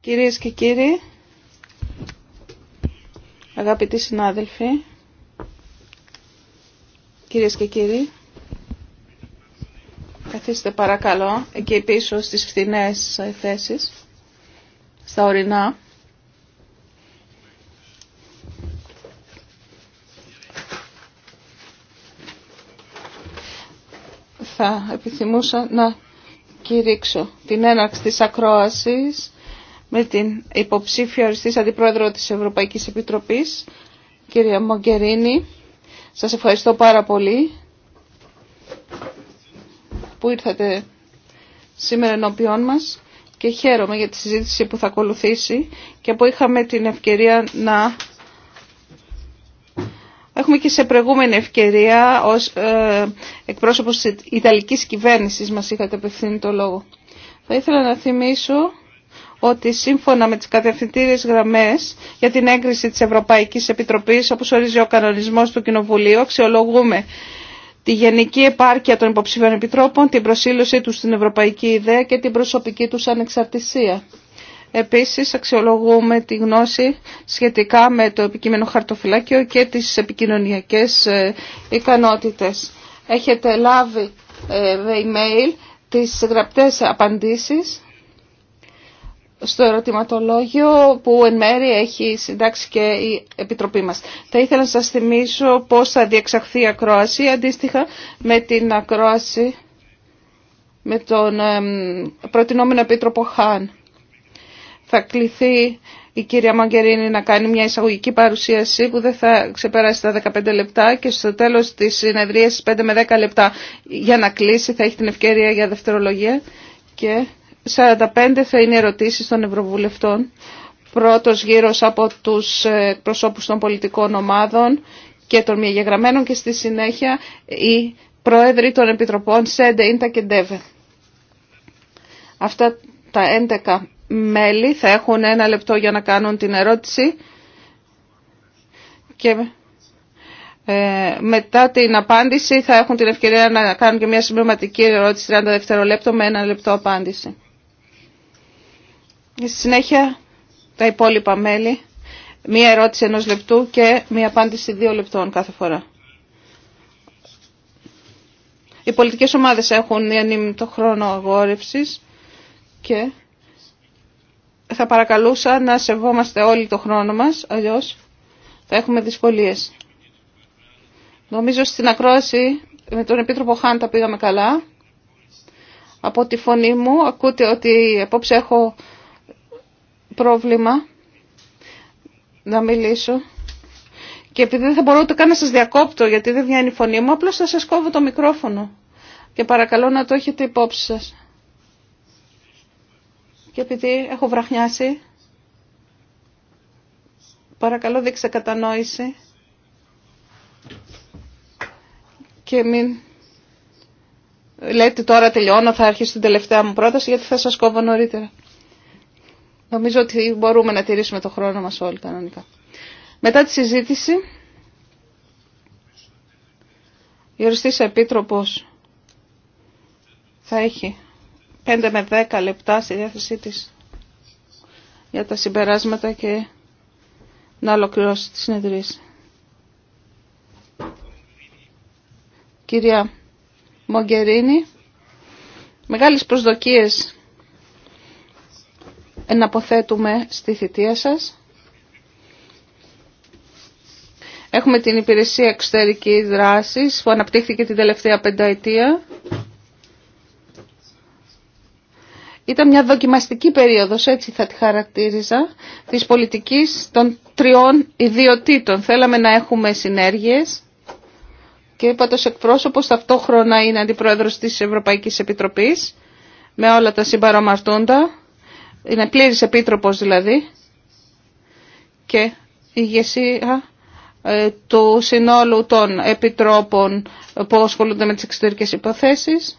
Κυρίες και κύριοι, αγαπητοί συνάδελφοι, κυρίες και κύριοι, καθίστε παρακαλώ εκεί πίσω στις φθηνές θέσεις, στα ορεινά. Θα επιθυμούσα να κηρύξω την έναρξη της ακρόασης με την υποψήφια οριστής Αντιπρόεδρο της Ευρωπαϊκής Επιτροπής, κυρία Μογκερίνη. Σας ευχαριστώ πάρα πολύ που ήρθατε σήμερα ενώπιόν μας και χαίρομαι για τη συζήτηση που θα ακολουθήσει και που είχαμε την ευκαιρία να Έχουμε και σε προηγούμενη ευκαιρία ως ε, εκπρόσωπος της Ιταλικής κυβέρνησης μας είχατε απευθύνει το λόγο. Θα ήθελα να θυμίσω ότι σύμφωνα με τις κατευθυντήριες γραμμές για την έγκριση της Ευρωπαϊκής Επιτροπής, όπως ορίζει ο κανονισμός του Κοινοβουλίου, αξιολογούμε τη γενική επάρκεια των υποψηφίων επιτρόπων, την προσήλωσή τους στην ευρωπαϊκή ιδέα και την προσωπική τους ανεξαρτησία. Επίσης αξιολογούμε τη γνώση σχετικά με το επικείμενο χαρτοφυλάκιο και τις επικοινωνιακές ε, ικανότητες. Έχετε λάβει ε, email τις γραπτές απαντήσεις στο ερωτηματολόγιο που εν μέρει έχει συντάξει και η Επιτροπή μας. Θα ήθελα να σας θυμίσω πώς θα διεξαχθεί η ακρόαση αντίστοιχα με την ακρόαση με τον προτινόμενο Επίτροπο Χάν θα κληθεί η κυρία Μαγκερίνη να κάνει μια εισαγωγική παρουσίαση που δεν θα ξεπεράσει τα 15 λεπτά και στο τέλος της συνεδρίας 5 με 10 λεπτά για να κλείσει θα έχει την ευκαιρία για δευτερολογία και 45 θα είναι ερωτήσεις των Ευρωβουλευτών. Πρώτος γύρος από τους προσώπους των πολιτικών ομάδων και των μιαγεγραμμένων και στη συνέχεια οι πρόεδροι των Επιτροπών ΣΕΝΤΕ, ΙΝΤΑ και ΝΤΕΒΕ. Αυτά τα 11 μέλη θα έχουν ένα λεπτό για να κάνουν την ερώτηση και ε, μετά την απάντηση θα έχουν την ευκαιρία να κάνουν και μια συμπληρωματική ερώτηση 30 δευτερολέπτο με ένα λεπτό απάντηση. Στη συνέχεια τα υπόλοιπα μέλη, μία ερώτηση ενός λεπτού και μία απάντηση δύο λεπτών κάθε φορά. Οι πολιτικές ομάδες έχουν διανύμει το χρόνο αγόρευσης και θα παρακαλούσα να σεβόμαστε όλοι το χρόνο μας, αλλιώς θα έχουμε δυσκολίες. Νομίζω στην ακρόαση με τον Επίτροπο Χάν τα πήγαμε καλά. Από τη φωνή μου ακούτε ότι απόψε έχω πρόβλημα να μιλήσω. Και επειδή δεν θα μπορώ ούτε καν να σας διακόπτω γιατί δεν βγαίνει η φωνή μου, απλώς θα σας κόβω το μικρόφωνο. Και παρακαλώ να το έχετε υπόψη σας και επειδή έχω βραχνιάσει, παρακαλώ δείξε κατανόηση και μην λέτε τώρα τελειώνω, θα αρχίσει την τελευταία μου πρόταση γιατί θα σας κόβω νωρίτερα. Νομίζω ότι μπορούμε να τηρήσουμε το χρόνο μας όλοι κανονικά. Μετά τη συζήτηση, η οριστής επίτροπος θα έχει 5 με 10 λεπτά στη διάθεσή της για τα συμπεράσματα και να ολοκληρώσει τη συνεδρίαση. Κυρία Μογκερίνη, μεγάλες προσδοκίες εναποθέτουμε στη θητεία σας. Έχουμε την υπηρεσία εξωτερικής δράσης που αναπτύχθηκε την τελευταία πενταετία ήταν μια δοκιμαστική περίοδος, έτσι θα τη χαρακτήριζα, της πολιτικής των τριών ιδιωτήτων. Θέλαμε να έχουμε συνέργειες και είπα το εκπρόσωπος ταυτόχρονα είναι αντιπρόεδρος της Ευρωπαϊκής Επιτροπής με όλα τα συμπαραμαρτούντα. Είναι πλήρης επίτροπος δηλαδή και ηγεσία ε, του συνόλου των επιτρόπων που ασχολούνται με τις εξωτερικές υποθέσεις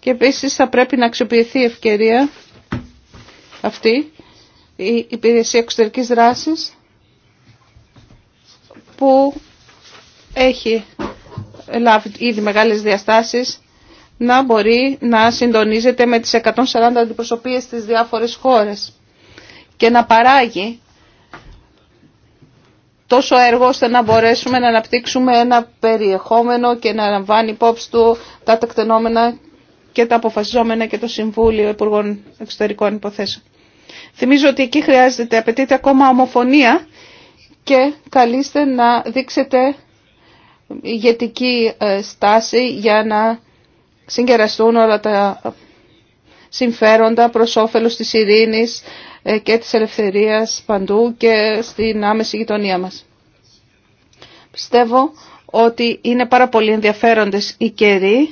και επίσης θα πρέπει να αξιοποιηθεί η ευκαιρία αυτή, η υπηρεσία εξωτερικής δράσης, που έχει λάβει ήδη μεγάλες διαστάσεις, να μπορεί να συντονίζεται με τις 140 αντιπροσωπείες στις διάφορες χώρες και να παράγει τόσο έργο ώστε να μπορέσουμε να αναπτύξουμε ένα περιεχόμενο και να λαμβάνει υπόψη του τα τεκτενόμενα και τα αποφασιζόμενα και το Συμβούλιο Υπουργών Εξωτερικών Υποθέσεων. Θυμίζω ότι εκεί χρειάζεται, απαιτείται ακόμα ομοφωνία και καλείστε να δείξετε ηγετική ε, στάση για να συγκεραστούν όλα τα συμφέροντα προς όφελος της ειρήνης ε, και της ελευθερίας παντού και στην άμεση γειτονία μας. Πιστεύω ότι είναι πάρα πολύ ενδιαφέροντες οι καιροί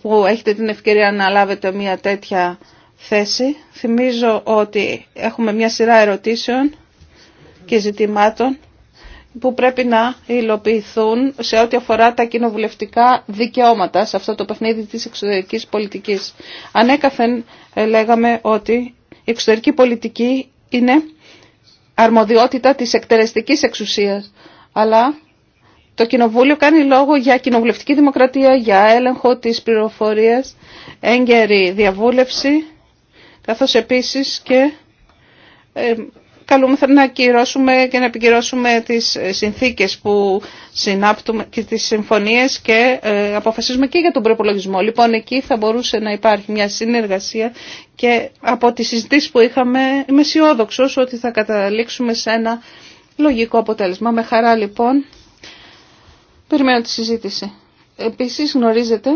που έχετε την ευκαιρία να λάβετε μια τέτοια θέση. Θυμίζω ότι έχουμε μια σειρά ερωτήσεων και ζητημάτων που πρέπει να υλοποιηθούν σε ό,τι αφορά τα κοινοβουλευτικά δικαιώματα σε αυτό το παιχνίδι της εξωτερικής πολιτικής. Ανέκαθεν ε, λέγαμε ότι η εξωτερική πολιτική είναι αρμοδιότητα της εκτελεστικής εξουσίας, αλλά το Κοινοβούλιο κάνει λόγο για κοινοβουλευτική δημοκρατία, για έλεγχο της πληροφορίας, έγκαιρη διαβούλευση, καθώς επίσης και ε, καλούμεθα να ακυρώσουμε και να επικυρώσουμε τις συνθήκες που συνάπτουμε και τις συμφωνίες και ε, αποφασίζουμε και για τον προπολογισμό. Λοιπόν, εκεί θα μπορούσε να υπάρχει μια συνεργασία και από τις συζητήσεις που είχαμε είμαι αισιόδοξο ότι θα καταλήξουμε σε ένα λογικό αποτέλεσμα. Με χαρά λοιπόν Περιμένω τη συζήτηση. Επίσης γνωρίζετε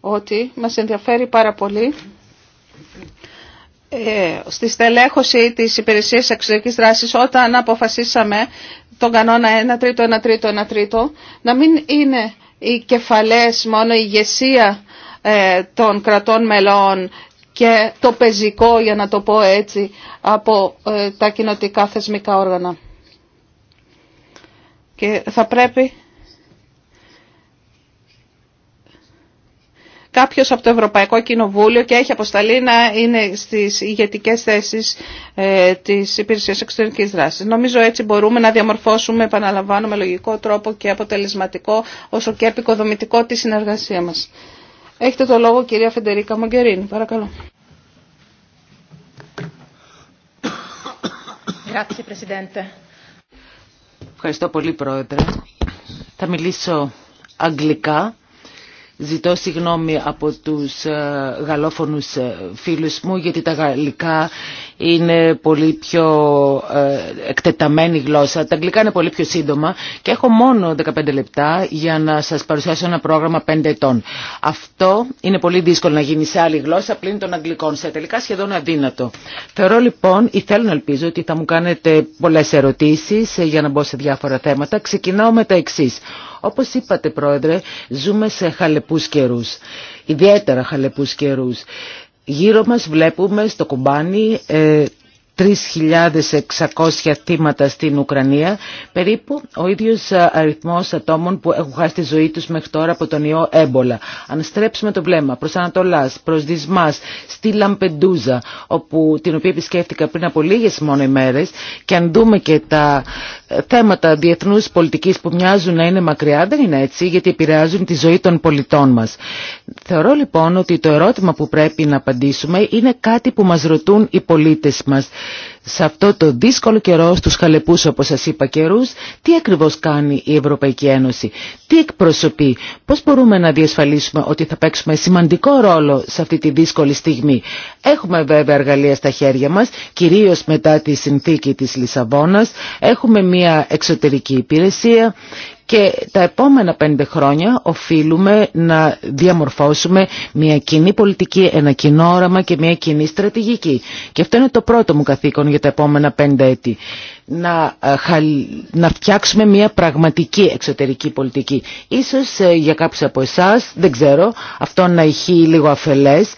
ότι μας ενδιαφέρει πάρα πολύ ε, στη στελέχωση της υπηρεσίας εξωτερικής δράσης όταν αποφασίσαμε τον κανόνα 1 τρίτο, 1 τρίτο, 1 τρίτο να μην είναι οι κεφαλές μόνο η ηγεσία ε, των κρατών μελών και το πεζικό για να το πω έτσι από ε, τα κοινοτικά θεσμικά όργανα και θα πρέπει κάποιος από το Ευρωπαϊκό Κοινοβούλιο και έχει αποσταλεί να είναι στις ηγετικές θέσεις ε, της Υπηρεσίας Εξωτερικής Δράσης. Νομίζω έτσι μπορούμε να διαμορφώσουμε, επαναλαμβάνω, με λογικό τρόπο και αποτελεσματικό, όσο και επικοδομητικό τη συνεργασία μας. Έχετε το λόγο κυρία Φεντερίκα Μογκερίνη, παρακαλώ. Ευχαριστώ πολύ πρόεδρε. Θα μιλήσω αγγλικά Ζητώ συγγνώμη από τους ε, γαλλόφωνους ε, φίλους μου γιατί τα γαλλικά είναι πολύ πιο ε, εκτεταμένη γλώσσα. Τα αγγλικά είναι πολύ πιο σύντομα και έχω μόνο 15 λεπτά για να σας παρουσιάσω ένα πρόγραμμα 5 ετών. Αυτό είναι πολύ δύσκολο να γίνει σε άλλη γλώσσα πλην των αγγλικών. Σε τελικά σχεδόν αδύνατο. Θεωρώ λοιπόν ή θέλω να ελπίζω ότι θα μου κάνετε πολλές ερωτήσεις για να μπω σε διάφορα θέματα. Ξεκινάω με τα εξής. Όπως είπατε πρόεδρε, ζούμε σε χαλεπούς καιρούς, ιδιαίτερα χαλεπούς καιρούς. Γύρω μας βλέπουμε στο κουμπάνι 3.600 ε, θύματα στην Ουκρανία, περίπου ο ίδιος ε, αριθμός ατόμων που έχουν χάσει τη ζωή τους μέχρι τώρα από τον ιό έμπολα. Αν στρέψουμε το βλέμμα προς Ανατολάς, προς Δυσμάς, στη Λαμπεντούζα, την οποία επισκέφτηκα πριν από λίγες μόνο ημέρες, και αν δούμε και τα θέματα διεθνούς πολιτικής που μοιάζουν να είναι μακριά δεν είναι έτσι γιατί επηρεάζουν τη ζωή των πολιτών μας. Θεωρώ λοιπόν ότι το ερώτημα που πρέπει να απαντήσουμε είναι κάτι που μας ρωτούν οι πολίτες μας σε αυτό το δύσκολο καιρό, στους χαλεπούς όπως σας είπα καιρούς, τι ακριβώς κάνει η Ευρωπαϊκή Ένωση, τι εκπροσωπεί, πώς μπορούμε να διασφαλίσουμε ότι θα παίξουμε σημαντικό ρόλο σε αυτή τη δύσκολη στιγμή. Έχουμε βέβαια εργαλεία στα χέρια μας, κυρίως μετά τη συνθήκη της Λισαβόνας, έχουμε μια εξωτερική υπηρεσία, και τα επόμενα πέντε χρόνια οφείλουμε να διαμορφώσουμε μια κοινή πολιτική, ένα κοινό όραμα και μια κοινή στρατηγική. Και αυτό είναι το πρώτο μου καθήκον για τα επόμενα πέντε έτη. Να, ε, φτιάξουμε μια πραγματική εξωτερική πολιτική. Ίσως ε, για κάποιους από εσάς, δεν ξέρω, αυτό να έχει λίγο αφελές,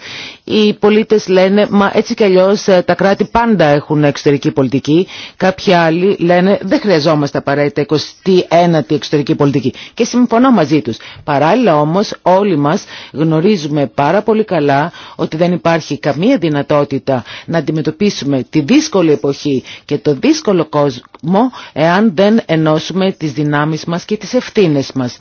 οι πολίτες λένε «Μα έτσι κι αλλιώς ε, τα κράτη πάντα έχουν εξωτερική πολιτική». Κάποιοι άλλοι λένε «Δεν χρειαζόμαστε απαραίτητα 21η εξωτερική πολιτική». Και συμφωνώ μαζί τους. Παράλληλα όμως όλοι μας γνωρίζουμε πάρα πολύ καλά ότι δεν υπάρχει καμία δυνατότητα να αντιμετωπίσουμε τη δύσκολη εποχή και το δύσκολο κόσμο εάν δεν ενώσουμε τις δυνάμεις μας και τις ευθύνες μας.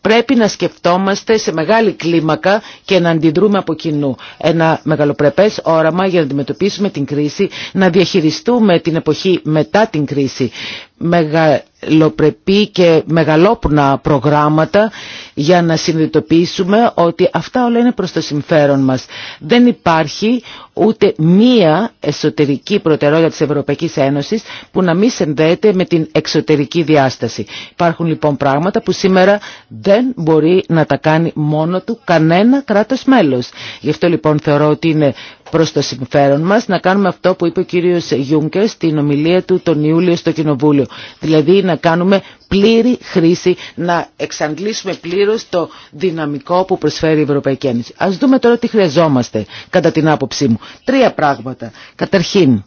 Πρέπει να σκεφτόμαστε σε μεγάλη κλίμακα και να αντιδρούμε από κοινού ένα μεγαλοπρεπές όραμα για να αντιμετωπίσουμε την κρίση, να διαχειριστούμε την εποχή μετά την κρίση. Μεγαλοπρεπή και μεγαλόπουνα προγράμματα για να συνειδητοποιήσουμε ότι αυτά όλα είναι προς το συμφέρον μας. Δεν υπάρχει ούτε μία εσωτερική προτεραιότητα της Ευρωπαϊκής Ένωσης που να μην συνδέεται με την εξωτερική διάσταση. Υπάρχουν λοιπόν πράγματα που σήμερα δεν μπορεί να τα κάνει μόνο του κανένα κράτος μέλος. Γι' αυτό λοιπόν θεωρώ ότι είναι προς το συμφέρον μας να κάνουμε αυτό που είπε ο κύριος Γιούγκερ στην ομιλία του τον Ιούλιο στο Κοινοβούλιο. Δηλαδή να κάνουμε πλήρη χρήση, να εξαντλήσουμε πλήρως το δυναμικό που προσφέρει η Ευρωπαϊκή Ένωση. Ας δούμε τώρα τι χρειαζόμαστε κατά την άποψή μου. Τρία πράγματα. Καταρχήν,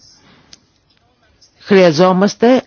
χρειαζόμαστε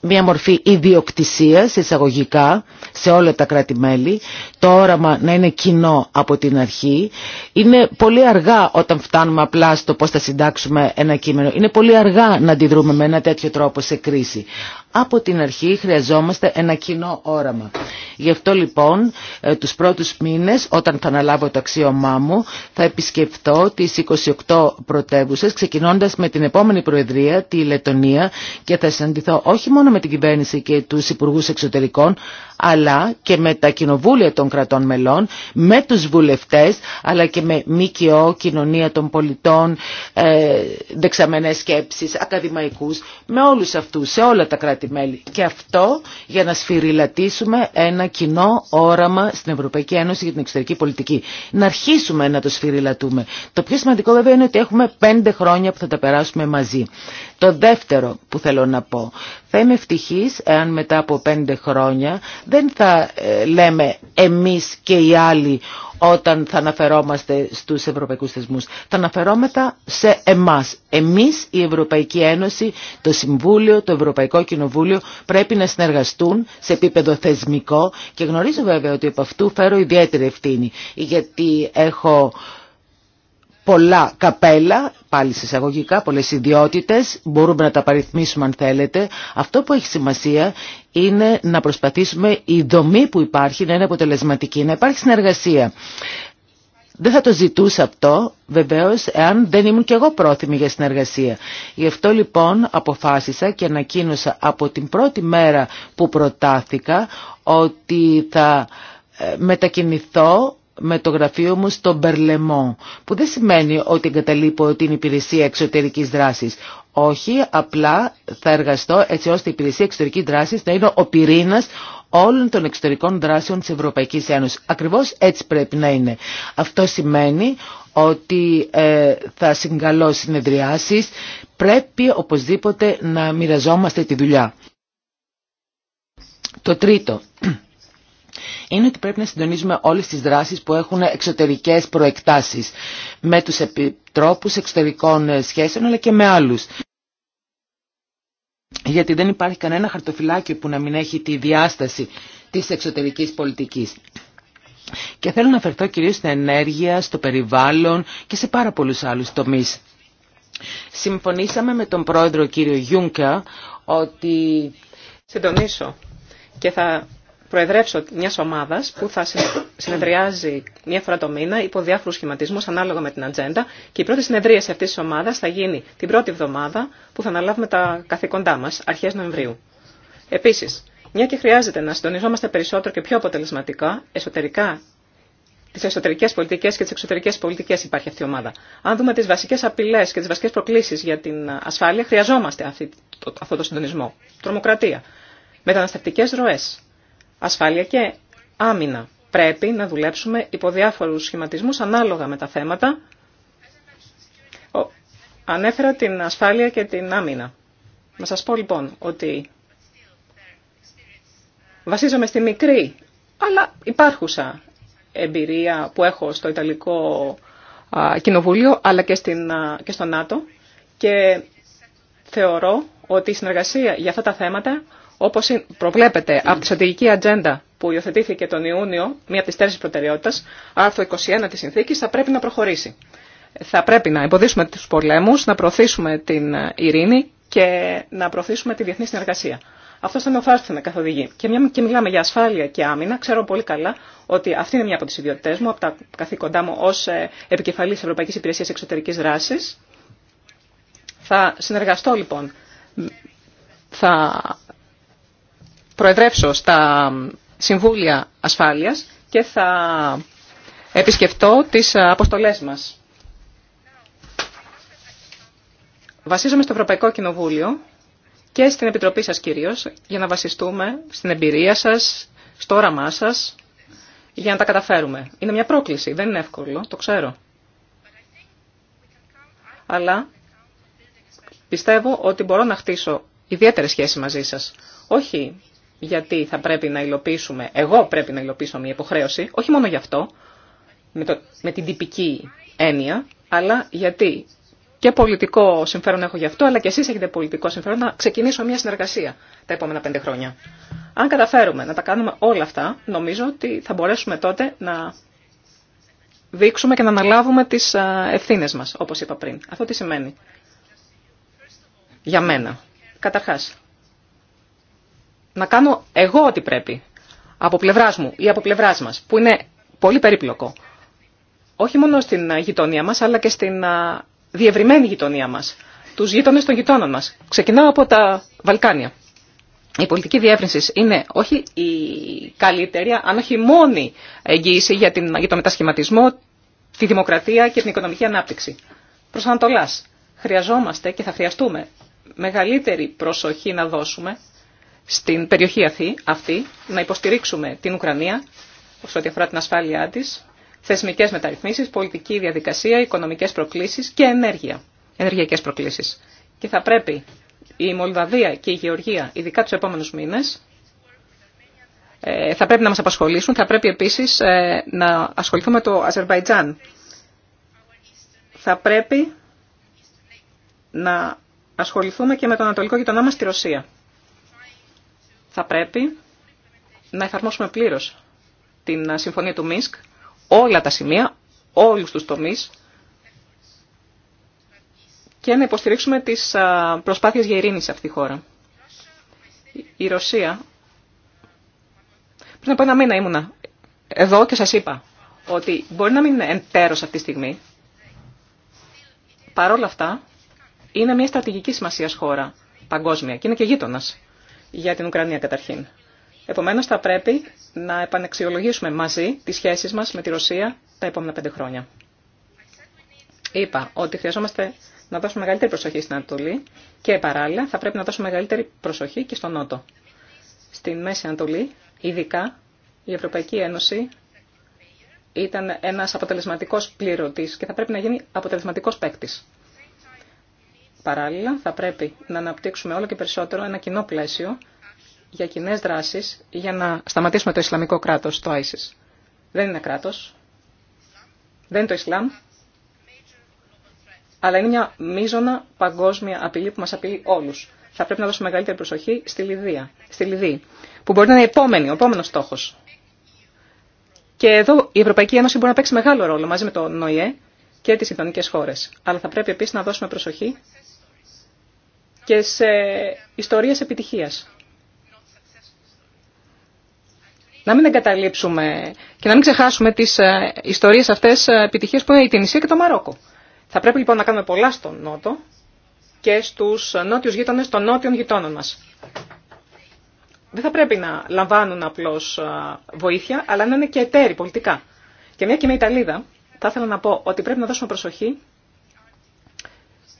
μια μορφή ιδιοκτησίας εισαγωγικά σε όλα τα κράτη-μέλη, το όραμα να είναι κοινό από την αρχή. Είναι πολύ αργά όταν φτάνουμε απλά στο πώς θα συντάξουμε ένα κείμενο. Είναι πολύ αργά να αντιδρούμε με ένα τέτοιο τρόπο σε κρίση. Από την αρχή χρειαζόμαστε ένα κοινό όραμα. Γι' αυτό λοιπόν ε, τους πρώτους μήνες όταν θα αναλάβω το αξίωμά μου θα επισκεφτώ τις 28 πρωτεύουσε, ξεκινώντας με την επόμενη Προεδρία, τη Λετωνία και θα συναντηθώ όχι μόνο με την κυβέρνηση και τους Υπουργούς Εξωτερικών αλλά και με τα κοινοβούλια των κρατών μελών, με τους βουλευτές, αλλά και με ΜΚΟ, κοινωνία των πολιτών, ε, δεξαμενές σκέψεις, ακαδημαϊκούς, με όλους αυτούς, σε όλα τα κράτη-μέλη. Και αυτό για να σφυριλατήσουμε ένα κοινό όραμα στην Ευρωπαϊκή Ένωση για την εξωτερική πολιτική. Να αρχίσουμε να το σφυριλατούμε. Το πιο σημαντικό βέβαια είναι ότι έχουμε πέντε χρόνια που θα τα περάσουμε μαζί. Το δεύτερο που θέλω να πω, θα είμαι ευτυχής εάν μετά από πέντε χρόνια δεν θα ε, λέμε εμείς και οι άλλοι όταν θα αναφερόμαστε στους ευρωπαϊκούς θεσμούς. Θα αναφερόμεθα σε εμάς. Εμείς, η Ευρωπαϊκή Ένωση, το Συμβούλιο, το Ευρωπαϊκό Κοινοβούλιο πρέπει να συνεργαστούν σε επίπεδο θεσμικό και γνωρίζω βέβαια ότι από αυτού φέρω ιδιαίτερη ευθύνη γιατί έχω πολλά καπέλα, πάλι συσσαγωγικά, πολλές ιδιότητες, μπορούμε να τα παριθμίσουμε αν θέλετε. Αυτό που έχει σημασία είναι να προσπαθήσουμε η δομή που υπάρχει να είναι αποτελεσματική, να υπάρχει συνεργασία. Δεν θα το ζητούσα αυτό, βεβαίως, εάν δεν ήμουν και εγώ πρόθυμη για συνεργασία. Γι' αυτό λοιπόν αποφάσισα και ανακοίνωσα από την πρώτη μέρα που προτάθηκα ότι θα ε, μετακινηθώ με το γραφείο μου στο Μπερλεμό, που δεν σημαίνει ότι εγκαταλείπω την υπηρεσία εξωτερικής δράσης. Όχι, απλά θα εργαστώ έτσι ώστε η υπηρεσία εξωτερικής δράσης να είναι ο πυρήνας όλων των εξωτερικών δράσεων της Ευρωπαϊκής Ένωσης. Ακριβώς έτσι πρέπει να είναι. Αυτό σημαίνει ότι ε, θα συγκαλώ συνεδριάσεις. Πρέπει οπωσδήποτε να μοιραζόμαστε τη δουλειά. Το τρίτο, είναι ότι πρέπει να συντονίζουμε όλες τις δράσεις που έχουν εξωτερικές προεκτάσεις με τους επιτρόπους εξωτερικών ε, σχέσεων αλλά και με άλλους. Γιατί δεν υπάρχει κανένα χαρτοφυλάκιο που να μην έχει τη διάσταση της εξωτερικής πολιτικής. Και θέλω να αφαιρθώ κυρίως στην ενέργεια, στο περιβάλλον και σε πάρα πολλούς άλλους τομείς. Συμφωνήσαμε με τον πρόεδρο κύριο Γιούνκα ότι... Συντονίσω και θα προεδρεύσω μια ομάδα που θα συνεδριάζει μία φορά το μήνα υπό διάφορου σχηματισμού ανάλογα με την ατζέντα και η πρώτη συνεδρίαση αυτή τη ομάδα θα γίνει την πρώτη εβδομάδα που θα αναλάβουμε τα καθήκοντά μα, αρχέ Νοεμβρίου. Επίση, μια και χρειάζεται να συντονιζόμαστε περισσότερο και πιο αποτελεσματικά εσωτερικά τι εσωτερικέ πολιτικέ και τι εξωτερικέ πολιτικέ υπάρχει αυτή η ομάδα. Αν δούμε τι βασικέ απειλέ και τι βασικέ προκλήσει για την ασφάλεια, χρειαζόμαστε αυτό το συντονισμό. Τρομοκρατία. Μεταναστευτικέ ροέ ασφάλεια και άμυνα. Πρέπει να δουλέψουμε υπό διάφορους σχηματισμούς ανάλογα με τα θέματα. Ανέφερα την ασφάλεια και την άμυνα. Να σας πω λοιπόν ότι βασίζομαι στη μικρή, αλλά υπάρχουσα εμπειρία που έχω στο Ιταλικό Κοινοβούλιο, αλλά και, στην, και στο ΝΑΤΟ και θεωρώ ότι η συνεργασία για αυτά τα θέματα όπως προβλέπεται από τη στρατηγική ατζέντα που υιοθετήθηκε τον Ιούνιο, μία από τις τέσσερις προτεραιότητες, άρθρο 21 της συνθήκης, θα πρέπει να προχωρήσει. Θα πρέπει να εμποδίσουμε τους πολέμους, να προωθήσουμε την ε, ειρήνη και να προωθήσουμε τη διεθνή συνεργασία. Αυτό θα ο φάστη με Και μια και μιλάμε για ασφάλεια και άμυνα, ξέρω πολύ καλά ότι αυτή είναι μια από τι ιδιότητέ μου, από τα καθήκοντά μου ω ε, επικεφαλή Ευρωπαϊκή Υπηρεσία Εξωτερική Δράση. Θα συνεργαστώ λοιπόν. Θα προεδρεύσω στα Συμβούλια Ασφάλειας και θα επισκεφτώ τις αποστολές μας. Βασίζομαι στο Ευρωπαϊκό Κοινοβούλιο και στην Επιτροπή σας κυρίως για να βασιστούμε στην εμπειρία σας, στο όραμά σας, για να τα καταφέρουμε. Είναι μια πρόκληση, δεν είναι εύκολο, το ξέρω. Αλλά πιστεύω ότι μπορώ να χτίσω ιδιαίτερη σχέση μαζί σας. Όχι γιατί θα πρέπει να υλοποιήσουμε, εγώ πρέπει να υλοποιήσω μια υποχρέωση, όχι μόνο γι' αυτό, με, το, με την τυπική έννοια, αλλά γιατί και πολιτικό συμφέρον έχω γι' αυτό, αλλά και εσείς έχετε πολιτικό συμφέρον να ξεκινήσω μια συνεργασία τα επόμενα πέντε χρόνια. Αν καταφέρουμε να τα κάνουμε όλα αυτά, νομίζω ότι θα μπορέσουμε τότε να δείξουμε και να αναλάβουμε τις ευθύνε μας, όπως είπα πριν. Αυτό τι σημαίνει για μένα. Καταρχάς, να κάνω εγώ ό,τι πρέπει, από πλευρά μου ή από πλευρά μα, που είναι πολύ περίπλοκο. Όχι μόνο στην ε, γειτονία μα, αλλά και στην ε, διευρυμένη γειτονία μα, του γείτονε των γειτόνων μα. Ξεκινάω από τα Βαλκάνια. Η πολιτική διεύρυνση είναι όχι η καλύτερη, αν όχι η μόνη εγγύηση για, την, μετασχηματισμό, τη δημοκρατία και την οικονομική ανάπτυξη. Προ Ανατολά. Χρειαζόμαστε και θα χρειαστούμε μεγαλύτερη προσοχή να δώσουμε στην περιοχή αυτή, να υποστηρίξουμε την Ουκρανία όσο ό,τι αφορά την ασφάλειά της, θεσμικές μεταρρυθμίσεις, πολιτική διαδικασία, οικονομικές προκλήσεις και ενέργεια, ενεργειακές προκλήσεις. Και θα πρέπει η Μολδαβία και η Γεωργία, ειδικά τους επόμενους μήνες, ε, θα πρέπει να μας απασχολήσουν. Θα πρέπει επίσης ε, να ασχοληθούμε με το Αζερβαϊτζάν. Θα πρέπει να ασχοληθούμε και με τον Ανατολικό γειτονά μας στη Ρωσία θα πρέπει να εφαρμόσουμε πλήρως την συμφωνία του ΜΙΣΚ, όλα τα σημεία, όλους τους τομείς και να υποστηρίξουμε τις προσπάθειες για ειρήνη σε αυτή τη χώρα. Η Ρωσία, πριν από ένα μήνα ήμουνα εδώ και σας είπα ότι μπορεί να μην είναι εντέρος αυτή τη στιγμή, παρόλα αυτά είναι μια στρατηγική σημασία χώρα παγκόσμια και είναι και γείτονα για την Ουκρανία καταρχήν. Επομένως θα πρέπει να επανεξιολογήσουμε μαζί τις σχέσεις μας με τη Ρωσία τα επόμενα πέντε χρόνια. Είπα ότι χρειαζόμαστε να δώσουμε μεγαλύτερη προσοχή στην Ανατολή και παράλληλα θα πρέπει να δώσουμε μεγαλύτερη προσοχή και στον Νότο. Στην Μέση Ανατολή, ειδικά, η Ευρωπαϊκή Ένωση ήταν ένας αποτελεσματικός πλήρωτης και θα πρέπει να γίνει αποτελεσματικός παίκτη. Παράλληλα, θα πρέπει να αναπτύξουμε όλο και περισσότερο ένα κοινό πλαίσιο για κοινέ δράσει για να σταματήσουμε το Ισλαμικό κράτο, το ISIS. Δεν είναι κράτο. Δεν είναι το Ισλάμ. Αλλά είναι μια μείζωνα παγκόσμια απειλή που μα απειλεί όλου. Θα πρέπει να δώσουμε μεγαλύτερη προσοχή στη Λιβύη, στη Λιβύη που μπορεί να είναι επόμενη, ο επόμενο στόχο. Και εδώ η Ευρωπαϊκή Ένωση μπορεί να παίξει μεγάλο ρόλο μαζί με το ΝΟΙΕ και τι γειτονικέ χώρε. Αλλά θα πρέπει επίση να δώσουμε προσοχή και σε ιστορίες επιτυχίας. Να μην εγκαταλείψουμε και να μην ξεχάσουμε τις ε, ιστορίες αυτές ε, επιτυχίες που είναι η Τινησία και το Μαρόκο. Θα πρέπει λοιπόν να κάνουμε πολλά στον Νότο και στους νότιους γείτονες των νότιων γειτόνων μας. Δεν θα πρέπει να λαμβάνουν απλώς ε, βοήθεια, αλλά να είναι και εταίροι πολιτικά. Και μια και μια Ιταλίδα, θα ήθελα να πω ότι πρέπει να δώσουμε προσοχή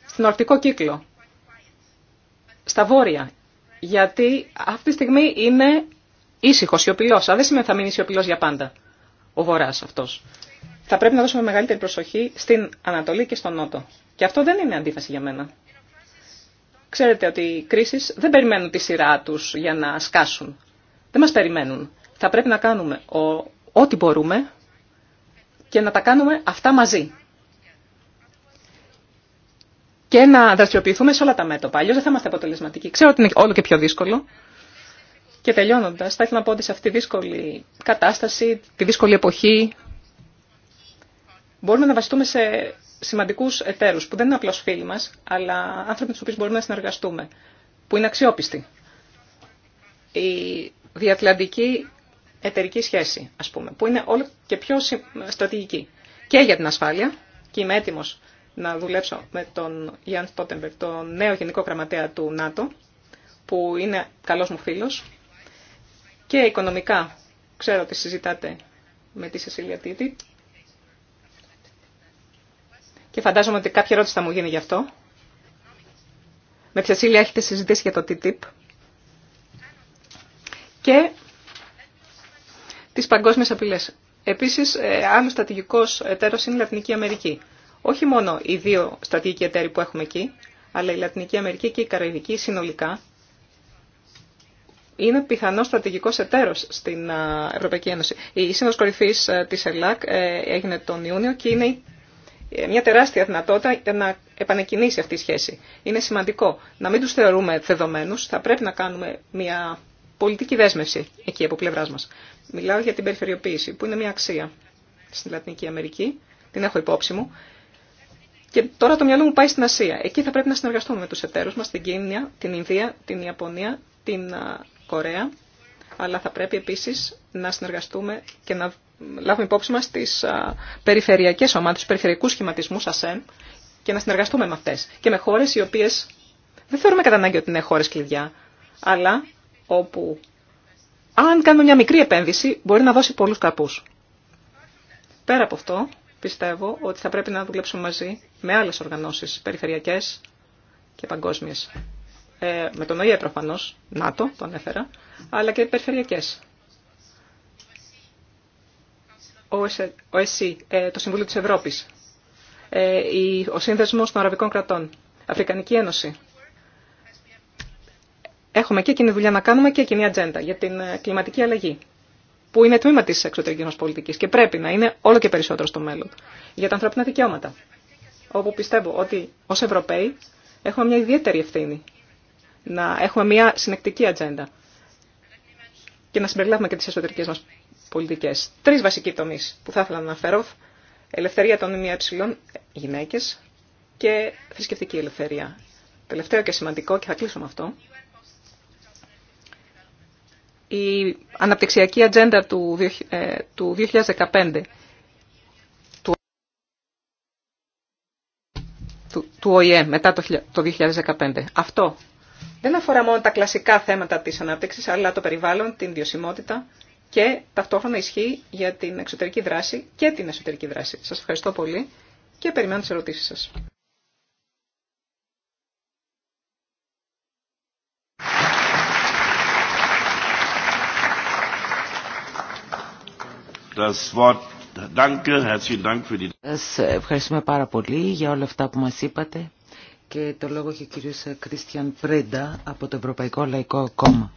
στην ορτικό κύκλο στα βόρεια. Γιατί αυτή τη στιγμή είναι ήσυχο, σιωπηλό. Αλλά δεν σημαίνει ότι θα μείνει σιωπηλό για πάντα ο βορρά αυτό. Θα πρέπει να δώσουμε μεγαλύτερη προσοχή στην Ανατολή και στον Νότο. Και αυτό δεν είναι αντίφαση για μένα. Ξέρετε ότι οι κρίσει δεν περιμένουν τη σειρά του για να σκάσουν. Δεν μα περιμένουν. Θα πρέπει να κάνουμε ό,τι μπορούμε και να τα κάνουμε αυτά μαζί και να δραστηριοποιηθούμε σε όλα τα μέτωπα. Αλλιώ δεν θα είμαστε αποτελεσματικοί. Ξέρω ότι είναι όλο και πιο δύσκολο. Και τελειώνοντα, θα ήθελα να πω ότι σε αυτή τη δύσκολη κατάσταση, τη δύσκολη εποχή, μπορούμε να βασιστούμε σε σημαντικού εταίρου που δεν είναι απλώ φίλοι μα, αλλά άνθρωποι με του οποίου μπορούμε να συνεργαστούμε, που είναι αξιόπιστοι. Η διατλαντική εταιρική σχέση, α πούμε, που είναι όλο και πιο στρατηγική και για την ασφάλεια, και είμαι έτοιμο να δουλέψω με τον Γιάνν Στότεμπερ, τον νέο Γενικό Γραμματέα του ΝΑΤΟ, που είναι καλός μου φίλος. Και οικονομικά, ξέρω ότι συζητάτε με τη Σεσίλια Τίτη. Και φαντάζομαι ότι κάποια ερώτηση θα μου γίνει γι' αυτό. Με τη Σεσίλια έχετε συζητήσει για το TTIP. Και τις παγκόσμιες απειλές. Επίσης, ε, άλλο στρατηγικός εταίρος είναι η Λατινική Αμερική όχι μόνο οι δύο στρατηγικοί εταίροι που έχουμε εκεί, αλλά η Λατινική Αμερική και η Καραϊβική συνολικά είναι πιθανό στρατηγικό εταίρο στην Ευρωπαϊκή Ένωση. Η σύνοδο Κορυφή τη ΕΛΑΚ ε, έγινε τον Ιούνιο και είναι ε, μια τεράστια δυνατότητα για να επανεκκινήσει αυτή η σχέση. Είναι σημαντικό να μην του θεωρούμε δεδομένου. θα πρέπει να κάνουμε μια πολιτική δέσμευση εκεί από πλευρά μα. Μιλάω για την περιφερειοποίηση, που είναι μια αξία στην Λατινική Αμερική, την έχω υπόψη μου. Και τώρα το μυαλό μου πάει στην Ασία. Εκεί θα πρέπει να συνεργαστούμε με τους εταίρους μα, την Κίνια, την Ινδία, την Ιαπωνία, την Κορέα. Αλλά θα πρέπει επίσης να συνεργαστούμε και να λάβουμε υπόψη μας τις περιφερειακές ομάδες, τους περιφερειακούς σχηματισμούς ΑΣΕΝ και να συνεργαστούμε με αυτές. Και με χώρες οι οποίες δεν θεωρούμε κατά ανάγκη ότι είναι χώρες κλειδιά, αλλά όπου αν κάνουμε μια μικρή επένδυση μπορεί να δώσει πολλούς καπούς. Πέρα από αυτό, πιστεύω ότι θα πρέπει να δουλέψουμε μαζί με άλλες οργανώσεις περιφερειακές και παγκόσμιες. Ε, με τον ΟΗΕ προφανώ, ΝΑΤΟ, το ανέφερα, αλλά και περιφερειακές. Ο ΕΣΥ, το Συμβούλιο της Ευρώπης, ε, ο Σύνδεσμος των Αραβικών Κρατών, Αφρικανική Ένωση. Έχουμε και κοινή δουλειά να κάνουμε και κοινή ατζέντα για την ε, κλιματική αλλαγή που είναι τμήμα τη εξωτερική μα πολιτική και πρέπει να είναι όλο και περισσότερο στο μέλλον. Για τα ανθρώπινα δικαιώματα. Όπου πιστεύω ότι ω Ευρωπαίοι έχουμε μια ιδιαίτερη ευθύνη να έχουμε μια συνεκτική ατζέντα και να συμπεριλάβουμε και τι εσωτερικέ μα πολιτικέ. Τρει βασικοί τομεί που θα ήθελα να αναφέρω. Ελευθερία των ΜΕ, γυναίκε και θρησκευτική ελευθερία. Τελευταίο και σημαντικό, και θα κλείσω με αυτό, η αναπτυξιακή ατζέντα του, 2015 ε, του, ΟΗΕ μετά το, το 2015. Αυτό δεν αφορά μόνο τα κλασικά θέματα της ανάπτυξης, αλλά το περιβάλλον, την βιωσιμότητα και ταυτόχρονα ισχύει για την εξωτερική δράση και την εσωτερική δράση. Σας ευχαριστώ πολύ και περιμένω τις ερωτήσεις σας. Σας ευχαριστούμε πάρα πολύ για όλα αυτά που μας είπατε και το λόγο έχει ο κύριος Κρίστιαν Πρέντα από το Ευρωπαϊκό Λαϊκό Κόμμα.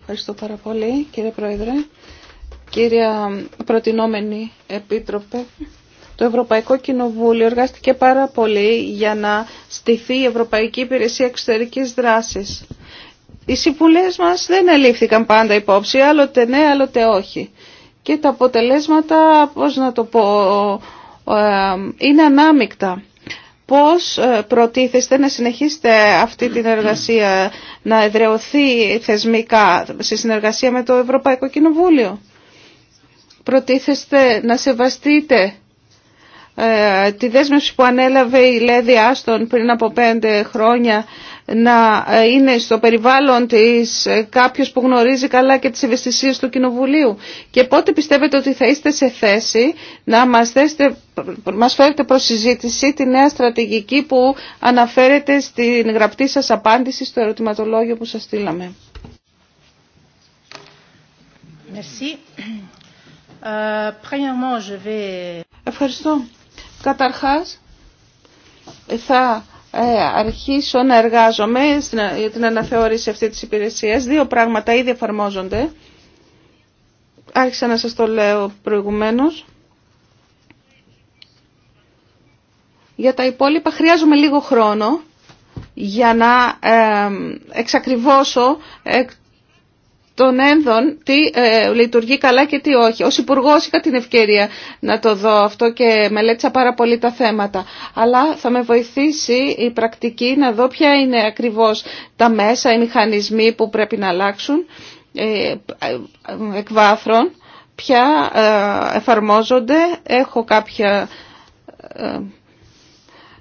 Ευχαριστώ πάρα πολύ κύριε Πρόεδρε. Κύρια Προτινόμενη Επίτροπε, το Ευρωπαϊκό Κοινοβούλιο εργάστηκε πάρα πολύ για να στηθεί η Ευρωπαϊκή Υπηρεσία Εξωτερικής Δράσης. Οι συμβουλές μας δεν ελήφθηκαν πάντα υπόψη, άλλοτε ναι, άλλοτε όχι και τα αποτελέσματα, πώς να το πω, ε, είναι ανάμεικτα. Πώς ε, προτίθεστε να συνεχίσετε αυτή την εργασία, να εδρεωθεί θεσμικά σε συνεργασία με το Ευρωπαϊκό Κοινοβούλιο. Προτίθεστε να σεβαστείτε ε, τη δέσμευση που ανέλαβε η Λέδη Άστον πριν από πέντε χρόνια να ε, είναι στο περιβάλλον της ε, κάποιος που γνωρίζει καλά και τις ευαισθησίες του Κοινοβουλίου. Και πότε πιστεύετε ότι θα είστε σε θέση να μας, φέρετε προς συζήτηση τη νέα στρατηγική που αναφέρεται στην γραπτή σας απάντηση στο ερωτηματολόγιο που σας στείλαμε. Euh, Ευχαριστώ. Καταρχάς, θα ε, αρχίσω να εργάζομαι για την αναθεώρηση αυτή της υπηρεσίας. Δύο πράγματα ήδη εφαρμόζονται. Άρχισα να σας το λέω προηγουμένως. Για τα υπόλοιπα χρειάζομαι λίγο χρόνο για να ε, εξακριβώσω τον ένδων τι ε, λειτουργεί καλά και τι όχι. Ως υπουργό είχα την ευκαιρία να το δω αυτό και μελέτησα πάρα πολύ τα θέματα. Αλλά θα με βοηθήσει η πρακτική να δω ποια είναι ακριβώς τα μέσα, οι μηχανισμοί που πρέπει να αλλάξουν ε, εκ βάθρων, ποια ε, εφαρμόζονται, έχω κάποια ε,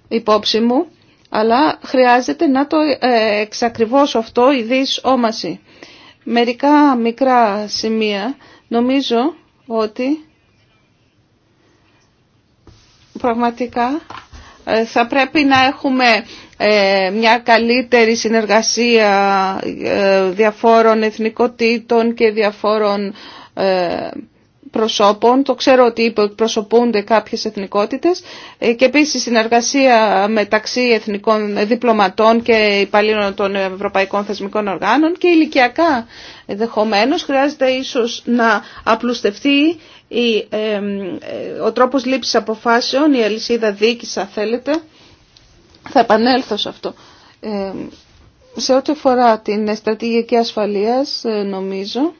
υπόψη μου, αλλά χρειάζεται να το εξακριβώσω αυτό η δυσόμαση μερικά μικρά σημεία νομίζω ότι πραγματικά ε, θα πρέπει να έχουμε ε, μια καλύτερη συνεργασία ε, διαφόρων εθνικοτήτων και διαφόρων προσώπων. Το ξέρω ότι προσωπούνται κάποιες εθνικότητες ε, και επίσης συνεργασία μεταξύ εθνικών διπλωματών και υπαλλήλων των ευρωπαϊκών θεσμικών οργάνων και ηλικιακά ενδεχομένω χρειάζεται ίσως να απλουστευτεί η, ε, ο τρόπος λήψης αποφάσεων, η αλυσίδα δίκης αν θέλετε. Θα επανέλθω σε αυτό. σε ό,τι αφορά την στρατηγική ασφαλείας ε, νομίζω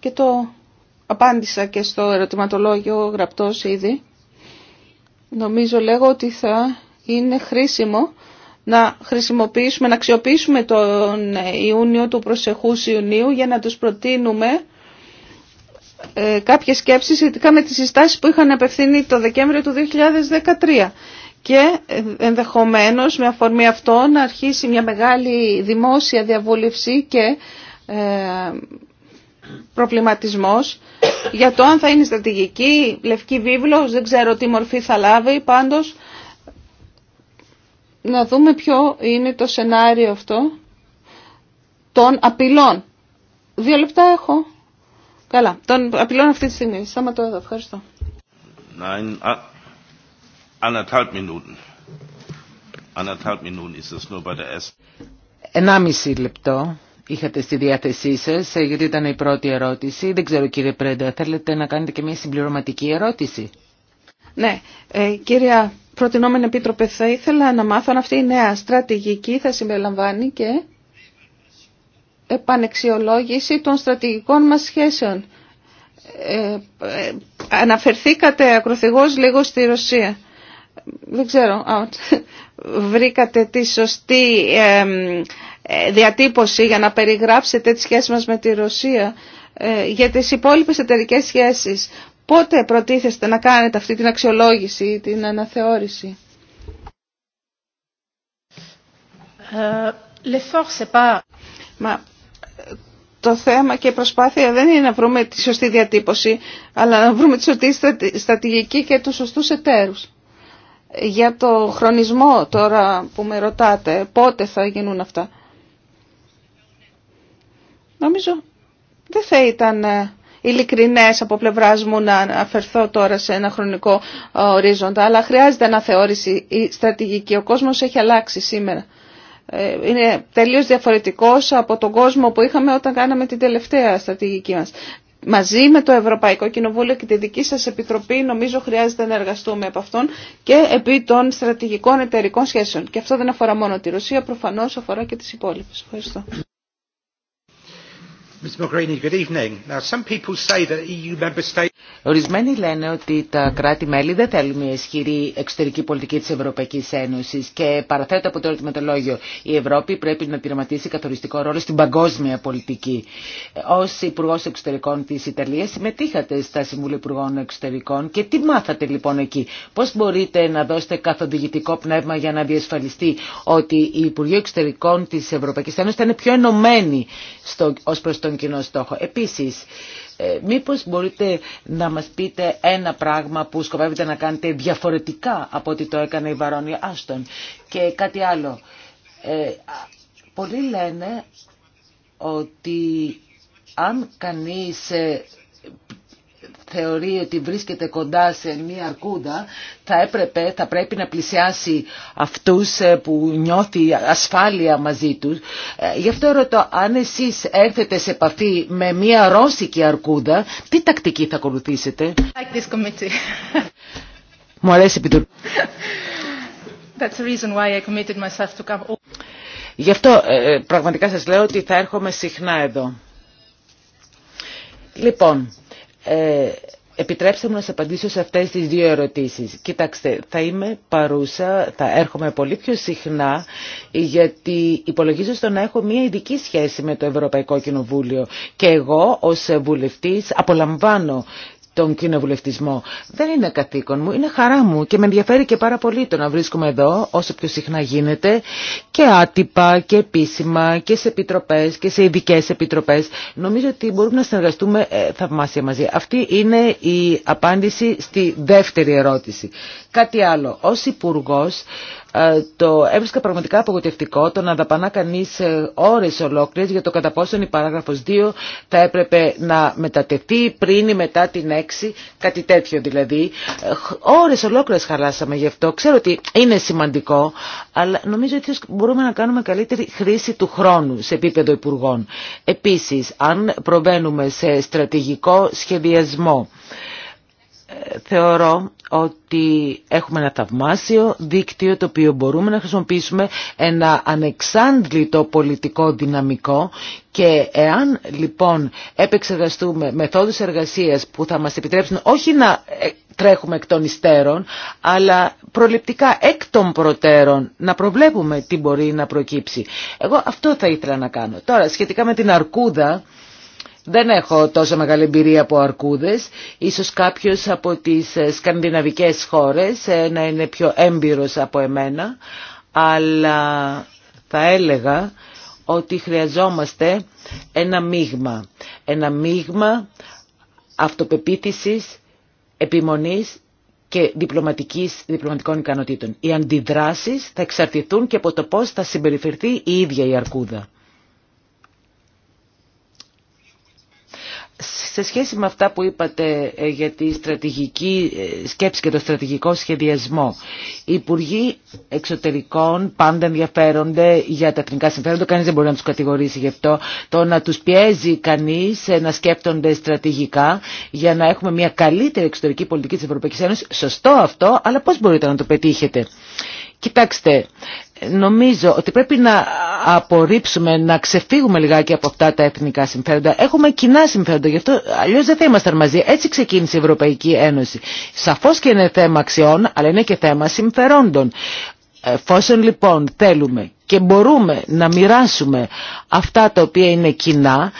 και το Απάντησα και στο ερωτηματολόγιο γραπτός ήδη. Νομίζω λέγω ότι θα είναι χρήσιμο να χρησιμοποιήσουμε, να αξιοποιήσουμε τον Ιούνιο του προσεχούς Ιουνίου για να τους προτείνουμε ε, κάποιες σκέψεις σχετικά με τις συστάσεις που είχαν απευθύνει το Δεκέμβριο του 2013 και ε, ενδεχομένως με αφορμή αυτό να αρχίσει μια μεγάλη δημόσια διαβούλευση και ε, προβληματισμός για το αν θα είναι στρατηγική, λευκή βίβλος, δεν ξέρω τι μορφή θα λάβει, πάντως να δούμε ποιο είναι το σενάριο αυτό των απειλών. Δύο λεπτά έχω. Καλά, των απειλών αυτή τη στιγμή. Σταματώ εδώ, ευχαριστώ. Nein, anderthalb Minuten. ist es nur bei der λεπτό είχατε στη διάθεσή σας, ε, γιατί ήταν η πρώτη ερώτηση. Δεν ξέρω κύριε Πρέντα, θέλετε να κάνετε και μια συμπληρωματική ερώτηση. Ναι, ε, κύρια Προτινόμενη Επίτροπε, θα ήθελα να μάθω αν αυτή η νέα στρατηγική θα συμπεριλαμβάνει και επανεξιολόγηση των στρατηγικών μας σχέσεων. Ε, ε, αναφερθήκατε ακροθυγώς λίγο στη Ρωσία. Δεν ξέρω, βρήκατε τη σωστή ε, διατύπωση για να περιγράψετε τις σχέσεις μας με τη Ρωσία ε, για τις υπόλοιπες εταιρικές σχέσεις. Πότε προτίθεστε να κάνετε αυτή την αξιολόγηση ή την αναθεώρηση. Ε, Μα, το θέμα και η προσπάθεια δεν είναι να βρούμε τη σωστή διατύπωση, αλλά να βρούμε τη σωστή στρατηγική και τους σωστούς εταίρους. Για το χρονισμό τώρα που με ρωτάτε, πότε θα γίνουν αυτά. Νομίζω δεν θα ήταν ε, ειλικρινές από πλευρά μου να αφαιρθώ τώρα σε ένα χρονικό ε, ορίζοντα, αλλά χρειάζεται αναθεώρηση η στρατηγική. Ο κόσμος έχει αλλάξει σήμερα. Ε, είναι τελείως διαφορετικός από τον κόσμο που είχαμε όταν κάναμε την τελευταία στρατηγική μας. Μαζί με το Ευρωπαϊκό Κοινοβούλιο και τη δική σας Επιτροπή νομίζω χρειάζεται να εργαστούμε από αυτόν και επί των στρατηγικών εταιρικών σχέσεων. Και αυτό δεν αφορά μόνο τη Ρωσία, προφανώς αφορά και τις υπόλοιπε. Ευχαριστώ mr mogherini good evening. some people say that eu member states. Ορισμένοι λένε ότι τα κράτη-μέλη δεν θέλουν μια ισχυρή εξωτερική πολιτική της Ευρωπαϊκής Ένωσης και παραθέτω από το ερωτηματολόγιο η Ευρώπη πρέπει να πειραματίσει καθοριστικό ρόλο στην παγκόσμια πολιτική. Ως Υπουργό Εξωτερικών της Ιταλίας συμμετείχατε στα Συμβούλια Υπουργών Εξωτερικών και τι μάθατε λοιπόν εκεί. Πώς μπορείτε να δώσετε καθοδηγητικό πνεύμα για να διασφαλιστεί ότι οι Υπουργοί Εξωτερικών της Ευρωπαϊκής Ένωσης θα είναι πιο ενωμένοι ως τον κοινό στόχο. Επίσης, ε, μήπως μπορείτε να μας πείτε ένα πράγμα που σκοπεύετε να κάνετε διαφορετικά από ό,τι το έκανε η Βαρόνια Άστον. Και κάτι άλλο. Ε, πολλοί λένε ότι αν κανείς ε, θεωρεί ότι βρίσκεται κοντά σε μία αρκούδα θα, έπρεπε, θα πρέπει να πλησιάσει αυτούς ε, που νιώθει ασφάλεια μαζί τους. Ε, γι' αυτό ρωτώ, αν εσείς έρθετε σε επαφή με μία ρώσικη αρκούδα, τι τακτική θα ακολουθήσετε. Μου αρέσει επί Γι' αυτό ε, πραγματικά σας λέω ότι θα έρχομαι συχνά εδώ. Λοιπόν, ε, επιτρέψτε μου να σας απαντήσω σε αυτές τις δύο ερωτήσεις. Κοιτάξτε, θα είμαι παρούσα, θα έρχομαι πολύ πιο συχνά, γιατί υπολογίζω στο να έχω μια ειδική σχέση με το Ευρωπαϊκό Κοινοβούλιο. Και εγώ ως βουλευτής απολαμβάνω τον κοινοβουλευτισμό. Δεν είναι καθήκον μου, είναι χαρά μου και με ενδιαφέρει και πάρα πολύ το να βρίσκομαι εδώ όσο πιο συχνά γίνεται και άτυπα και επίσημα και σε επιτροπές και σε ειδικέ επιτροπές. Νομίζω ότι μπορούμε να συνεργαστούμε ε, θαυμάσια μαζί. Αυτή είναι η απάντηση στη δεύτερη ερώτηση. Κάτι άλλο. Ως υπουργό ε, το έβρισκα πραγματικά απογοητευτικό το να δαπανά κανείς ε, ώρες ολόκληρες για το κατά πόσον η παράγραφος 2 θα έπρεπε να μετατεθεί πριν ή μετά την 6, κάτι τέτοιο δηλαδή. Ε, ώρες ολόκληρες χαλάσαμε γι' αυτό. Ξέρω ότι είναι σημαντικό, αλλά νομίζω ότι μπορούμε να κάνουμε καλύτερη χρήση του χρόνου σε επίπεδο υπουργών. Επίση, αν προβαίνουμε σε στρατηγικό σχεδιασμό, θεωρώ ότι έχουμε ένα θαυμάσιο δίκτυο το οποίο μπορούμε να χρησιμοποιήσουμε ένα ανεξάντλητο πολιτικό δυναμικό και εάν λοιπόν επεξεργαστούμε μεθόδους εργασίας που θα μας επιτρέψουν όχι να ε, τρέχουμε εκ των υστέρων αλλά προληπτικά εκ των προτέρων να προβλέπουμε τι μπορεί να προκύψει. Εγώ αυτό θα ήθελα να κάνω. Τώρα σχετικά με την αρκούδα δεν έχω τόσο μεγάλη εμπειρία από αρκούδες. Ίσως κάποιος από τις ε, σκανδιναβικές χώρες ε, να είναι πιο έμπειρος από εμένα. Αλλά θα έλεγα ότι χρειαζόμαστε ένα μείγμα. Ένα μείγμα αυτοπεποίθησης, επιμονής και διπλωματικής, διπλωματικών ικανοτήτων. Οι αντιδράσεις θα εξαρτηθούν και από το πώς θα συμπεριφερθεί η ίδια η αρκούδα. σε σχέση με αυτά που είπατε ε, για τη στρατηγική ε, σκέψη και το στρατηγικό σχεδιασμό, οι Υπουργοί Εξωτερικών πάντα ενδιαφέρονται για τα εθνικά συμφέροντα, κανείς δεν μπορεί να τους κατηγορήσει γι' αυτό, το να τους πιέζει κανείς ε, να σκέπτονται στρατηγικά για να έχουμε μια καλύτερη εξωτερική πολιτική της ΕΕ, σωστό αυτό, αλλά πώς μπορείτε να το πετύχετε. Κοιτάξτε, νομίζω ότι πρέπει να απορρίψουμε, να ξεφύγουμε λιγάκι από αυτά τα εθνικά συμφέροντα. Έχουμε κοινά συμφέροντα, γι' αυτό αλλιώς δεν θα ήμασταν μαζί. Έτσι ξεκίνησε η Ευρωπαϊκή Ένωση. Σαφώς και είναι θέμα αξιών, αλλά είναι και θέμα συμφερόντων. Εφόσον λοιπόν θέλουμε και μπορούμε να μοιράσουμε αυτά τα οποία είναι κοινά,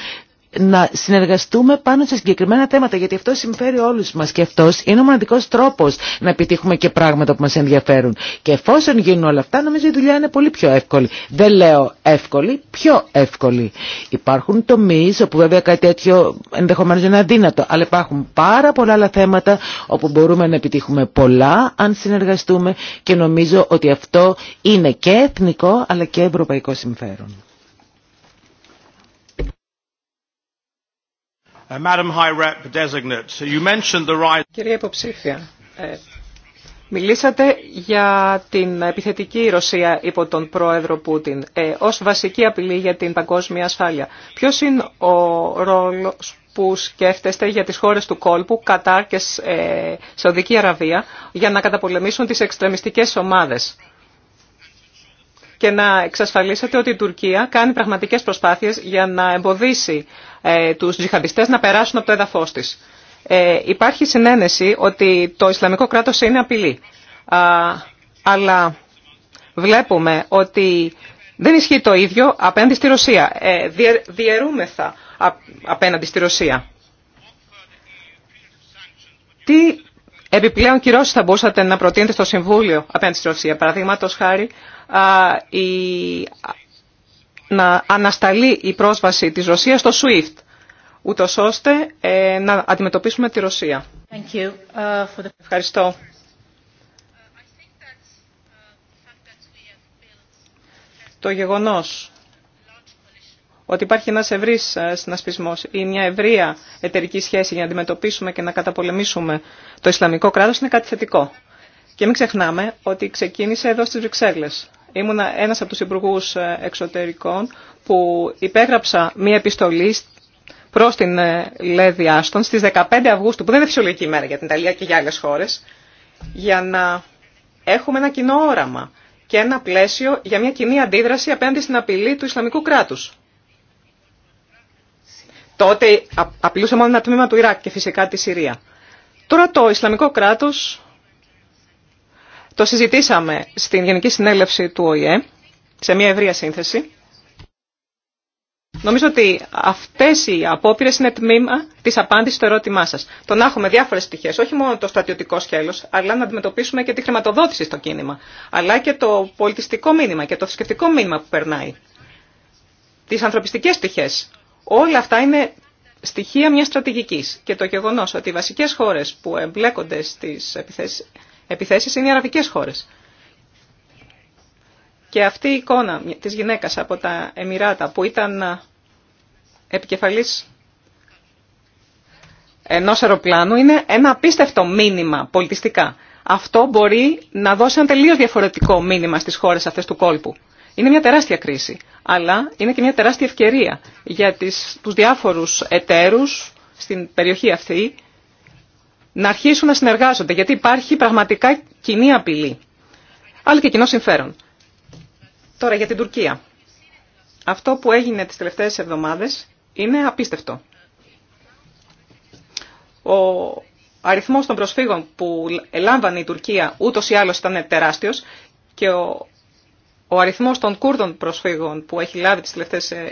να συνεργαστούμε πάνω σε συγκεκριμένα θέματα γιατί αυτό συμφέρει όλους μας και αυτός είναι ο μοναδικός τρόπος να επιτύχουμε και πράγματα που μας ενδιαφέρουν και εφόσον γίνουν όλα αυτά νομίζω η δουλειά είναι πολύ πιο εύκολη δεν λέω εύκολη, πιο εύκολη υπάρχουν τομείς όπου βέβαια κάτι τέτοιο ενδεχομένως είναι αδύνατο αλλά υπάρχουν πάρα πολλά άλλα θέματα όπου μπορούμε να επιτύχουμε πολλά αν συνεργαστούμε και νομίζω ότι αυτό είναι και εθνικό αλλά και ευρωπαϊκό συμφέρον Uh, Κύριε Υποψήφια, ε, μιλήσατε για την επιθετική Ρωσία υπό τον πρόεδρο Πούτιν ε, ως βασική απειλή για την παγκόσμια ασφάλεια. Ποιος είναι ο ρόλος που σκέφτεστε για τις χώρες του κόλπου, Κατάρ και ε, Σαουδική Αραβία, για να καταπολεμήσουν τις εξτρεμιστικές ομάδες και να εξασφαλίσετε ότι η Τουρκία κάνει πραγματικές προσπάθειες για να εμποδίσει ε, τους τζιχαντιστές να περάσουν από το έδαφος της. Ε, υπάρχει συνένεση ότι το Ισλαμικό κράτος είναι απειλή. αλλά βλέπουμε ότι δεν ισχύει το ίδιο απέναντι στη Ρωσία. Ε, διαιρούμεθα απέναντι στη Ρωσία. Τι επιπλέον κυρώσεις θα μπορούσατε να προτείνετε στο Συμβούλιο απέναντι στη Ρωσία. Παραδείγματος χάρη η να ανασταλεί η πρόσβαση της Ρωσίας στο SWIFT, ούτω ώστε ε, να αντιμετωπίσουμε τη Ρωσία. Thank you. Uh, for the... Ευχαριστώ. Το γεγονός ότι υπάρχει ένας ευρύς ε, συνασπισμός ή μια ευρεία εταιρική σχέση για να αντιμετωπίσουμε και να καταπολεμήσουμε το Ισλαμικό κράτος είναι κάτι θετικό. Και μην ξεχνάμε ότι ξεκίνησε εδώ στις Βρυξέλλες. Ήμουνα ένας από τους υπουργού ε, εξωτερικών που υπέγραψα μία επιστολή προς την ε, Λέδη Άστον στις 15 Αυγούστου, που δεν είναι φυσιολογική ημέρα για την Ιταλία και για άλλες χώρες, για να έχουμε ένα κοινό όραμα και ένα πλαίσιο για μια κοινή αντίδραση απέναντι στην απειλή του Ισλαμικού κράτους. Τότε απειλούσε μόνο ένα τμήμα του Ιράκ και φυσικά τη Συρία. Τώρα το Ισλαμικό κράτος το συζητήσαμε στην Γενική Συνέλευση του ΟΗΕ, σε μια ευρία σύνθεση. Νομίζω ότι αυτέ οι απόπειρε είναι τμήμα τη απάντηση στο ερώτημά σα. Το να έχουμε διάφορε στοιχείε, όχι μόνο το στρατιωτικό σκέλο, αλλά να αντιμετωπίσουμε και τη χρηματοδότηση στο κίνημα, αλλά και το πολιτιστικό μήνυμα και το θρησκευτικό μήνυμα που περνάει. Τι ανθρωπιστικέ πτυχέ. Όλα αυτά είναι στοιχεία μια στρατηγική. Και το γεγονό ότι οι βασικέ χώρε που εμπλέκονται στι επιθέσει επιθέσεις είναι οι αραβικές χώρες. Και αυτή η εικόνα της γυναίκας από τα Εμμυράτα που ήταν ε, επικεφαλής ενός αεροπλάνου είναι ένα απίστευτο μήνυμα πολιτιστικά. Αυτό μπορεί να δώσει ένα τελείως διαφορετικό μήνυμα στις χώρες αυτές του κόλπου. Είναι μια τεράστια κρίση, αλλά είναι και μια τεράστια ευκαιρία για τις, τους διάφορους εταίρους στην περιοχή αυτή να αρχίσουν να συνεργάζονται, γιατί υπάρχει πραγματικά κοινή απειλή, Άλλο και κοινό συμφέρον. Τώρα για την Τουρκία. Αυτό που έγινε τις τελευταίες εβδομάδες είναι απίστευτο. Ο αριθμός των προσφύγων που ελάμβανε η Τουρκία ούτως ή άλλως ήταν τεράστιος και ο, ο αριθμός των Κούρδων προσφύγων που έχει λάβει τις τελευταίες ε,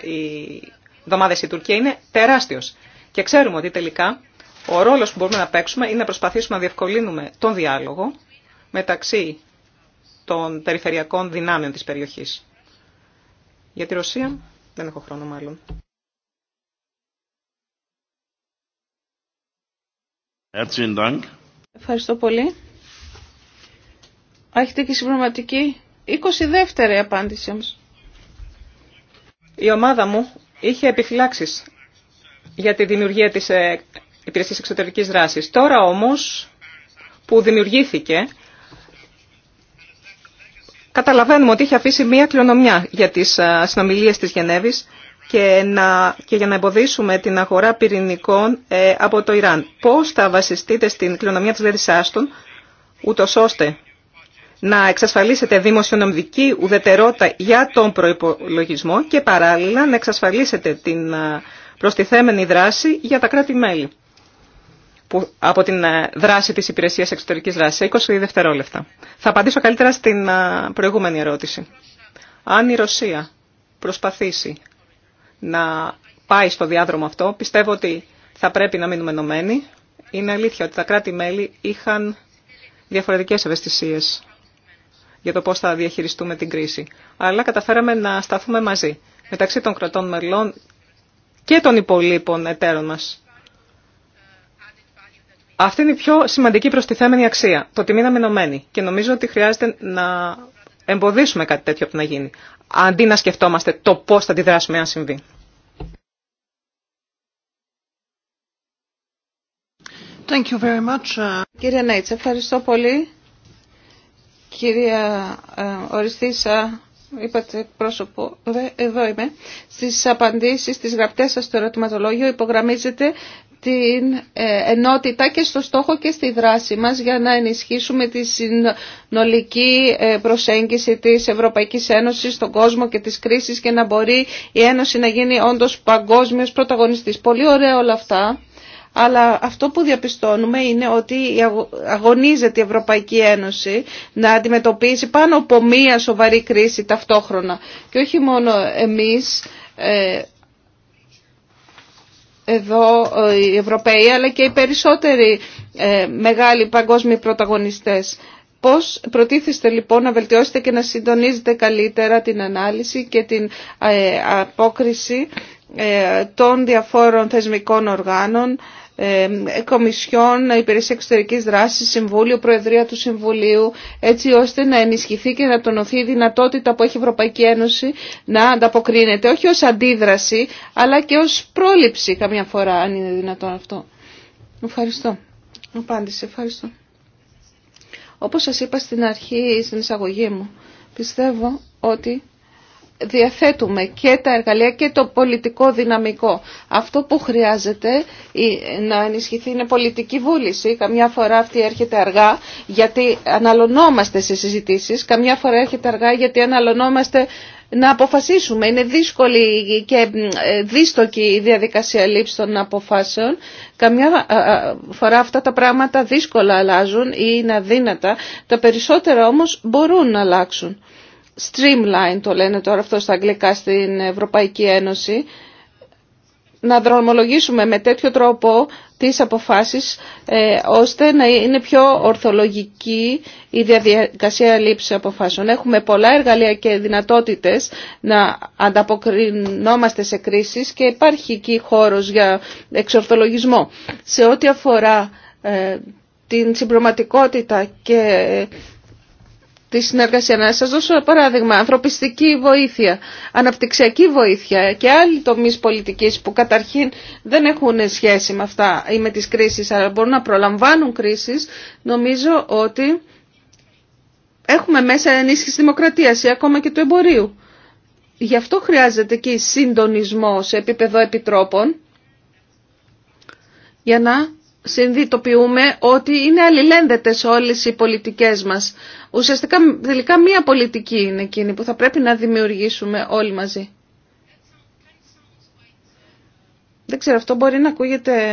εβδομάδες η Τουρκία είναι τεράστιος. Και ξέρουμε ότι τελικά ο ρόλος που μπορούμε να παίξουμε είναι να προσπαθήσουμε να διευκολύνουμε τον διάλογο μεταξύ των περιφερειακών δυνάμεων της περιοχής. Για τη Ρωσία δεν έχω χρόνο μάλλον. Ευχαριστώ πολύ. Έχετε και συμπληρωματική 22η απάντηση όμως. Η ομάδα μου είχε επιφυλάξεις για τη δημιουργία της ε, υπηρεσίες εξωτερικής δράσης. Τώρα όμως που δημιουργήθηκε, καταλαβαίνουμε ότι έχει αφήσει μία κληρονομιά για τις συνομιλίες της Γενέβης και, να, και για να εμποδίσουμε την αγορά πυρηνικών ε, από το Ιράν. Πώς θα βασιστείτε στην κληρονομιά της Λέδης Άστον, ούτως ώστε να εξασφαλίσετε δημοσιονομική ουδετερότητα για τον προϋπολογισμό και παράλληλα να εξασφαλίσετε την προστιθέμενη δράση για τα κράτη-μέλη από την ε, δράση της υπηρεσίας εξωτερικής δράσης. 20 δευτερόλεπτα. Θα απαντήσω καλύτερα στην ε, προηγούμενη ερώτηση. Αν η Ρωσία προσπαθήσει να πάει στο διάδρομο αυτό, πιστεύω ότι θα πρέπει να μείνουμε ενωμένοι. Είναι αλήθεια ότι τα κράτη-μέλη είχαν διαφορετικές ευαισθησίες για το πώς θα διαχειριστούμε την κρίση. Αλλά καταφέραμε να σταθούμε μαζί μεταξύ των κρατών μελών και των υπολείπων εταίρων μας. Αυτή είναι η πιο σημαντική προστιθέμενη αξία, το ότι μείναμε ενωμένοι. Και νομίζω ότι χρειάζεται να εμποδίσουμε κάτι τέτοιο από να γίνει, αντί να σκεφτόμαστε το πώς θα αντιδράσουμε αν συμβεί. Thank you very much. Κύριε Νέιτς, ευχαριστώ πολύ. Κυρία ε, Οριστήσα, είπατε πρόσωπο, εδώ είμαι. Στις απαντήσεις, στις γραπτές σας στο ερωτηματολόγιο υπογραμμίζεται την ε, ενότητα και στο στόχο και στη δράση μας για να ενισχύσουμε τη συνολική ε, προσέγγιση της Ευρωπαϊκής Ένωσης στον κόσμο και της κρίσης και να μπορεί η Ένωση να γίνει όντως παγκόσμιος πρωταγωνιστής. Πολύ ωραία όλα αυτά. Αλλά αυτό που διαπιστώνουμε είναι ότι αγωνίζεται η Ευρωπαϊκή Ένωση να αντιμετωπίσει πάνω από μία σοβαρή κρίση ταυτόχρονα. Και όχι μόνο εμείς, ε, εδώ ε, οι Ευρωπαίοι αλλά και οι περισσότεροι ε, μεγάλοι παγκόσμιοι πρωταγωνιστές. Πώς προτίθεστε λοιπόν να βελτιώσετε και να συντονίζετε καλύτερα την ανάλυση και την ε, απόκριση των διαφόρων θεσμικών οργάνων Κομισιόν, Υπηρεσία Εξωτερικής Δράσης, Συμβούλιο, Προεδρία του Συμβουλίου, έτσι ώστε να ενισχυθεί και να τονωθεί η δυνατότητα που έχει η Ευρωπαϊκή Ένωση να ανταποκρίνεται, όχι ως αντίδραση, αλλά και ως πρόληψη καμιά φορά, αν είναι δυνατόν αυτό. Ευχαριστώ. Απάντηση, ευχαριστώ. Όπως σας είπα στην αρχή, στην εισαγωγή μου, πιστεύω ότι διαθέτουμε και τα εργαλεία και το πολιτικό δυναμικό. Αυτό που χρειάζεται να ενισχυθεί είναι πολιτική βούληση. Καμιά φορά αυτή έρχεται αργά γιατί αναλωνόμαστε σε συζητήσεις. Καμιά φορά έρχεται αργά γιατί αναλωνόμαστε να αποφασίσουμε. Είναι δύσκολη και ε, δύστοκη η διαδικασία λήψη των αποφάσεων. Καμιά ε, ε, φορά αυτά τα πράγματα δύσκολα αλλάζουν ή είναι αδύνατα. Τα περισσότερα όμως μπορούν να αλλάξουν streamline το λένε τώρα αυτό στα αγγλικά στην Ευρωπαϊκή Ένωση, να δρομολογήσουμε με τέτοιο τρόπο τις αποφάσεις ε, ώστε να είναι πιο ορθολογική η διαδικασία λήψη αποφάσεων. Έχουμε πολλά εργαλεία και δυνατότητες να ανταποκρινόμαστε σε κρίσεις και υπάρχει εκεί χώρος για εξορθολογισμό. Σε ό,τι αφορά ε, την συμπροματικότητα και τη συνεργασία. Να σας δώσω παράδειγμα, ανθρωπιστική βοήθεια, αναπτυξιακή βοήθεια και άλλοι τομείς πολιτικής που καταρχήν δεν έχουν σχέση με αυτά ή με τις κρίσεις, αλλά μπορούν να προλαμβάνουν κρίσεις, νομίζω ότι έχουμε μέσα ενίσχυση δημοκρατίας ή ακόμα και του εμπορίου. Γι' αυτό χρειάζεται εκεί συντονισμό σε επίπεδο επιτρόπων για να συνδυτοποιούμε ότι είναι αλληλένδετες όλες οι πολιτικές μας. Ουσιαστικά τελικά μία πολιτική είναι εκείνη που θα πρέπει να δημιουργήσουμε όλοι μαζί. Δεν ξέρω, αυτό μπορεί να ακούγεται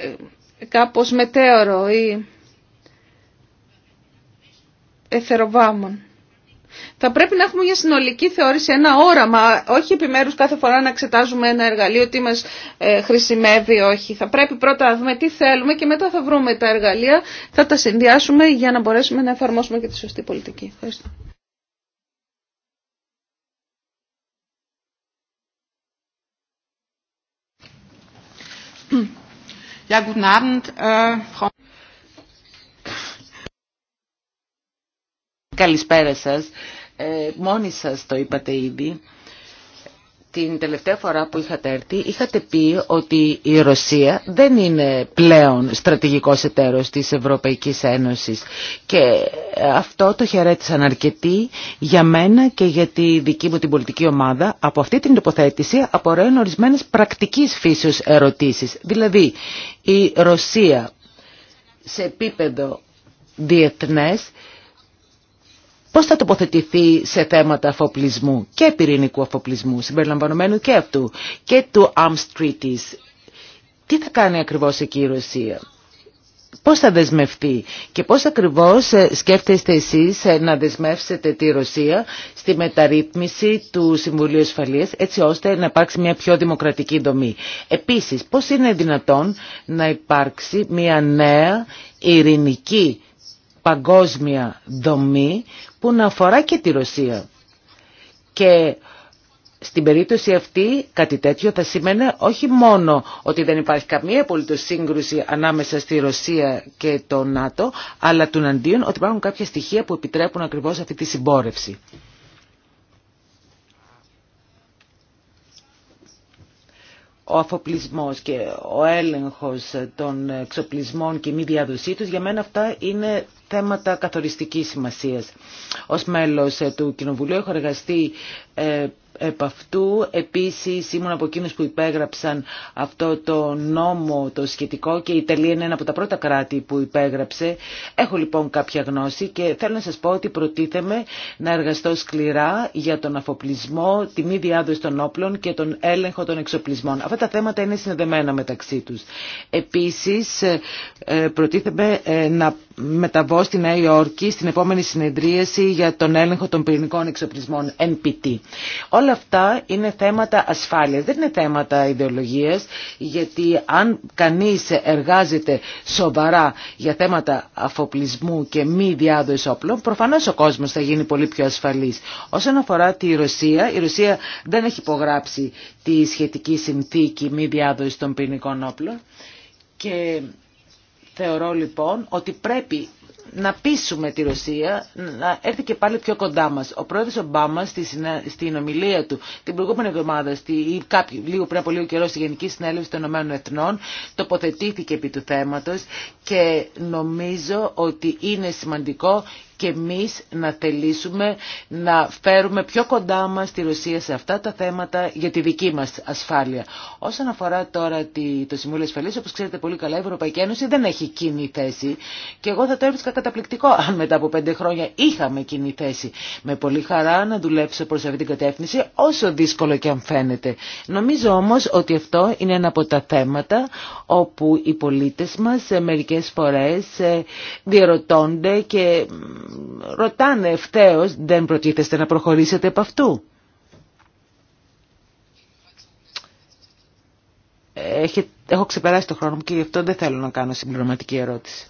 ε, κάπως μετέωρο ή εθεροβάμων. Θα πρέπει να έχουμε μια συνολική θεώρηση, ένα όραμα, όχι επιμέρους κάθε φορά να εξετάζουμε ένα εργαλείο, τι μας ε, χρησιμεύει, όχι. Θα πρέπει πρώτα να δούμε τι θέλουμε και μετά θα βρούμε τα εργαλεία, θα τα συνδυάσουμε για να μπορέσουμε να εφαρμόσουμε και τη σωστή πολιτική. Ευχαριστώ. Ja, Abend, äh, Frau. Καλησπέρα σας. Ε, μόνοι σας το είπατε ήδη, την τελευταία φορά που είχατε έρθει είχατε πει ότι η Ρωσία δεν είναι πλέον στρατηγικός εταίρος της Ευρωπαϊκής Ένωσης και αυτό το χαιρέτησαν αρκετοί για μένα και για τη δική μου την πολιτική ομάδα. Από αυτή την τοποθέτηση απορρέουν ορισμένες πρακτικής φύσεως ερωτήσεις. Δηλαδή η Ρωσία σε επίπεδο διεθνές πώς θα τοποθετηθεί σε θέματα αφοπλισμού και πυρηνικού αφοπλισμού, συμπεριλαμβανομένου και αυτού, και του Arms Treaties. Τι θα κάνει ακριβώς εκεί η Ρωσία. Πώς θα δεσμευτεί και πώς ακριβώς ε, σκέφτεστε εσείς ε, να δεσμεύσετε τη Ρωσία στη μεταρρύθμιση του Συμβουλίου Ασφαλείας έτσι ώστε να υπάρξει μια πιο δημοκρατική δομή. Επίσης, πώς είναι δυνατόν να υπάρξει μια νέα ειρηνική παγκόσμια δομή που να αφορά και τη Ρωσία. Και στην περίπτωση αυτή κάτι τέτοιο θα σημαίνει όχι μόνο ότι δεν υπάρχει καμία απολύτω σύγκρουση ανάμεσα στη Ρωσία και το ΝΑΤΟ, αλλά του αντίον ότι υπάρχουν κάποια στοιχεία που επιτρέπουν ακριβώς αυτή τη συμπόρευση. ο αφοπλισμός και ο έλεγχος των εξοπλισμών και η μη διάδοσή τους, για μένα αυτά είναι θέματα καθοριστικής σημασίας. Ως μέλος ε, του Κοινοβουλίου έχω εργαστεί ε, Επ' αυτού επίσης ήμουν από εκείνους που υπέγραψαν αυτό το νόμο το σχετικό και η Ιταλία είναι ένα από τα πρώτα κράτη που υπέγραψε. Έχω λοιπόν κάποια γνώση και θέλω να σας πω ότι προτίθεμαι να εργαστώ σκληρά για τον αφοπλισμό, τη μη διάδοση των όπλων και τον έλεγχο των εξοπλισμών. Αυτά τα θέματα είναι συνδεμένα μεταξύ τους. Επίσης ε, ε, προτίθεμαι ε, να μεταβώ στη Νέα Υόρκη στην επόμενη συνεδρίαση για τον έλεγχο των πυρηνικών εξοπλισμών NPT. Όλα αυτά είναι θέματα ασφάλειας, δεν είναι θέματα ιδεολογίας, γιατί αν κανείς εργάζεται σοβαρά για θέματα αφοπλισμού και μη διάδοση όπλων, προφανώς ο κόσμος θα γίνει πολύ πιο ασφαλής. Όσον αφορά τη Ρωσία, η Ρωσία δεν έχει υπογράψει τη σχετική συνθήκη μη διάδοση των ποινικών όπλων και θεωρώ λοιπόν ότι πρέπει να πείσουμε τη Ρωσία να έρθει και πάλι πιο κοντά μας. Ο πρόεδρος Ομπάμα στη συνα... στην ομιλία του την προηγούμενη εβδομάδα στη... ή κάποιο, λίγο πριν από λίγο καιρό στη Γενική Συνέλευση των Ηνωμένων Εθνών τοποθετήθηκε επί του θέματος και νομίζω ότι είναι σημαντικό και εμείς να θελήσουμε να φέρουμε πιο κοντά μας τη Ρωσία σε αυτά τα θέματα για τη δική μας ασφάλεια. Όσον αφορά τώρα το Συμβούλιο Ασφαλής, όπως ξέρετε πολύ καλά, η Ευρωπαϊκή Ένωση δεν έχει κοινή θέση και εγώ θα το έβρισκα καταπληκτικό αν μετά από πέντε χρόνια είχαμε κοινή θέση. Με πολύ χαρά να δουλέψω προς αυτή την κατεύθυνση όσο δύσκολο και αν φαίνεται. Νομίζω όμως ότι αυτό είναι ένα από τα θέματα όπου οι πολίτες μας ε, μερικές φορέ ε, διαρωτώνται και ρωτάνε ευθέως, δεν προτίθεστε να προχωρήσετε από αυτού. Έχω ξεπεράσει το χρόνο μου και γι' αυτό δεν θέλω να κάνω συμπληρωματική ερώτηση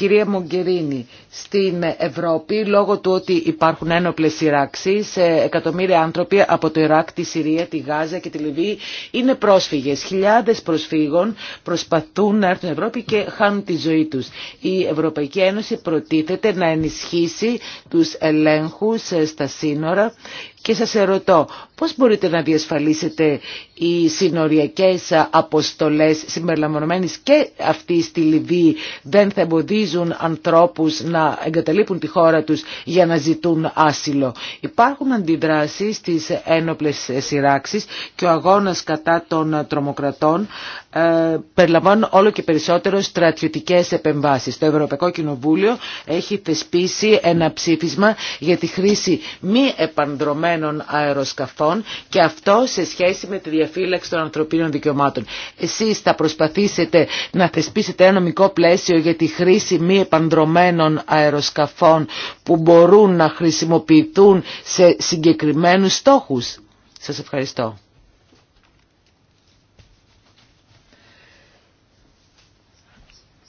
κυρία Μογκερίνη στην Ευρώπη λόγω του ότι υπάρχουν ένοπλες σειράξεις, εκατομμύρια άνθρωποι από το Ιράκ, τη Συρία, τη Γάζα και τη Λιβύη είναι πρόσφυγες. Χιλιάδες προσφύγων προσπαθούν να έρθουν στην Ευρώπη και χάνουν τη ζωή τους. Η Ευρωπαϊκή Ένωση προτίθεται να ενισχύσει τους ελέγχους ε, στα σύνορα και σας ερωτώ, πώς μπορείτε να διασφαλίσετε οι συνοριακές αποστολές συμπεριλαμβανομένες και αυτοί στη Λιβύη δεν θα εμποδίζουν ανθρώπους να εγκαταλείπουν τη χώρα τους για να ζητούν άσυλο. Υπάρχουν αντιδράσεις στις ένοπλες σειράξεις και ο αγώνας κατά των τρομοκρατών ε, περιλαμβάνουν όλο και περισσότερο στρατιωτικές επεμβάσεις. Το Ευρωπαϊκό Κοινοβούλιο έχει θεσπίσει ένα ψήφισμα για τη χρήση μη επανδρομένων αεροσκαφών και αυτό σε σχέση με τη διαφύλαξη των ανθρωπίνων δικαιωμάτων. Εσείς θα προσπαθήσετε να θεσπίσετε ένα νομικό πλαίσιο για τη χρήση μη επανδρομένων αεροσκαφών που μπορούν να χρησιμοποιηθούν σε συγκεκριμένους στόχους. Σας ευχαριστώ.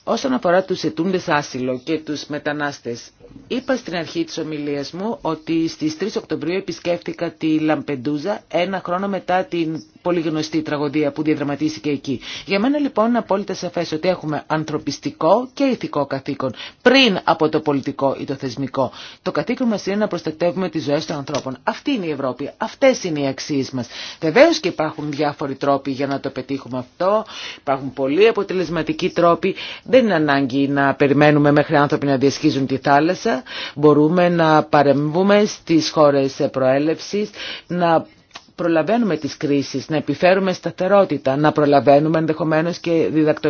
Όσον αφορά τους ετούντες άσυλο και τους μετανάστες, Είπα στην αρχή της ομιλίας μου ότι στις 3 Οκτωβρίου επισκέφτηκα τη Λαμπεντούζα ένα χρόνο μετά την πολύ γνωστή τραγωδία που διαδραματίστηκε εκεί. Για μένα λοιπόν είναι απόλυτα σαφές ότι έχουμε ανθρωπιστικό και ηθικό καθήκον πριν από το πολιτικό ή το θεσμικό. Το καθήκον μας είναι να προστατεύουμε τις ζωές των ανθρώπων. Αυτή είναι η Ευρώπη, αυτές είναι οι αξίες μας. Βεβαίως και υπάρχουν διάφοροι τρόποι για να το πετύχουμε αυτό, υπάρχουν πολλοί αποτελεσματικοί τρόποι. Δεν είναι ανάγκη να περιμένουμε μέχρι άνθρωποι να διασχίζουν τη θάλασσα μπορούμε να παρεμβούμε στις χώρες προέλευσης, να προλαβαίνουμε τις κρίσεις, να επιφέρουμε σταθερότητα, να προλαβαίνουμε ενδεχομένως και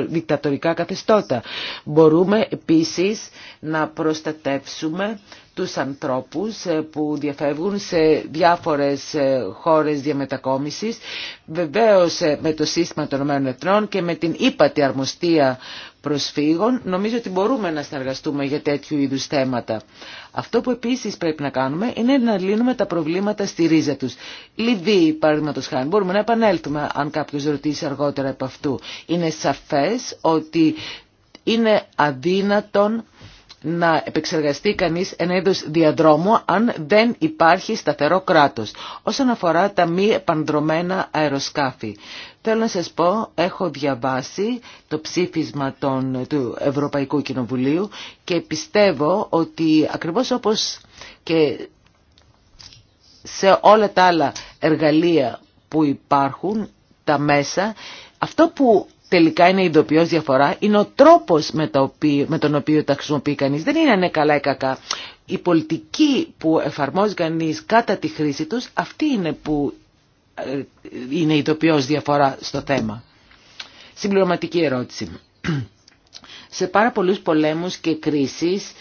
δικτατορικά καθεστώτα. Μπορούμε επίσης να προστατεύσουμε τους ανθρώπους ε, που διαφεύγουν σε διάφορες ε, χώρες διαμετακόμισης, βεβαίως ε, με το σύστημα των ΗΕ και με την ύπατη αρμοστία προσφύγων, νομίζω ότι μπορούμε να συνεργαστούμε για τέτοιου είδους θέματα. Αυτό που επίσης πρέπει να κάνουμε είναι να λύνουμε τα προβλήματα στη ρίζα τους. Λιβύη, παραδείγματος χάρη, μπορούμε να επανέλθουμε αν κάποιος ρωτήσει αργότερα από αυτού. Είναι σαφές ότι είναι αδύνατον να επεξεργαστεί κανείς ένα είδος διαδρόμου αν δεν υπάρχει σταθερό κράτος. Όσον αφορά τα μη επανδρομένα αεροσκάφη, Θέλω να σας πω, έχω διαβάσει το ψήφισμα των, του Ευρωπαϊκού Κοινοβουλίου και πιστεύω ότι ακριβώς όπως και σε όλα τα άλλα εργαλεία που υπάρχουν, τα μέσα, αυτό που τελικά είναι ειδοποιώς διαφορά είναι ο τρόπος με, τον οποίο τα χρησιμοποιεί κανείς. Δεν είναι αν ναι ή κακά. Η πολιτική που εφαρμόζει κανείς κατά τη χρήση τους, αυτή είναι που είναι η τοπιός διαφορά στο θέμα. Συμπληρωματική ερώτηση. Σε πάρα πολλούς πολέμους και κρίσεις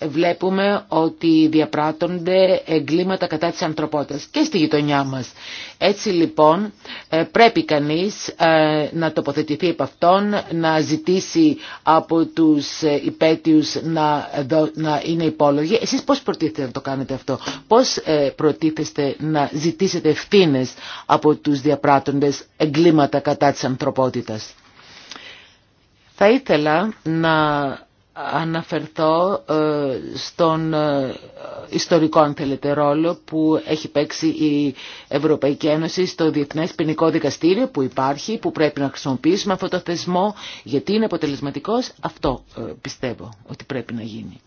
βλέπουμε ότι διαπράττονται εγκλήματα κατά της ανθρωπότητας και στη γειτονιά μας. Έτσι λοιπόν ε, πρέπει κανείς ε, να τοποθετηθεί από αυτόν, να ζητήσει από τους ε, υπέτειους να, να είναι υπόλογοι. Εσείς πώς προτίθετε να το κάνετε αυτό, πώς προτίθεστε να ζητήσετε ευθύνε από τους διαπράττοντες εγκλήματα κατά της ανθρωπότητας. Θα ήθελα να αναφερθώ ε, στον ε, ιστορικό αν θέλετε ρόλο που έχει παίξει η Ευρωπαϊκή Ένωση στο Διεθνές Ποινικό Δικαστήριο που υπάρχει, που πρέπει να χρησιμοποιήσουμε αυτό το θεσμό γιατί είναι αποτελεσματικός. Αυτό ε, πιστεύω ότι πρέπει να γίνει.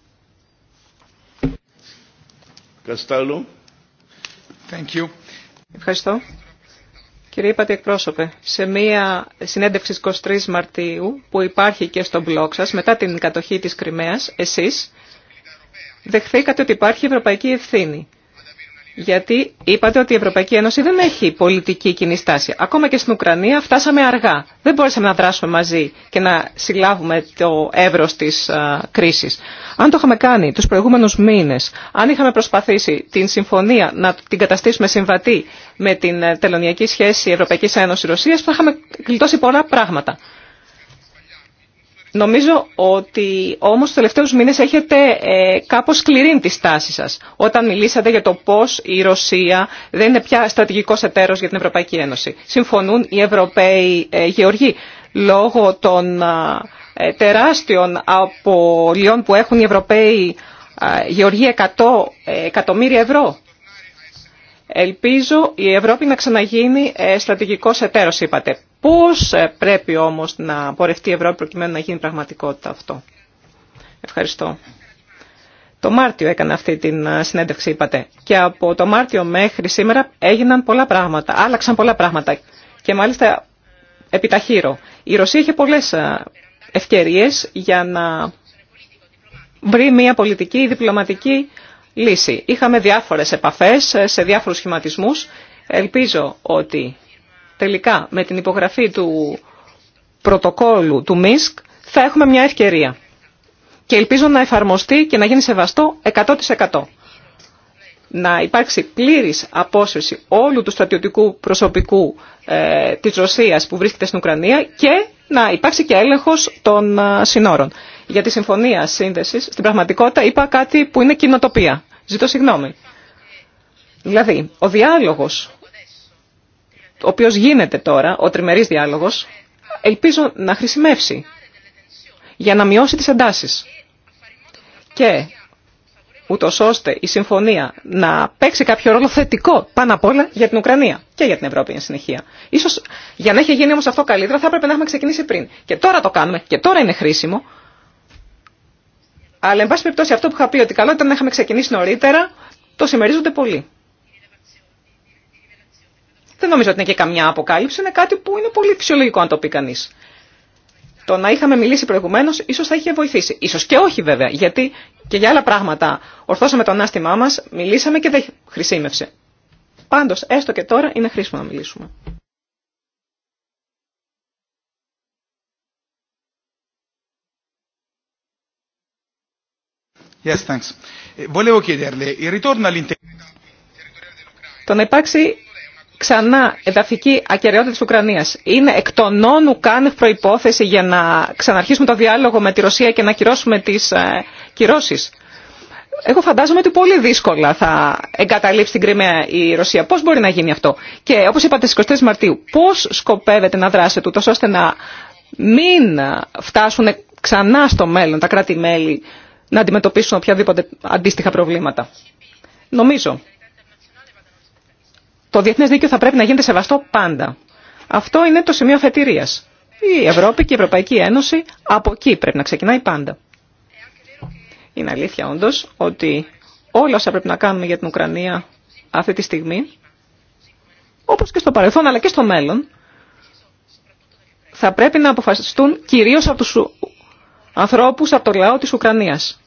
Thank Ευχαριστώ. Κύριε Είπατε εκπρόσωπε, σε μία συνέντευξη 23 Μαρτίου που υπάρχει και στο blog σας μετά την κατοχή της Κρυμαίας, εσείς δεχθήκατε ότι υπάρχει ευρωπαϊκή ευθύνη γιατί είπατε ότι η Ευρωπαϊκή Ένωση δεν έχει πολιτική κοινή στάση. Ακόμα και στην Ουκρανία φτάσαμε αργά. Δεν μπορέσαμε να δράσουμε μαζί και να συλλάβουμε το εύρο τη κρίση. Αν το είχαμε κάνει του προηγούμενου μήνε, αν είχαμε προσπαθήσει την συμφωνία να την καταστήσουμε συμβατή με την ε, τελωνιακή σχέση Ευρωπαϊκή Ένωση-Ρωσία, θα είχαμε γλιτώσει πολλά πράγματα. Νομίζω ότι όμως τους τελευταίους μήνες έχετε ε, κάπως σκληρύνει τη στάση σας όταν μιλήσατε για το πώς η Ρωσία δεν είναι πια στρατηγικός εταίρος για την Ευρωπαϊκή Ένωση. Συμφωνούν οι Ευρωπαίοι ε, γεωργοί λόγω των ε, τεράστιων απολειών που έχουν οι Ευρωπαίοι ε, γεωργοί 100 ε, εκατομμύρια ευρώ. Ελπίζω η Ευρώπη να ξαναγίνει ε, στρατηγικό εταίρος, είπατε. Πώς ε, πρέπει όμως να πορευτεί η Ευρώπη προκειμένου να γίνει πραγματικότητα αυτό. Ευχαριστώ. Το Μάρτιο έκανε αυτή την ε, συνέντευξη, είπατε. Και από το Μάρτιο μέχρι σήμερα έγιναν πολλά πράγματα, άλλαξαν πολλά πράγματα. Και μάλιστα επιταχύρω. Η Ρωσία είχε πολλέ ευκαιρίε για να βρει μια πολιτική ή διπλωματική λύση. Είχαμε διάφορες επαφές ε, σε διάφορους σχηματισμούς. Ελπίζω ότι τελικά με την υπογραφή του πρωτοκόλου του ΜΙΣΚ θα έχουμε μια ευκαιρία. Και ελπίζω να εφαρμοστεί και να γίνει σεβαστό 100%. Να υπάρξει πλήρης απόσυρση όλου του στρατιωτικού προσωπικού ε, της Ρωσίας που βρίσκεται στην Ουκρανία και να υπάρξει και έλεγχος των ε, συνόρων για τη συμφωνία σύνδεση. στην πραγματικότητα είπα κάτι που είναι κοινοτοπία. Ζητώ συγγνώμη. Δηλαδή, ο διάλογο, ο οποίο γίνεται τώρα, ο τριμερής διάλογος, ελπίζω να χρησιμεύσει για να μειώσει τι εντάσει Και ούτω ώστε η συμφωνία να παίξει κάποιο ρόλο θετικό πάνω απ' όλα για την Ουκρανία και για την Ευρώπη εν συνεχεία. Ίσως για να έχει γίνει όμω αυτό καλύτερα θα έπρεπε να έχουμε ξεκινήσει πριν. Και τώρα το κάνουμε και τώρα είναι χρήσιμο, αλλά, εν πάση περιπτώσει, αυτό που είχα πει ότι καλό ήταν να είχαμε ξεκινήσει νωρίτερα, το συμμερίζονται πολύ. Δεν νομίζω ότι είναι και καμιά αποκάλυψη, είναι κάτι που είναι πολύ φυσιολογικό αν το πει κανεί. Το να είχαμε μιλήσει προηγουμένω ίσω θα είχε βοηθήσει. σω και όχι βέβαια, γιατί και για άλλα πράγματα ορθώσαμε το ανάστημά μα, μιλήσαμε και δεν χρησιμεύσε. Πάντω, έστω και τώρα είναι χρήσιμο να μιλήσουμε. Ε, το να υπάρξει ξανά εδαφική ακεραιότητα της Ουκρανίας είναι εκ των όνου κάνευ προϋπόθεση για να ξαναρχίσουμε το διάλογο με τη Ρωσία και να κυρώσουμε τις ε, κυρώσεις. Εγώ φαντάζομαι ότι πολύ δύσκολα θα εγκαταλείψει την Κρυμαία η Ρωσία. Πώς μπορεί να γίνει αυτό. Και όπως είπατε στις 23 Μαρτίου, πώς σκοπεύετε να δράσετε τούτος ώστε να μην φτάσουν ξανά στο μέλλον τα κράτη-μέλη να αντιμετωπίσουν οποιαδήποτε αντίστοιχα προβλήματα. Νομίζω, το διεθνές δίκαιο θα πρέπει να γίνεται σεβαστό πάντα. Αυτό είναι το σημείο αφετηρία. Η Ευρώπη και η Ευρωπαϊκή Ένωση από εκεί πρέπει να ξεκινάει πάντα. Είναι αλήθεια όντω, ότι όλα όσα πρέπει να κάνουμε για την Ουκρανία αυτή τη στιγμή, όπω και στο παρελθόν αλλά και στο μέλλον, θα πρέπει να αποφασιστούν κυρίω από του ανθρώπους από το λαό της Ουκρανίας.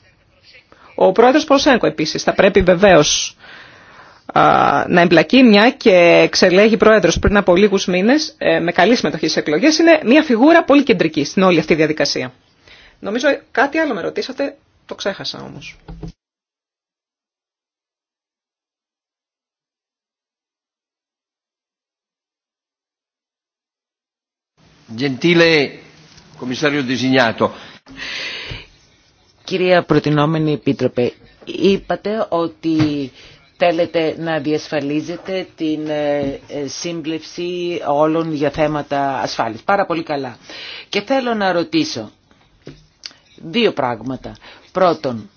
Ο πρόεδρος Προσέγκο επίση θα πρέπει βεβαίως να εμπλακεί μια και εξελέγει πρόεδρος πριν από λίγους μήνες ε, με καλή συμμετοχή στις εκλογέ είναι μια φιγούρα πολύ κεντρική στην όλη αυτή διαδικασία. Νομίζω κάτι άλλο με ρωτήσατε, το ξέχασα όμως. Gentile commissario designato, Κυρία Προτινόμενη Επίτροπε, είπατε ότι θέλετε να διασφαλίζετε την ε, σύμπλευση όλων για θέματα ασφάλειας. Πάρα πολύ καλά. Και θέλω να ρωτήσω δύο πράγματα. Πρώτον,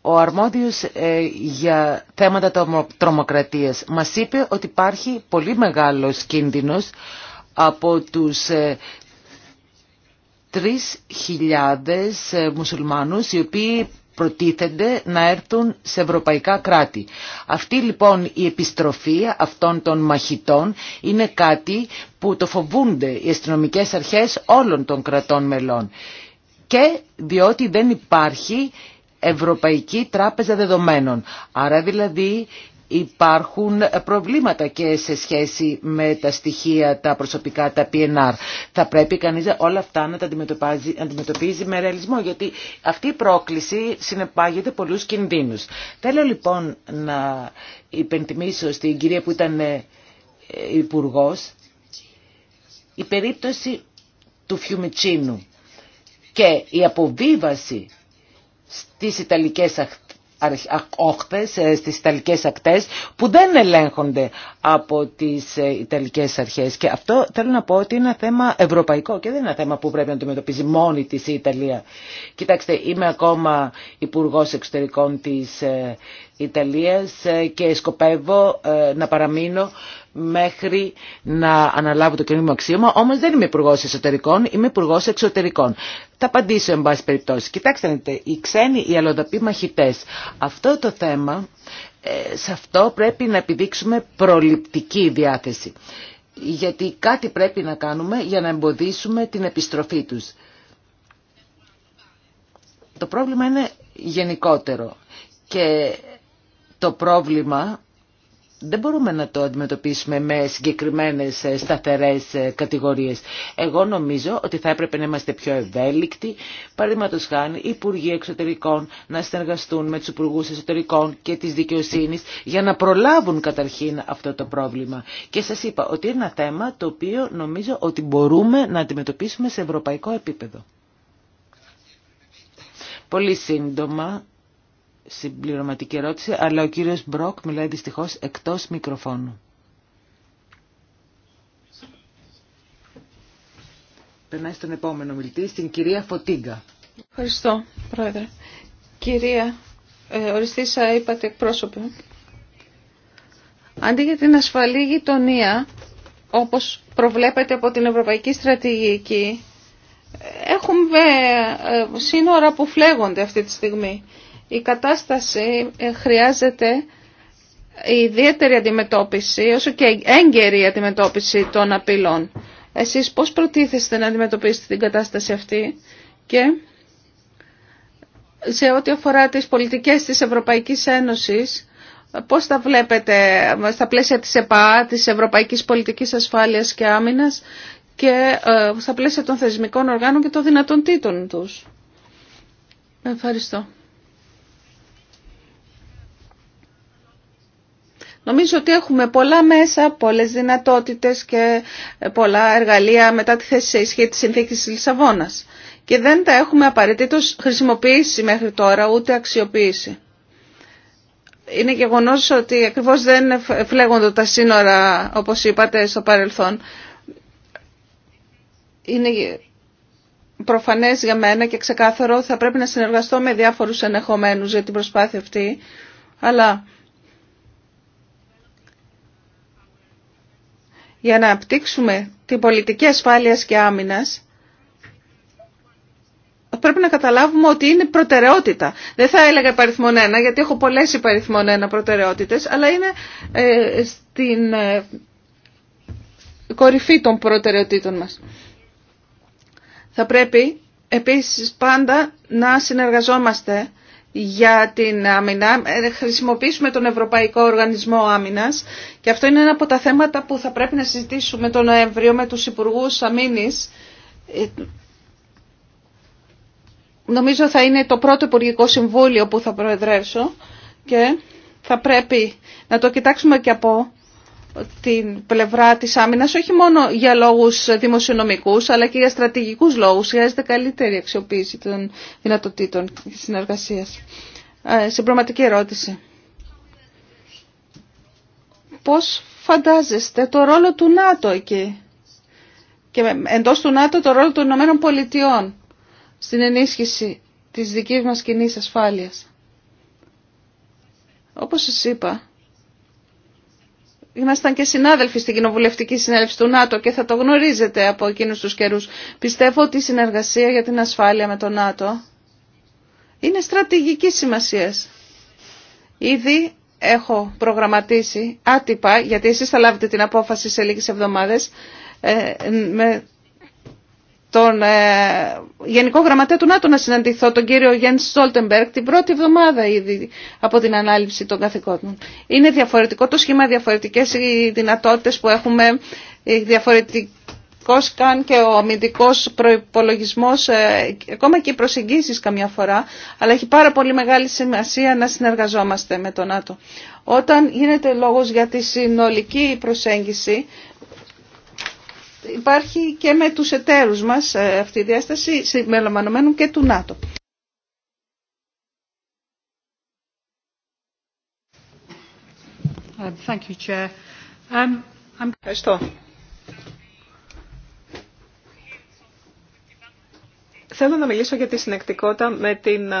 ο αρμόδιος ε, για θέματα τρομοκρατίας μας είπε ότι υπάρχει πολύ μεγάλος κίνδυνος από τους 3.000 ε, ε, μουσουλμάνους οι οποίοι προτίθενται να έρθουν σε ευρωπαϊκά κράτη. Αυτή λοιπόν η επιστροφή αυτών των μαχητών είναι κάτι που το φοβούνται οι αστυνομικέ αρχές όλων των κρατών μελών και διότι δεν υπάρχει Ευρωπαϊκή Τράπεζα Δεδομένων. Άρα δηλαδή υπάρχουν προβλήματα και σε σχέση με τα στοιχεία, τα προσωπικά, τα PNR. Θα πρέπει κανείς όλα αυτά να τα αντιμετωπίζει, αντιμετωπίζει με ρεαλισμό, γιατί αυτή η πρόκληση συνεπάγεται πολλούς κινδύνους. Θέλω λοιπόν να υπενθυμίσω στην κυρία που ήταν ε, υπουργό η περίπτωση του Φιουμιτσίνου και η αποβίβαση στις Ιταλικές όχθες ε, στις Ιταλικές ακτές που δεν ελέγχονται από τις ε, Ιταλικές αρχές και αυτό θέλω να πω ότι είναι ένα θέμα ευρωπαϊκό και δεν είναι ένα θέμα που πρέπει να αντιμετωπίζει μόνη της η Ιταλία. Κοιτάξτε, είμαι ακόμα υπουργό Εξωτερικών της ε, Ιταλίας και σκοπεύω να παραμείνω μέχρι να αναλάβω το μου αξίωμα, όμως δεν είμαι υπουργό εσωτερικών, είμαι υπουργό εξωτερικών. Θα απαντήσω, εν πάση περιπτώσει. Κοιτάξτε, οι ξένοι, οι αλλοδαποί μαχητές. Αυτό το θέμα, ε, σε αυτό πρέπει να επιδείξουμε προληπτική διάθεση. Γιατί κάτι πρέπει να κάνουμε για να εμποδίσουμε την επιστροφή τους. Το πρόβλημα είναι γενικότερο. Και το πρόβλημα δεν μπορούμε να το αντιμετωπίσουμε με συγκεκριμένες ε, σταθερές ε, κατηγορίες. Εγώ νομίζω ότι θα έπρεπε να είμαστε πιο ευέλικτοι, παραδείγματο χάνει οι Υπουργοί Εξωτερικών να συνεργαστούν με τους Υπουργού Εσωτερικών και της Δικαιοσύνης για να προλάβουν καταρχήν αυτό το πρόβλημα. Και σας είπα ότι είναι ένα θέμα το οποίο νομίζω ότι μπορούμε να αντιμετωπίσουμε σε ευρωπαϊκό επίπεδο. Πολύ σύντομα συμπληρωματική ερώτηση, αλλά ο κύριος Μπροκ μιλάει δυστυχώς εκτός μικροφώνου. Περνάει στον επόμενο μιλητή, στην κυρία Φωτίγκα. Ευχαριστώ, Πρόεδρε. Κυρία, ε, οριστήσα είπατε εκπρόσωπο. Αντί για την ασφαλή γειτονία, όπως προβλέπεται από την Ευρωπαϊκή Στρατηγική, ε, έχουμε ε, σύνορα που φλέγονται αυτή τη στιγμή. Η κατάσταση ε, χρειάζεται ιδιαίτερη αντιμετώπιση, όσο και έγκαιρη αντιμετώπιση των απειλών. Εσείς πώς προτίθεστε να αντιμετωπίσετε την κατάσταση αυτή και σε ό,τι αφορά τις πολιτικές της Ευρωπαϊκής Ένωσης, πώς τα βλέπετε στα πλαίσια της ΕΠΑ, της Ευρωπαϊκής Πολιτικής Ασφάλειας και Άμυνας και ε, στα πλαίσια των θεσμικών οργάνων και των δυνατοντήτων τους. Ευχαριστώ. Νομίζω ότι έχουμε πολλά μέσα, πολλές δυνατότητες και πολλά εργαλεία μετά τη θέση σε ισχύ της συνθήκης της Λισαβόνας. Και δεν τα έχουμε απαραίτητο χρησιμοποιήσει μέχρι τώρα, ούτε αξιοποιήσει. Είναι γεγονό ότι ακριβώς δεν φλέγονται τα σύνορα, όπως είπατε, στο παρελθόν. Είναι προφανές για μένα και ξεκάθαρο θα πρέπει να συνεργαστώ με διάφορους ενεχομένους για την προσπάθεια αυτή. Αλλά για να απτύξουμε την πολιτική ασφάλειας και άμυνας, πρέπει να καταλάβουμε ότι είναι προτεραιότητα. Δεν θα έλεγα υπαριθμόν γιατί έχω πολλές υπαριθμόν ένα προτεραιότητες, αλλά είναι ε, στην ε, κορυφή των προτεραιοτήτων μας. Θα πρέπει επίσης πάντα να συνεργαζόμαστε για την άμυνα. Ε, χρησιμοποιήσουμε τον Ευρωπαϊκό Οργανισμό Άμυνας και αυτό είναι ένα από τα θέματα που θα πρέπει να συζητήσουμε τον Νοέμβριο με τους Υπουργούς Αμήνης. Ε, νομίζω θα είναι το πρώτο Υπουργικό Συμβούλιο που θα προεδρεύσω και θα πρέπει να το κοιτάξουμε και από την πλευρά της άμυνας όχι μόνο για λόγους δημοσιονομικούς αλλά και για στρατηγικούς λόγους. Χρειάζεται καλύτερη αξιοποίηση των δυνατοτήτων συνεργασίας. Ε, συμπροματική ερώτηση. Πώς φαντάζεστε το ρόλο του ΝΑΤΟ εκεί και εντός του ΝΑΤΟ το ρόλο των Ηνωμένων Πολιτειών στην ενίσχυση της δικής μας κοινή ασφάλειας. Όπως σας είπα, Ήμασταν και συνάδελφοι στην κοινοβουλευτική συνέλευση του ΝΑΤΟ και θα το γνωρίζετε από εκείνους τους καιρούς. Πιστεύω ότι η συνεργασία για την ασφάλεια με το ΝΑΤΟ είναι στρατηγική σημασία. Ήδη έχω προγραμματίσει άτυπα, γιατί εσείς θα λάβετε την απόφαση σε λίγες εβδομάδες, ε, με τον ε, Γενικό Γραμματέα του ΝΑΤΟ να συναντηθώ, τον κύριο Γιάννη Στόλτεμπεργκ, την πρώτη εβδομάδα ήδη από την ανάληψη των καθηκόντων. Είναι διαφορετικό το σχήμα, διαφορετικές οι δυνατότητες που έχουμε, ε, διαφορετικός καν και ο αμυντικός προϋπολογισμός, ε, ακόμα και οι προσεγγίσεις καμιά φορά, αλλά έχει πάρα πολύ μεγάλη σημασία να συνεργαζόμαστε με τον ΝΑΤΟ. Όταν γίνεται λόγος για τη συνολική προσέγγιση, υπάρχει και με τους εταίρους μας ε, αυτή η διάσταση συμπεριλαμβανομένου και του ΝΑΤΟ. Um, Ευχαριστώ. Θέλω να μιλήσω για τη συνεκτικότητα με την ε,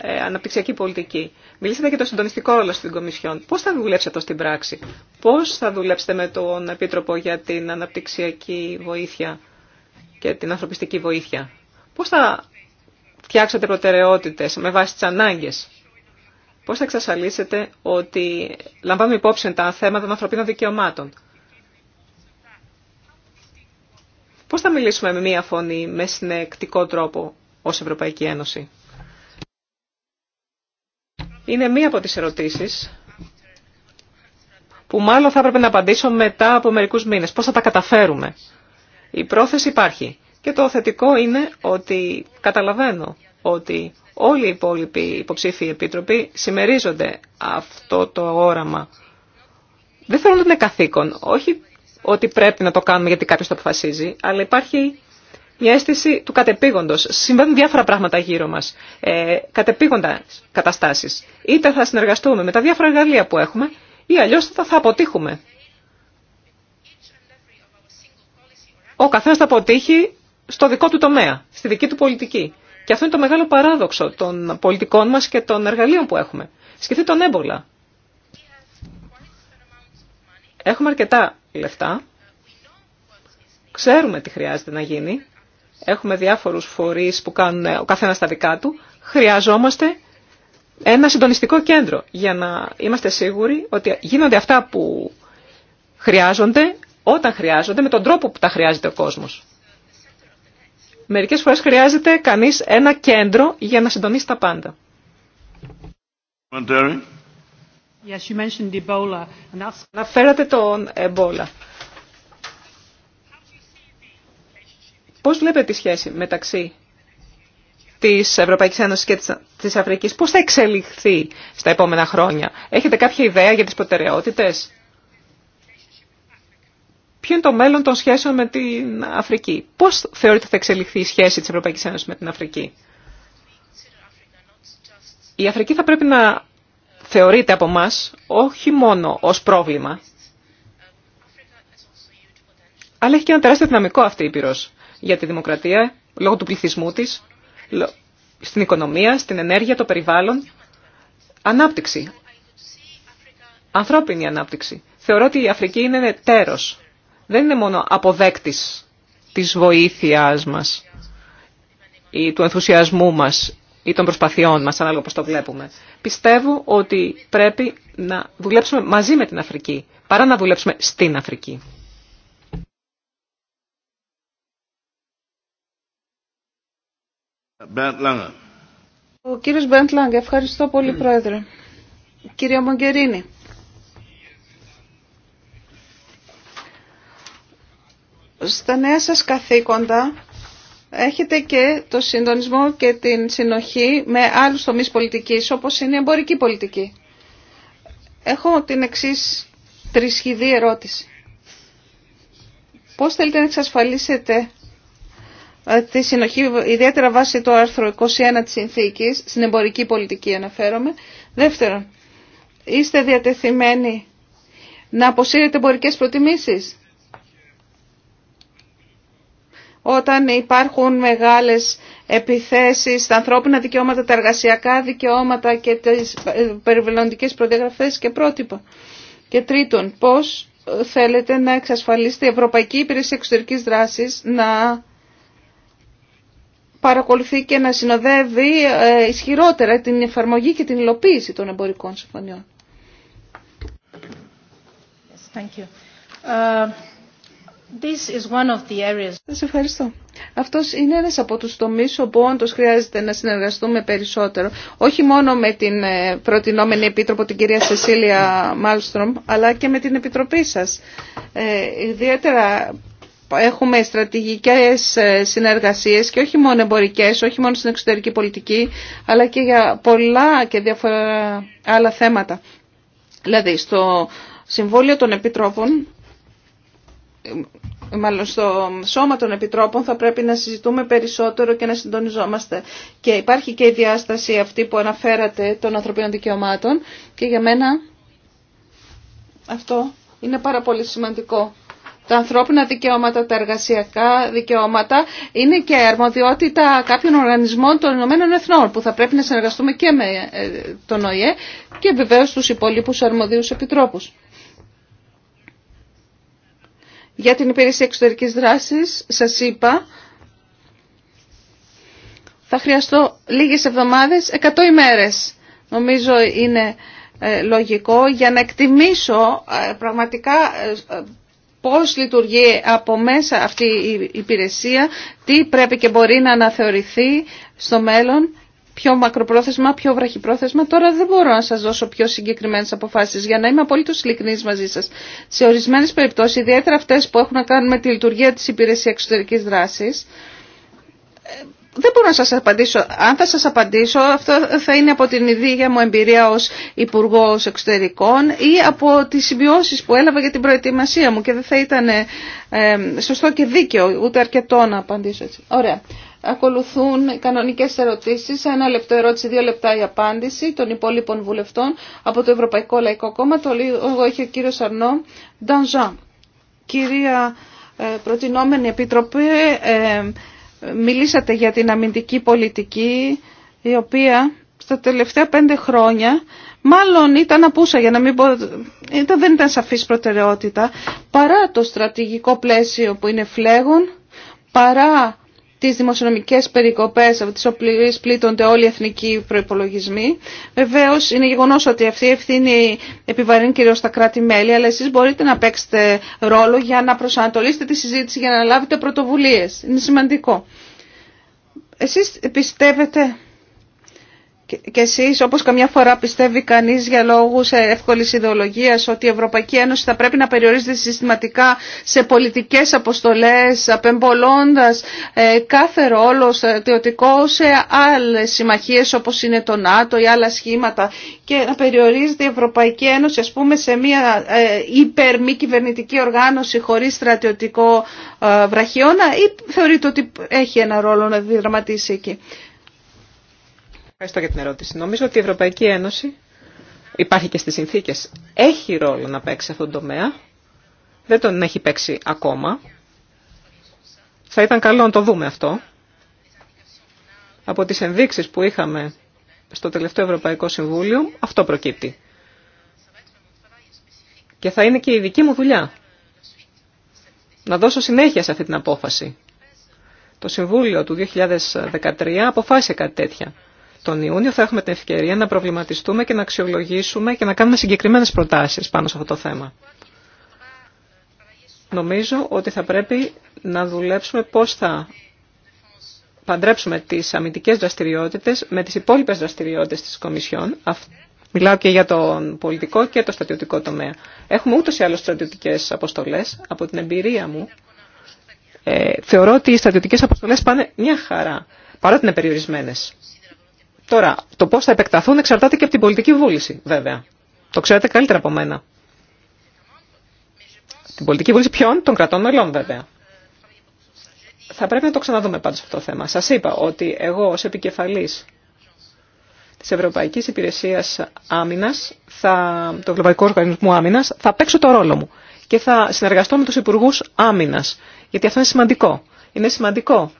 ε, αναπτυξιακή πολιτική. Μιλήσατε για το συντονιστικό ρόλο στην Κομισιόν. Πώς θα δουλέψετε στην πράξη, Πώς θα δουλέψετε με τον Επίτροπο για την αναπτυξιακή βοήθεια και την ανθρωπιστική βοήθεια, Πώς θα φτιάξετε προτεραιότητες με βάση τις ανάγκες. Πώς θα εξασφαλίσετε ότι λαμβάνουμε υπόψη τα θέματα των ανθρωπίνων δικαιωμάτων. Πώς θα μιλήσουμε με μία φωνή, με συνεκτικό τρόπο ως Ευρωπαϊκή Ένωση. Είναι μία από τις ερωτήσεις που μάλλον θα έπρεπε να απαντήσω μετά από μερικούς μήνες. Πώς θα τα καταφέρουμε. Η πρόθεση υπάρχει. Και το θετικό είναι ότι καταλαβαίνω ότι όλοι οι υπόλοιποι υποψήφοι επίτροποι συμμερίζονται αυτό το όραμα. Δεν θέλω να είναι καθήκον. Όχι ότι πρέπει να το κάνουμε γιατί κάποιο το αποφασίζει, αλλά υπάρχει μια αίσθηση του κατεπήγοντο. Συμβαίνουν διάφορα πράγματα γύρω μα. Ε, κατεπήγοντα καταστάσει. Είτε θα συνεργαστούμε με τα διάφορα εργαλεία που έχουμε, ή αλλιώ θα, θα αποτύχουμε. Ο καθένα θα αποτύχει στο δικό του τομέα, στη δική του πολιτική. Και αυτό είναι το μεγάλο παράδοξο των πολιτικών μα και των εργαλείων που έχουμε. Σκεφτείτε τον έμπολα. Έχουμε αρκετά λεφτά. Ξέρουμε τι χρειάζεται να γίνει. Έχουμε διάφορους φορείς που κάνουν ο καθένας τα δικά του. Χρειαζόμαστε ένα συντονιστικό κέντρο για να είμαστε σίγουροι ότι γίνονται αυτά που χρειάζονται όταν χρειάζονται με τον τρόπο που τα χρειάζεται ο κόσμος. Μερικές φορές χρειάζεται κανείς ένα κέντρο για να συντονίσει τα πάντα. Yes, you Ebola. Αναφέρατε τον Ebola. Πώς βλέπετε τη σχέση μεταξύ της Ευρωπαϊκής Ένωσης και της Αφρικής, πώς θα εξελιχθεί στα επόμενα χρόνια. Έχετε κάποια ιδέα για τις προτεραιότητες. Ποιο είναι το μέλλον των σχέσεων με την Αφρική. Πώς θεωρείτε θα εξελιχθεί η σχέση της Ευρωπαϊκής Ένωσης με την Αφρική. Η Αφρική θα πρέπει να θεωρείται από μας όχι μόνο ως πρόβλημα, αλλά έχει και ένα τεράστιο δυναμικό αυτή η πυρος για τη δημοκρατία, λόγω του πληθυσμού της, στην οικονομία, στην ενέργεια, το περιβάλλον. Ανάπτυξη. Ανθρώπινη ανάπτυξη. Θεωρώ ότι η Αφρική είναι τέρος. Δεν είναι μόνο αποδέκτης της βοήθειάς μας ή του ενθουσιασμού μας ή των προσπαθειών μας, ανάλογα πώς το βλέπουμε. Πιστεύω ότι πρέπει να δουλέψουμε μαζί με την Αφρική, παρά να δουλέψουμε στην Αφρική. Ο κύριος Μπέντ ευχαριστώ πολύ Πρόεδρε. κύριε Μογκερίνη. Στα νέα σας καθήκοντα έχετε και το συντονισμό και την συνοχή με άλλους τομείς πολιτικής, όπως είναι η εμπορική πολιτική. Έχω την εξής τρισχυδή ερώτηση. Πώς θέλετε να εξασφαλίσετε ε, τη συνοχή, ιδιαίτερα βάσει το άρθρο 21 της συνθήκης, στην εμπορική πολιτική αναφέρομαι. Δεύτερον, είστε διατεθειμένοι να αποσύρετε εμπορικές προτιμήσεις όταν υπάρχουν μεγάλες επιθέσεις στα ανθρώπινα δικαιώματα, τα εργασιακά δικαιώματα και τις ε, περιβαλλοντικές προδιαγραφές και πρότυπα. Και τρίτον, πώς θέλετε να εξασφαλίσετε η Ευρωπαϊκή Υπηρεσία Εξωτερικής Δράσης να παρακολουθεί και να συνοδεύει ε, ισχυρότερα την εφαρμογή και την υλοποίηση των εμπορικών συμφωνιών. Yes, uh, This is one of the areas. ευχαριστώ. Αυτός είναι ένας από τους τομείς όπου όντω χρειάζεται να συνεργαστούμε περισσότερο. Όχι μόνο με την ε, προτινόμενη επίτροπο την κυρία Σεσίλια Μάλστρομ, αλλά και με την επιτροπή σας. Ε, ιδιαίτερα έχουμε στρατηγικές ε, συνεργασίες και όχι μόνο εμπορικές, όχι μόνο στην εξωτερική πολιτική, αλλά και για πολλά και διάφορα άλλα θέματα. Δηλαδή, στο Συμβόλιο των Επιτρόπων μάλλον στο σώμα των επιτρόπων θα πρέπει να συζητούμε περισσότερο και να συντονιζόμαστε. Και υπάρχει και η διάσταση αυτή που αναφέρατε των ανθρωπίνων δικαιωμάτων και για μένα αυτό είναι πάρα πολύ σημαντικό. Τα ανθρώπινα δικαιώματα, τα εργασιακά δικαιώματα είναι και αρμοδιότητα κάποιων οργανισμών των Ηνωμένων Εθνών που θα πρέπει να συνεργαστούμε και με ε, τον ΟΗΕ και βεβαίως τους υπόλοιπους αρμοδίους επιτρόπους. Για την υπηρεσία εξωτερικής δράσης, σας είπα, θα χρειαστώ λίγες εβδομάδες, 100 ημέρες. Νομίζω είναι ε, λογικό για να εκτιμήσω ε, πραγματικά ε, πώς λειτουργεί από μέσα αυτή η υπηρεσία, τι πρέπει και μπορεί να αναθεωρηθεί στο μέλλον πιο μακροπρόθεσμα, πιο βραχυπρόθεσμα. Τώρα δεν μπορώ να σα δώσω πιο συγκεκριμένες αποφάσεις για να είμαι απολύτω ειλικρινή μαζί σας. Σε ορισμένες περιπτώσεις, ιδιαίτερα αυτές που έχουν να κάνουν με τη λειτουργία της υπηρεσία εξωτερικής δράσης, δεν μπορώ να σας απαντήσω. Αν θα σας απαντήσω, αυτό θα είναι από την ίδια μου εμπειρία ως υπουργό Εξωτερικών ή από τις σημειώσεις που έλαβα για την προετοιμασία μου και δεν θα ήταν ε, σωστό και δίκαιο ούτε αρκετό να απαντήσω έτσι. Ωραία. Ακολουθούν οι κανονικές ερωτήσεις, ένα λεπτό ερώτηση, δύο λεπτά η απάντηση των υπόλοιπων βουλευτών από το Ευρωπαϊκό Λαϊκό Κόμμα. Το λίγο έχει ο κύριος Αρνό Ντανζά, Κυρία ε, Προτινόμενη Επίτροπε, ε, Μιλήσατε για την αμυντική πολιτική, η οποία στα τελευταία πέντε χρόνια μάλλον ήταν απούσα για να μην πω, ήταν, δεν ήταν σαφής προτεραιότητα παρά το στρατηγικό πλαίσιο που είναι φλέγον παρά τι δημοσιονομικέ περικοπέ από τις οποίε πλήττονται όλοι οι εθνικοί προπολογισμοί. Βεβαίω είναι γεγονό ότι αυτή η ευθύνη επιβαρύνει κυρίως τα κράτη-μέλη, αλλά εσείς μπορείτε να παίξετε ρόλο για να προσανατολίσετε τη συζήτηση, για να λάβετε πρωτοβουλίες. Είναι σημαντικό. Εσείς πιστεύετε και εσείς, όπως καμιά φορά πιστεύει κανείς για λόγους εύκολης ιδεολογίας, ότι η Ευρωπαϊκή Ένωση θα πρέπει να περιορίζεται συστηματικά σε πολιτικές αποστολές, απεμπολώντας ε, κάθε ρόλο στρατιωτικό σε άλλες συμμαχίες όπως είναι το ΝΑΤΟ ή άλλα σχήματα και να περιορίζεται η Ευρωπαϊκή Ένωση ας πούμε σε μια ε, υπερ μη κυβερνητική οργάνωση χωρίς στρατιωτικό ε, βραχιώνα ή θεωρείτε ότι έχει ένα ρόλο να διδραματίσει εκεί. Ευχαριστώ για την ερώτηση. Νομίζω ότι η Ευρωπαϊκή Ένωση υπάρχει και στις συνθήκες. Έχει ρόλο να παίξει αυτόν τον τομέα. Δεν τον έχει παίξει ακόμα. Θα ήταν καλό να το δούμε αυτό. Από τις ενδείξεις που είχαμε στο τελευταίο Ευρωπαϊκό Συμβούλιο, αυτό προκύπτει. Και θα είναι και η δική μου δουλειά. Να δώσω συνέχεια σε αυτή την απόφαση. Το Συμβούλιο του 2013 αποφάσισε κάτι τέτοια. Τον Ιούνιο θα έχουμε την ευκαιρία να προβληματιστούμε και να αξιολογήσουμε και να κάνουμε συγκεκριμένες προτάσεις πάνω σε αυτό το θέμα. Νομίζω ότι θα πρέπει να δουλέψουμε πώς θα παντρέψουμε τις αμυντικές δραστηριότητες με τις υπόλοιπες δραστηριότητες της Κομισιόν. Μιλάω και για τον πολιτικό και το στρατιωτικό τομέα. Έχουμε ούτως ή άλλως στρατιωτικές αποστολές. Από την εμπειρία μου ε, θεωρώ ότι οι στρατιωτικές αποστολές πάνε μια χαρά, παρότι είναι περιορισμένε. Τώρα, το πώς θα επεκταθούν εξαρτάται και από την πολιτική βούληση, βέβαια. Το ξέρετε καλύτερα από μένα. Την πολιτική βούληση ποιών, των κρατών μελών, βέβαια. Θα πρέπει να το ξαναδούμε πάντως αυτό το θέμα. Σας είπα ότι εγώ ως επικεφαλής της Ευρωπαϊκής Υπηρεσίας Άμυνας, θα, του Ευρωπαϊκού Οργανισμού Άμυνας, θα παίξω το ρόλο μου και θα συνεργαστώ με τους Υπουργούς Άμυνας, γιατί αυτό είναι σημαντικό. Είναι σημαντικό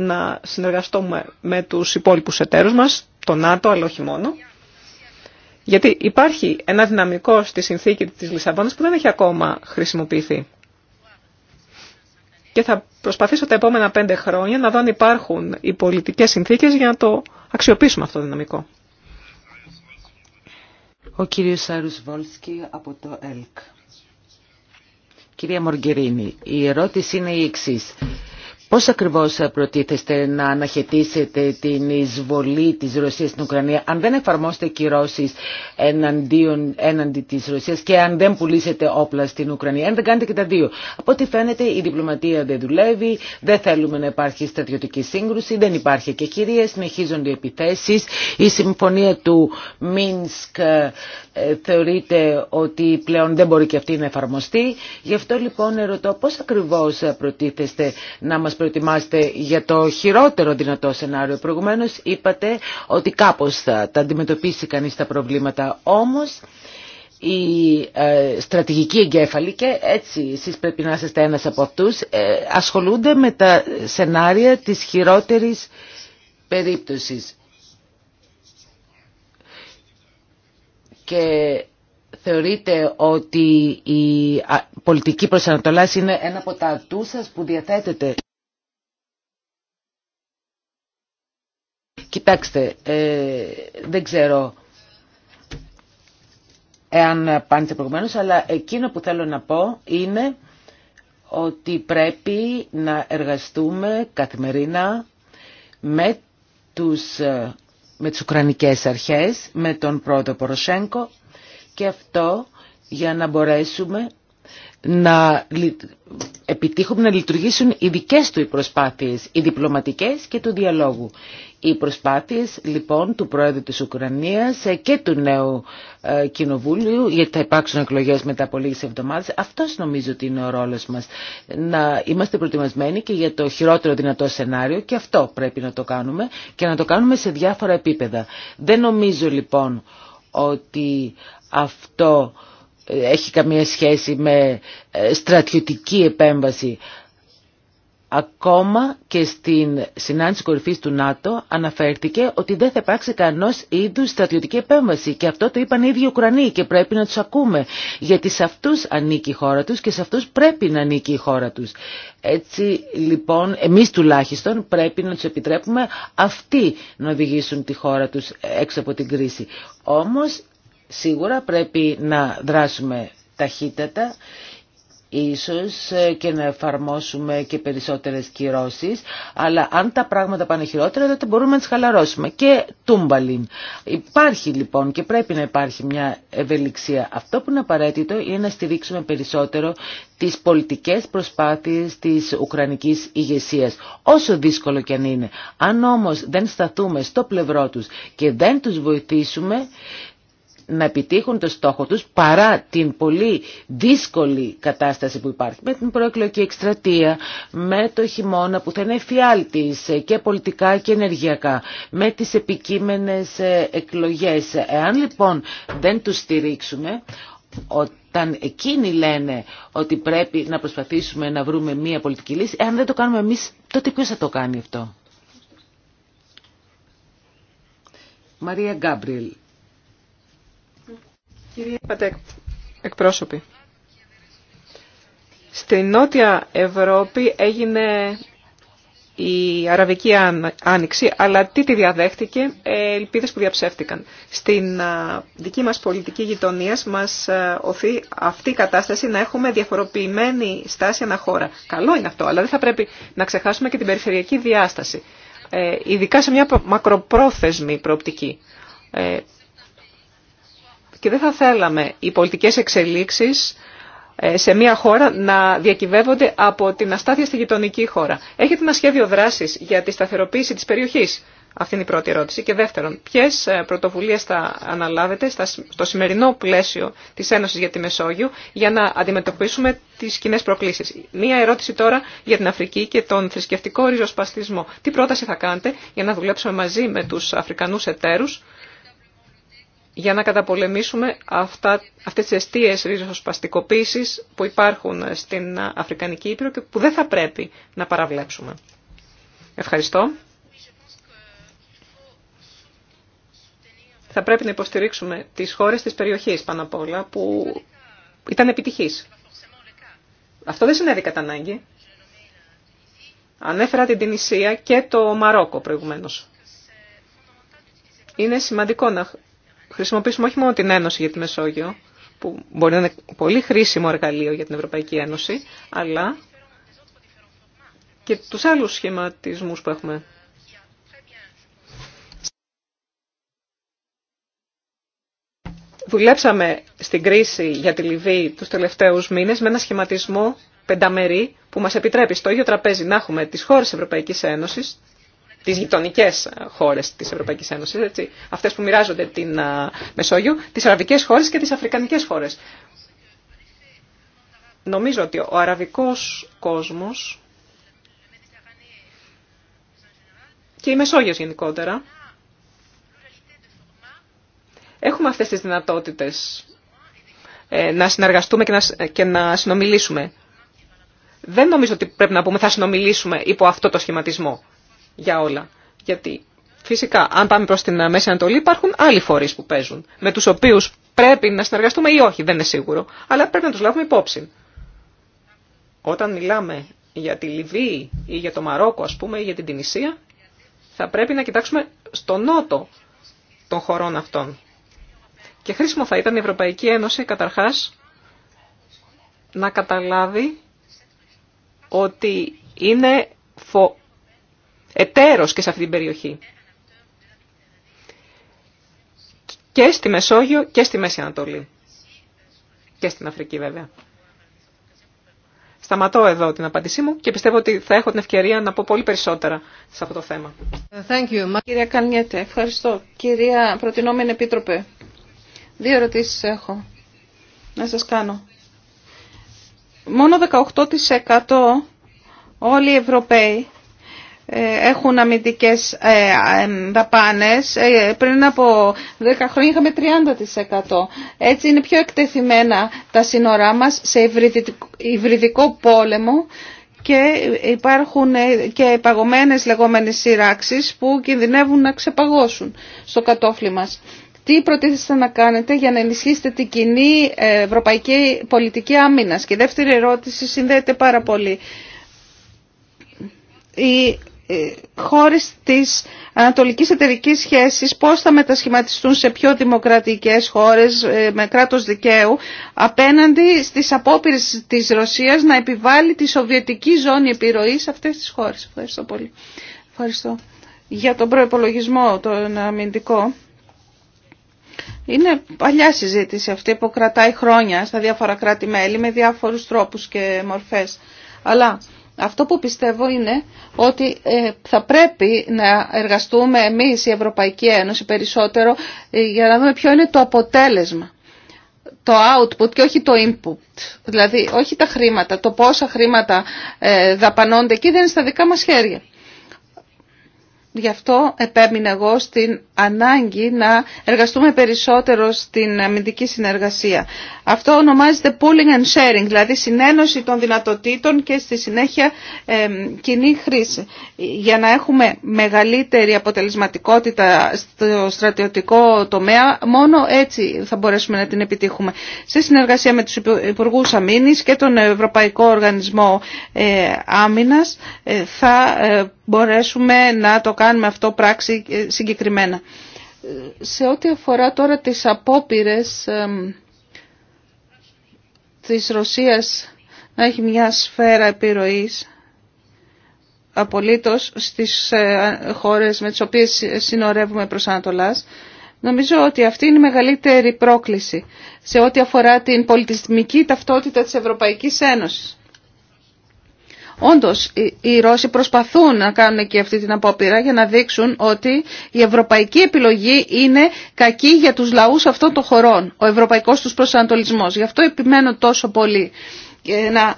να συνεργαστούμε με τους υπόλοιπους εταίρους μας, το ΝΑΤΟ αλλά όχι μόνο. Γιατί υπάρχει ένα δυναμικό στη συνθήκη της Λισαβόνας που δεν έχει ακόμα χρησιμοποιηθεί. Και θα προσπαθήσω τα επόμενα πέντε χρόνια να δω αν υπάρχουν οι πολιτικές συνθήκες για να το αξιοποιήσουμε αυτό το δυναμικό. Ο κύριος Σάρους Βόλσκι από το ΕΛΚ. Κυρία Μοργκερίνη, η ερώτηση είναι η εξής. Πώς ακριβώς προτίθεστε να αναχαιτήσετε την εισβολή της Ρωσίας στην Ουκρανία αν δεν εφαρμόσετε κυρώσεις εναντίον, έναντι της Ρωσίας και αν δεν πουλήσετε όπλα στην Ουκρανία, αν δεν κάνετε και τα δύο. Από ό,τι φαίνεται η διπλωματία δεν δουλεύει, δεν θέλουμε να υπάρχει στρατιωτική σύγκρουση, δεν υπάρχει και κυρία, συνεχίζονται οι επιθέσεις, η συμφωνία του Μίνσκ ε, θεωρείται ότι πλέον δεν μπορεί και αυτή να εφαρμοστεί. Γι' αυτό λοιπόν ερωτώ πώς ακριβώς προτίθεστε να μας προετοιμάσετε για το χειρότερο δυνατό σενάριο. Προηγουμένως είπατε ότι κάπως θα τα αντιμετωπίσει κανείς τα προβλήματα. Όμως η ε, στρατηγική εγκέφαλη και έτσι εσείς πρέπει να είστε ένας από αυτούς ε, ασχολούνται με τα σενάρια της χειρότερης περίπτωσης. και θεωρείτε ότι η πολιτική προσανατολάς είναι ένα από τα ατού σας που διαθέτετε. Κοιτάξτε, ε, δεν ξέρω εάν απάντησε προηγουμένως, αλλά εκείνο που θέλω να πω είναι ότι πρέπει να εργαστούμε καθημερινά με τους με τις Ουκρανικές αρχές, με τον πρώτο Ποροσέγκο και αυτό για να μπορέσουμε να επιτύχουμε να λειτουργήσουν οι δικές του οι προσπάθειες, οι διπλωματικές και του διαλόγου. Οι προσπάθειες λοιπόν του Πρόεδρου της Ουκρανίας και του νέου ε, γιατί θα υπάρξουν εκλογές μετά από λίγες εβδομάδες, αυτός νομίζω ότι είναι ο ρόλος μας. Να είμαστε προετοιμασμένοι και για το χειρότερο δυνατό σενάριο και αυτό πρέπει να το κάνουμε και να το κάνουμε σε διάφορα επίπεδα. Δεν νομίζω λοιπόν ότι αυτό ε, έχει καμία σχέση με ε, στρατιωτική επέμβαση. Ακόμα και στην συνάντηση κορυφής του ΝΑΤΟ αναφέρθηκε ότι δεν θα υπάρξει κανός είδους στρατιωτική επέμβαση και αυτό το είπαν οι ίδιοι Ουκρανοί και πρέπει να τους ακούμε γιατί σε αυτούς ανήκει η χώρα τους και σε αυτούς πρέπει να ανήκει η χώρα τους. Έτσι λοιπόν εμείς τουλάχιστον πρέπει να τους επιτρέπουμε αυτοί να οδηγήσουν τη χώρα τους έξω από την κρίση. Όμως σίγουρα πρέπει να δράσουμε ταχύτατα ίσως ε, και να εφαρμόσουμε και περισσότερες κυρώσεις, αλλά αν τα πράγματα πάνε χειρότερα τότε μπορούμε να τις χαλαρώσουμε. Και τούμπαλιν. Υπάρχει λοιπόν και πρέπει να υπάρχει μια ευελιξία. Αυτό που είναι απαραίτητο είναι να στηρίξουμε περισσότερο τις πολιτικές προσπάθειες της Ουκρανικής ηγεσία. Όσο δύσκολο και αν είναι. Αν όμως δεν σταθούμε στο πλευρό τους και δεν τους βοηθήσουμε, να επιτύχουν το στόχο τους παρά την πολύ δύσκολη κατάσταση που υπάρχει με την προεκλογική εκστρατεία, με το χειμώνα που θα είναι εφιάλτης και πολιτικά και ενεργειακά, με τις επικείμενες ε, εκλογές. Εάν λοιπόν δεν τους στηρίξουμε, όταν εκείνοι λένε ότι πρέπει να προσπαθήσουμε να βρούμε μία πολιτική λύση, εάν δεν το κάνουμε εμείς, τότε ποιος θα το κάνει αυτό. Μαρία Γκάμπριελ Κύριε Πατέκ, εκπρόσωποι. Στην Νότια Ευρώπη έγινε η Αραβική Άνοιξη, αλλά τι τη διαδέχτηκε, ε, ελπίδες που διαψεύτηκαν. Στην δική μας πολιτική γειτονία μας ε, οθεί αυτή η κατάσταση να έχουμε διαφοροποιημένη στάση χώρα. Καλό είναι αυτό, αλλά δεν θα πρέπει να ξεχάσουμε και την περιφερειακή διάσταση, ε, ειδικά σε μια μακροπρόθεσμη προοπτική και δεν θα θέλαμε οι πολιτικές εξελίξεις ε, σε μια χώρα να διακυβεύονται από την αστάθεια στη γειτονική χώρα. Έχετε ένα σχέδιο δράσης για τη σταθεροποίηση της περιοχής. Αυτή είναι η πρώτη ερώτηση. Και δεύτερον, ποιε πρωτοβουλίε θα αναλάβετε στο σημερινό πλαίσιο τη Ένωση για τη Μεσόγειο για να αντιμετωπίσουμε τι κοινέ προκλήσει. Μία ερώτηση τώρα για την Αφρική και τον θρησκευτικό ριζοσπαστισμό. Τι πρόταση θα κάνετε για να δουλέψουμε μαζί με του Αφρικανού εταίρου για να καταπολεμήσουμε αυτά, αυτές τις αιστείες ριζοσπαστικοποίησεις που υπάρχουν στην Αφρικανική Ήπειρο και που δεν θα πρέπει να παραβλέψουμε. Ευχαριστώ. Θα πρέπει να υποστηρίξουμε τις χώρες της περιοχής πάνω απ' όλα που ήταν επιτυχής. Αυτό δεν συνέβη κατά ανάγκη. Ανέφερα την Τινησία και το Μαρόκο προηγουμένως. Είναι σημαντικό να χρησιμοποιήσουμε όχι μόνο την Ένωση για τη Μεσόγειο, που μπορεί να είναι πολύ χρήσιμο εργαλείο για την Ευρωπαϊκή Ένωση, αλλά και τους άλλους σχηματισμούς που έχουμε. Δουλέψαμε στην κρίση για τη Λιβύη τους τελευταίους μήνες με ένα σχηματισμό πενταμερή που μας επιτρέπει στο ίδιο τραπέζι να έχουμε τις χώρες Ευρωπαϊκής Ένωσης, τις γειτονικές ε, χώρες της Ευρωπαϊκής Ένωσης, έτσι, αυτές που μοιράζονται την ε, Μεσόγειο, τις αραβικές χώρες και τις αφρικανικές χώρες. Νομίζω ότι ο αραβικός κόσμος και η Μεσόγειος γενικότερα έχουμε αυτές τις δυνατότητες ε, να συνεργαστούμε και να, και να συνομιλήσουμε. Δεν νομίζω ότι πρέπει να πούμε θα συνομιλήσουμε υπό αυτό το σχηματισμό για όλα. Γιατί φυσικά αν πάμε προς την Μέση Ανατολή υπάρχουν άλλοι φορείς που παίζουν, με τους οποίους πρέπει να συνεργαστούμε ή όχι, δεν είναι σίγουρο, αλλά πρέπει να τους λάβουμε υπόψη. Όταν μιλάμε για τη Λιβύη ή για το Μαρόκο, ας πούμε, ή για την Τινησία, θα πρέπει να κοιτάξουμε στο νότο των χωρών αυτών. Και χρήσιμο θα ήταν η Ευρωπαϊκή Ένωση καταρχάς να καταλάβει ότι είναι εταίρος και σε αυτή την περιοχή. Και στη Μεσόγειο και στη Μέση Ανατολή. Και στην Αφρική βέβαια. Σταματώ εδώ την απάντησή μου και πιστεύω ότι θα έχω την ευκαιρία να πω πολύ περισσότερα σε αυτό το θέμα. Thank you. Κυρία Καλνιέτε, ευχαριστώ. Κυρία Προτινόμενη Επίτροπε, δύο ερωτήσεις έχω να σας κάνω. Μόνο 18% όλοι οι Ευρωπαίοι ε, έχουν αμυντικές ε, δαπάνες. Ε, πριν από 10 χρόνια είχαμε 30%. Έτσι είναι πιο εκτεθειμένα τα σύνορά μας σε υβριδικό πόλεμο και υπάρχουν και παγωμένες λεγόμενες σειράξεις που κινδυνεύουν να ξεπαγώσουν στο κατόφλι μας. Τι προτίθεστε να κάνετε για να ενισχύσετε την κοινή ευρωπαϊκή πολιτική άμυνας. Και η δεύτερη ερώτηση συνδέεται πάρα πολύ. Ε, χώρες της ανατολικής εταιρικής σχέσης πώς θα μετασχηματιστούν σε πιο δημοκρατικές χώρες ε, με κράτος δικαίου απέναντι στις απόπειρες της Ρωσίας να επιβάλλει τη σοβιετική ζώνη επιρροή σε αυτές τις χώρες. Ευχαριστώ πολύ. Ευχαριστώ. Για τον προϋπολογισμό τον αμυντικό. Είναι παλιά συζήτηση αυτή που κρατάει χρόνια στα διάφορα κράτη-μέλη με διάφορους τρόπους και μορφές. Αλλά αυτό που πιστεύω είναι ότι ε, θα πρέπει να εργαστούμε εμείς η Ευρωπαϊκή Ένωση περισσότερο ε, για να δούμε ποιο είναι το αποτέλεσμα. Το output και όχι το input. Δηλαδή όχι τα χρήματα, το πόσα χρήματα ε, δαπανώνται εκεί δεν είναι στα δικά μας χέρια. Γι' αυτό επέμεινα εγώ στην ανάγκη να εργαστούμε περισσότερο στην αμυντική συνεργασία. Αυτό ονομάζεται pooling and sharing, δηλαδή συνένωση των δυνατοτήτων και στη συνέχεια κοινή χρήση. Για να έχουμε μεγαλύτερη αποτελεσματικότητα στο στρατιωτικό τομέα, μόνο έτσι θα μπορέσουμε να την επιτύχουμε. Σε συνεργασία με τους Υπουργού Αμήνης και τον Ευρωπαϊκό Οργανισμό ε, Άμυνας ε, θα ε, μπορέσουμε να το κάνουμε αυτό πράξη συγκεκριμένα. Σε ό,τι αφορά τώρα τις απόπειρες της Ρωσίας να έχει μια σφαίρα επιρροής απολύτως στις ε, χώρες με τις οποίες συνορεύουμε προς Ανατολάς, Νομίζω ότι αυτή είναι η μεγαλύτερη πρόκληση σε ό,τι αφορά την πολιτισμική ταυτότητα της Ευρωπαϊκής Ένωσης. Όντω, οι Ρώσοι προσπαθούν να κάνουν και αυτή την απόπειρα για να δείξουν ότι η ευρωπαϊκή επιλογή είναι κακή για τους λαούς αυτών των χωρών, ο ευρωπαϊκός του προσανατολισμός. Γι' αυτό επιμένω τόσο πολύ ε, να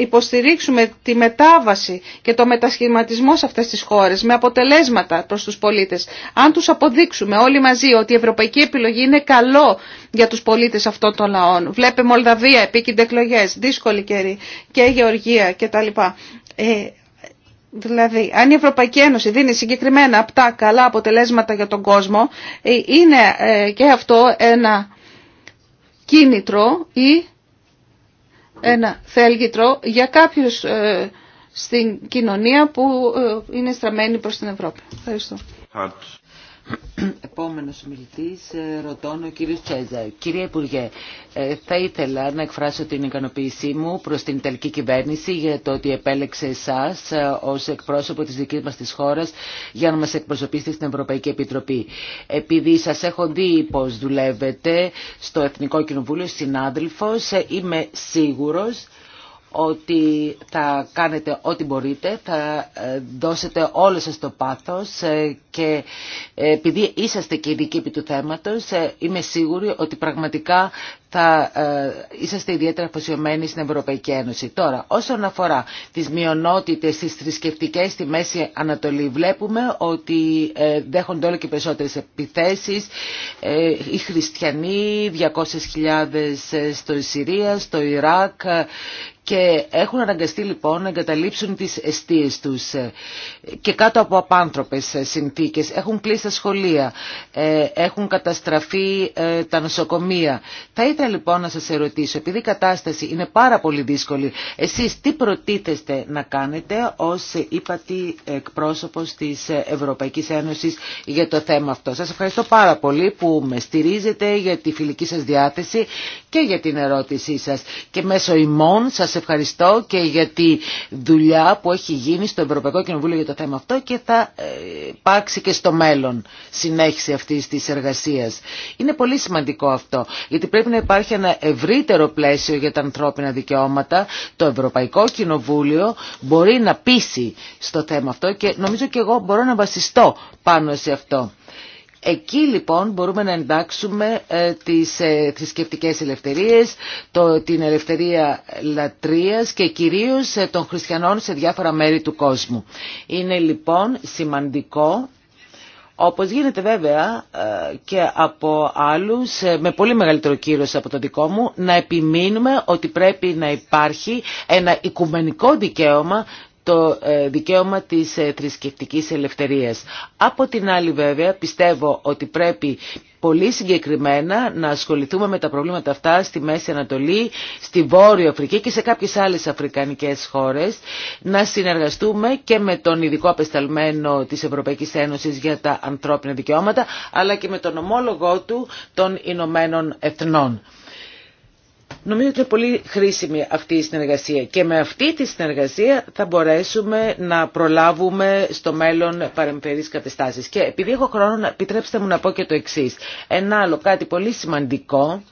υποστηρίξουμε τη μετάβαση και το μετασχηματισμό σε αυτές τις χώρες με αποτελέσματα προς τους πολίτες. Αν τους αποδείξουμε όλοι μαζί ότι η ευρωπαϊκή επιλογή είναι καλό για τους πολίτες αυτών των λαών. Βλέπε Μολδαβία, επί εκλογέ, δύσκολη καιρή και Γεωργία κτλ. Ε, δηλαδή, αν η Ευρωπαϊκή Ένωση δίνει συγκεκριμένα απτά καλά αποτελέσματα για τον κόσμο, ε, είναι ε, και αυτό ένα κίνητρο ή ένα θέλγητρο για κάποιους ε, στην κοινωνία που ε, είναι στραμμένοι προς την Ευρώπη. Ευχαριστώ. Επόμενος μιλητής, ε, ρωτώνω κύριος Τσέζα. Κύριε Υπουργέ, ε, θα ήθελα να εκφράσω την ικανοποίησή μου προς την Ιταλική κυβέρνηση για το ότι επέλεξε εσά ε, ως εκπρόσωπο της δικής μας της χώρας για να μας εκπροσωπήσετε στην Ευρωπαϊκή Επιτροπή. Επειδή σας έχω δει πώς δουλεύετε στο Εθνικό Κοινοβούλιο, συνάδελφος, είμαι σίγουρος ότι θα κάνετε ό,τι μπορείτε, θα ε, δώσετε όλο σας το πάθος ε, και ε, επειδή είσαστε και ειδικοί επί του θέματος, είμαι σίγουρη ότι πραγματικά θα είσαστε ιδιαίτερα αφοσιωμένοι στην Ευρωπαϊκή Ένωση. Τώρα, όσον αφορά τις μειονότητες, τις θρησκευτικέ στη Μέση Ανατολή, βλέπουμε ότι δέχονται όλο και περισσότερες επιθέσεις. οι χριστιανοί, 200.000 στο Συρία, στο Ιράκ και έχουν αναγκαστεί λοιπόν να εγκαταλείψουν τις αιστείες τους ε, και κάτω από απάνθρωπες ε, συνθήκες. Έχουν κλείσει τα σχολεία, ε, έχουν καταστραφεί τα νοσοκομεία. Θα ήθελα λοιπόν να σας ερωτήσω, επειδή η κατάσταση είναι πάρα πολύ δύσκολη, εσείς τι προτίθεστε να κάνετε ως ύπατη εκπρόσωπος της Ευρωπαϊκής Ένωσης για το θέμα αυτό. Σας ευχαριστώ πάρα πολύ που με στηρίζετε για τη φιλική σας διάθεση και για την ερώτησή σας. Και μέσω ημών ευχαριστώ και για τη δουλειά που έχει γίνει στο Ευρωπαϊκό Κοινοβούλιο για το θέμα αυτό και θα ε, υπάρξει και στο μέλλον συνέχιση αυτής της εργασίας. Είναι πολύ σημαντικό αυτό, γιατί πρέπει να υπάρχει ένα ευρύτερο πλαίσιο για τα ανθρώπινα δικαιώματα. Το Ευρωπαϊκό Κοινοβούλιο μπορεί να πείσει στο θέμα αυτό και νομίζω και εγώ μπορώ να βασιστώ πάνω σε αυτό. Εκεί λοιπόν μπορούμε να εντάξουμε ε, τις ε, θρησκευτικές ελευθερίες, το, την ελευθερία λατρείας και κυρίως ε, των χριστιανών σε διάφορα μέρη του κόσμου. Είναι λοιπόν σημαντικό, όπως γίνεται βέβαια και από άλλους, με πολύ μεγαλύτερο κύρος από το δικό μου, να επιμείνουμε ότι πρέπει να υπάρχει ένα οικουμενικό δικαίωμα το ε, δικαίωμα της ε, θρησκευτικής ελευθερίας. Από την άλλη βέβαια πιστεύω ότι πρέπει πολύ συγκεκριμένα να ασχοληθούμε με τα προβλήματα αυτά στη Μέση Ανατολή, στη Βόρεια Αφρική και σε κάποιες άλλες αφρικανικές χώρες, να συνεργαστούμε και με τον ειδικό απεσταλμένο της Ευρωπαϊκής Ένωσης για τα ανθρώπινα δικαιώματα, αλλά και με τον ομόλογό του των Ηνωμένων Εθνών. Νομίζω ότι είναι πολύ χρήσιμη αυτή η συνεργασία και με αυτή τη συνεργασία θα μπορέσουμε να προλάβουμε στο μέλλον παρεμφερείς καταστάσεις. Και επειδή έχω χρόνο, επιτρέψτε μου να πω και το εξής. Ένα άλλο κάτι πολύ σημαντικό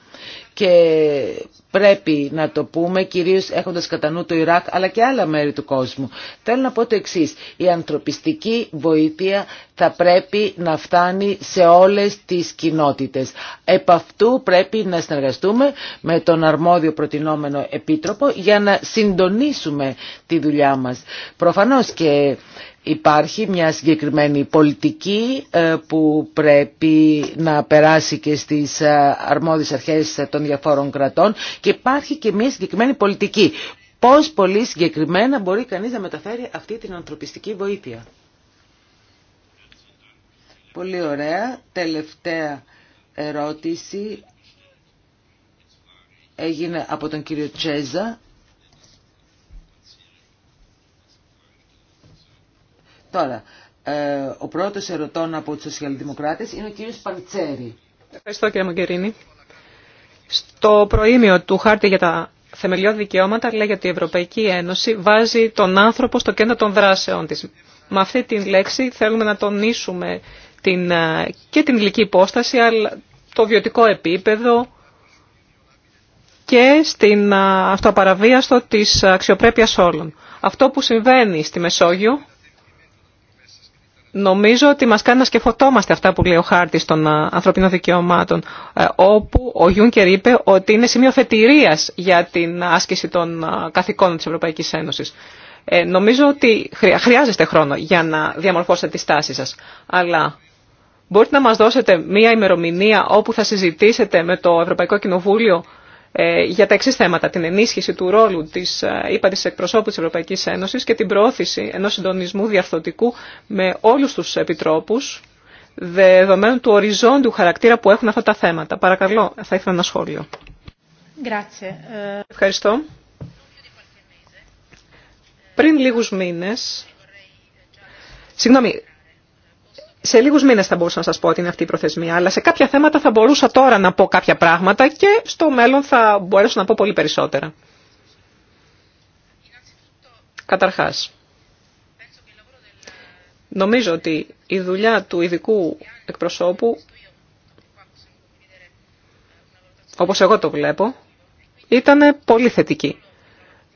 και πρέπει να το πούμε κυρίως έχοντας κατά νου το Ιράκ αλλά και άλλα μέρη του κόσμου. Θέλω να πω το εξής, η ανθρωπιστική βοήθεια θα πρέπει να φτάνει σε όλες τις κοινότητες. Επ' αυτού πρέπει να συνεργαστούμε με τον αρμόδιο προτινόμενο επίτροπο για να συντονίσουμε τη δουλειά μας. Προφανώς και Υπάρχει μια συγκεκριμένη πολιτική ε, που πρέπει να περάσει και στις ε, αρμόδιες αρχές των διαφόρων κρατών και υπάρχει και μια συγκεκριμένη πολιτική. Πώς πολύ συγκεκριμένα μπορεί κανείς να μεταφέρει αυτή την ανθρωπιστική βοήθεια. Πολύ ωραία. Τελευταία ερώτηση έγινε από τον κύριο Τσέζα. Τώρα, ε, ο πρώτος ερωτών από του σοσιαλδημοκράτες είναι ο κύριο Παλτσέρη. Ευχαριστώ κύριε Μογκερίνη. Στο προήμιο του χάρτη για τα θεμελιώδη δικαιώματα λέγεται ότι η Ευρωπαϊκή Ένωση βάζει τον άνθρωπο στο κέντρο των δράσεών τη. Με αυτή τη λέξη θέλουμε να τονίσουμε την, ε, και την ηλική υπόσταση, αλλά το βιωτικό επίπεδο και στην ε, αυτοπαραβίαστο της αξιοπρέπειας όλων. Αυτό που συμβαίνει στη Μεσόγειο Νομίζω ότι μας κάνει να σκεφτόμαστε αυτά που λέει ο χάρτης των ε, ανθρωπίνων δικαιωμάτων, ε, όπου ο Γιούνκερ είπε ότι είναι σημείο θετηρίας για την άσκηση των ε, καθηκόνων της Ευρωπαϊκής Ένωσης. νομίζω ότι χρειάζεστε χρόνο για να διαμορφώσετε τις τάσεις σας. Αλλά μπορείτε να μας δώσετε μία ημερομηνία όπου θα συζητήσετε με το Ευρωπαϊκό Κοινοβούλιο ε, για τα εξή θέματα. Την ενίσχυση του ρόλου τη ύπαρτη ε, εκπροσώπου τη Ευρωπαϊκή Ένωση και την προώθηση ενό συντονισμού διαρθωτικού με όλου του επιτρόπου, δεδομένου του οριζόντιου χαρακτήρα που έχουν αυτά τα θέματα. Παρακαλώ, θα ήθελα ένα σχόλιο. Ευχαριστώ. Πριν λίγους μήνες, συγγνώμη, σε λίγους μήνες θα μπορούσα να σας πω ότι είναι αυτή η προθεσμία, αλλά σε κάποια θέματα θα μπορούσα τώρα να πω κάποια πράγματα και στο μέλλον θα μπορέσω να πω πολύ περισσότερα. Καταρχάς, νομίζω ότι η δουλειά του ειδικού εκπροσώπου, όπως εγώ το βλέπω, ήταν πολύ θετική.